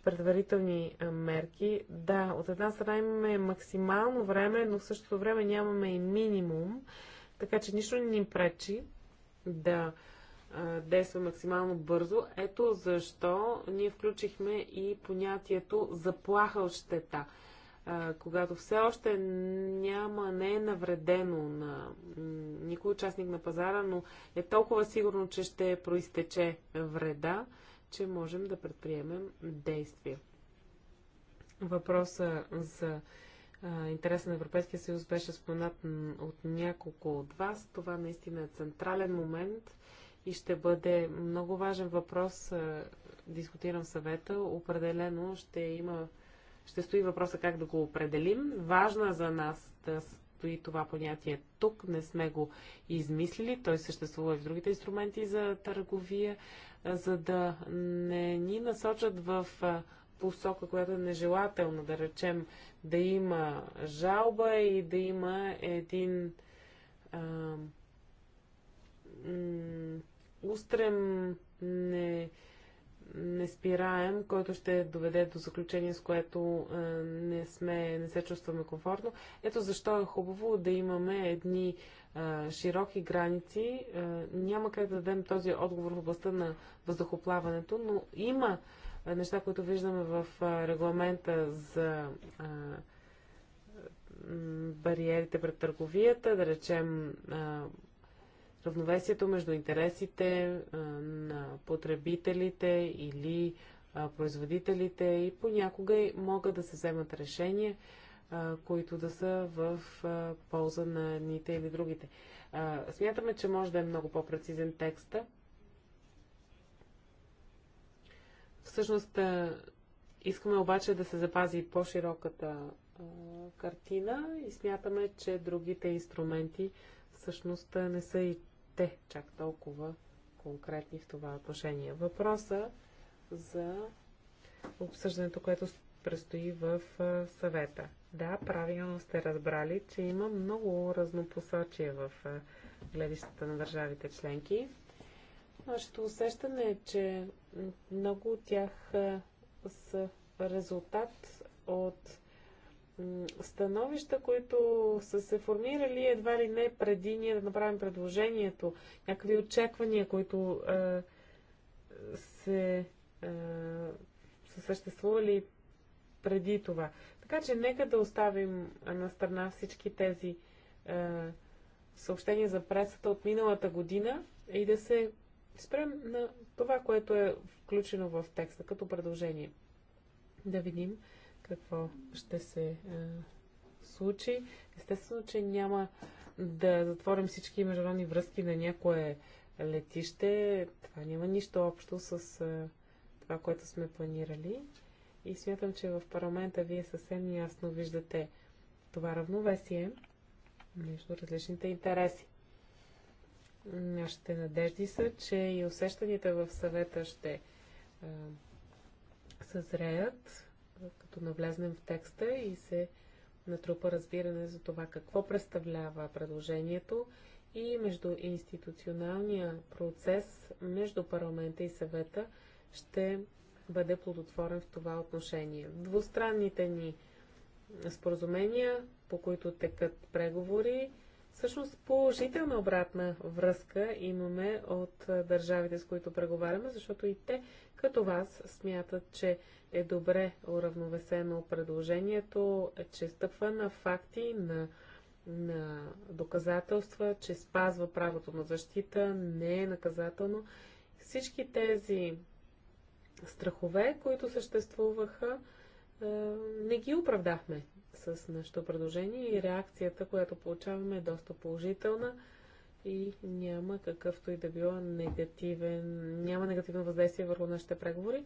предварителни мерки. Да, от една страна имаме максимално време, но в същото време нямаме и минимум, така че нищо не ни пречи да действа максимално бързо. Ето защо ние включихме и понятието заплаха от щета. Когато все още няма, не е навредено на никой участник на пазара, но е толкова сигурно, че ще проистече вреда, че можем да предприемем действия. Въпроса за интереса на Европейския съюз беше споменат от няколко от вас. Това наистина е централен момент и ще бъде много важен въпрос. Дискутирам съвета. Определено ще има ще стои въпроса как да го определим. Важно е за нас да стои това понятие тук. Не сме го измислили. Той съществува и в другите инструменти за търговия за да не ни насочат в посока, която е нежелателна, да речем, да има жалба и да има един а, устрем не неспираем, който ще доведе до заключение, с което а, е, не, сме, не се чувстваме комфортно. Ето защо е хубаво да имаме едни а, е, широки граници. А, е, няма как да дадем този отговор в областта на въздухоплаването, но има неща, които виждаме в регламента за бариерите пред търговията, да речем равновесието между интересите на потребителите или производителите и понякога могат да се вземат решения, които да са в полза на едните или другите. Смятаме, че може да е много по-прецизен текста. Всъщност, искаме обаче да се запази по-широката картина и смятаме, че другите инструменти всъщност не са и те чак толкова конкретни в това отношение. Въпроса за обсъждането, което предстои в съвета. Да, правилно сте разбрали, че има много разнопосочие в гледищата на държавите членки. Нашето усещане е, че много от тях са резултат от становища, които са се формирали едва ли не преди ние да направим предложението, някакви очаквания, които е, се, е, са съществували преди това. Така че нека да оставим на страна всички тези е, съобщения за пресата от миналата година и да се спрем на това, което е включено в текста като предложение. Да видим какво ще се е, случи. Естествено, че няма да затворим всички международни връзки на някое летище. Това няма нищо общо с е, това, което сме планирали. И смятам, че в парламента вие съвсем ясно виждате това равновесие между различните интереси. Нашите надежди са, че и усещанията в съвета ще е, съзреят като навлезнем в текста и се натрупа разбиране за това какво представлява предложението и между институционалния процес между парламента и съвета ще бъде плодотворен в това отношение. Двустранните ни споразумения, по които текат преговори, Всъщност положителна обратна връзка имаме от държавите, с които преговаряме, защото и те, като вас, смятат, че е добре уравновесено предложението, че стъпва на факти, на, на доказателства, че спазва правото на защита, не е наказателно. Всички тези страхове, които съществуваха, не ги оправдахме с нашето предложение и реакцията, която получаваме е доста положителна и няма какъвто и да било негативен, няма негативно въздействие върху нашите преговори.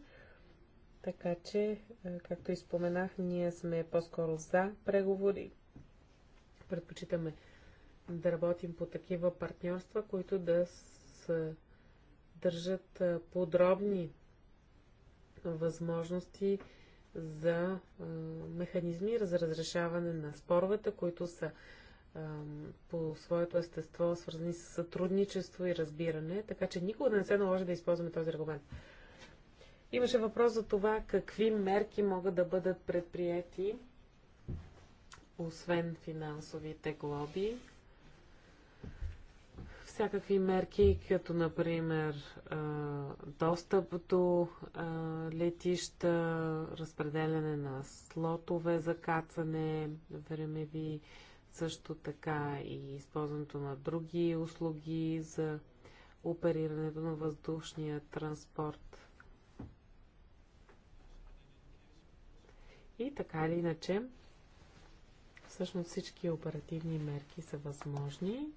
Така че, е, както и споменах, ние сме по-скоро за преговори. Предпочитаме да работим по такива партньорства, които да съдържат е, подробни възможности за а, механизми за разрешаване на споровете, които са а, по своето естество свързани с сътрудничество и разбиране, така че никога да не се наложи да използваме този аргумент. Имаше въпрос за това какви мерки могат да бъдат предприяти, освен финансовите глоби, всякакви мерки, като например достъп до летища, разпределяне на слотове за кацане, времеви, също така и използването на други услуги за оперирането на въздушния транспорт. И така или иначе, всъщност всички оперативни мерки са възможни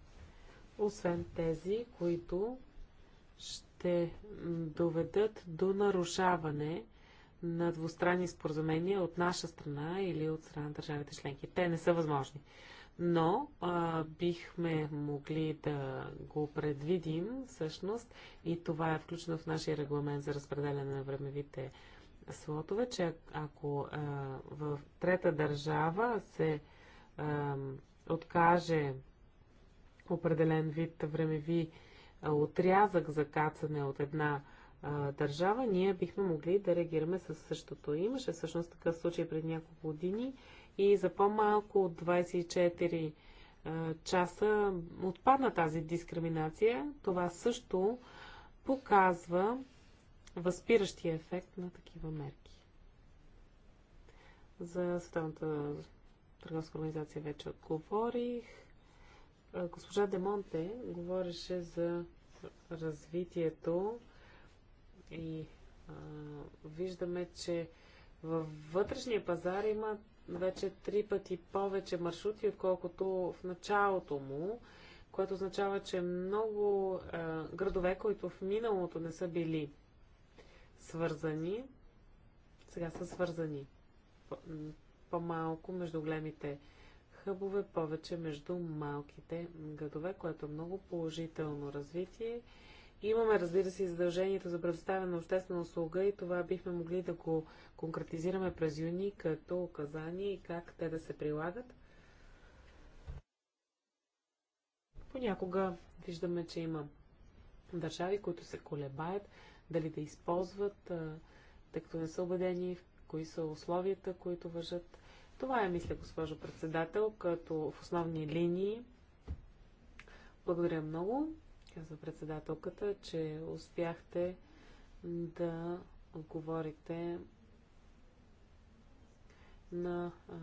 освен тези, които ще доведат до нарушаване на двустранни споразумения от наша страна или от страна на държавите членки. Те не са възможни. Но а, бихме могли да го предвидим всъщност и това е включено в нашия регламент за разпределяне на времевите слотове, че ако а, в трета държава се а, откаже определен вид времеви отрязък за кацане от една държава, ние бихме могли да реагираме със същото. Имаше всъщност такъв случай преди няколко години и за по-малко от 24 часа отпадна тази дискриминация. Това също показва възпиращия ефект на такива мерки. За Световната търговска организация вече говорих. Госпожа Демонте говореше за развитието и а, виждаме, че във вътрешния пазар има вече три пъти повече маршрути, отколкото в началото му, което означава, че много а, градове, които в миналото не са били свързани, сега са свързани. По- по-малко между големите хъбове повече между малките градове, което е много положително развитие. Имаме, разбира се, задължението за предоставяне на обществена услуга и това бихме могли да го конкретизираме през юни като указание и как те да се прилагат. Понякога виждаме, че има държави, които се колебаят дали да използват, тъй като не са убедени в кои са условията, които въжат това е, мисля, госпожо председател, като в основни линии. Благодаря много, казва председателката, че успяхте да отговорите на а,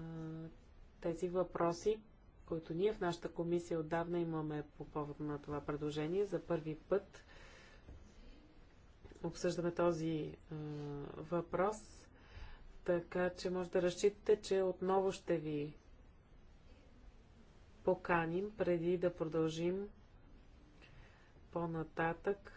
тези въпроси, които ние в нашата комисия отдавна имаме по повод на това предложение. За първи път обсъждаме този а, въпрос така че може да разчитате, че отново ще ви поканим преди да продължим по-нататък,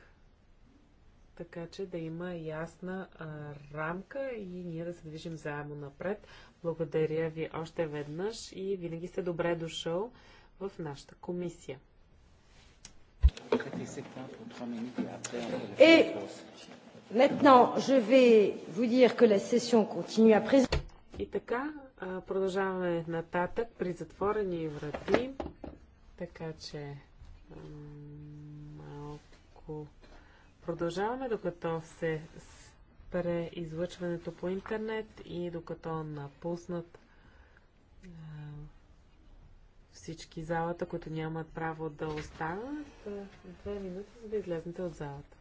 така че да има ясна а, рамка и ние да се движим заедно напред. Благодаря ви още веднъж и винаги сте добре дошъл в нашата комисия. Е! Maintenant, je vais vous dire que la session continue à présent. И така, продължаваме нататък при затворени врати, така че малко продължаваме, докато се спре излъчването по интернет и докато напуснат всички залата, които нямат право да останат, две минути, за да излезнете от залата.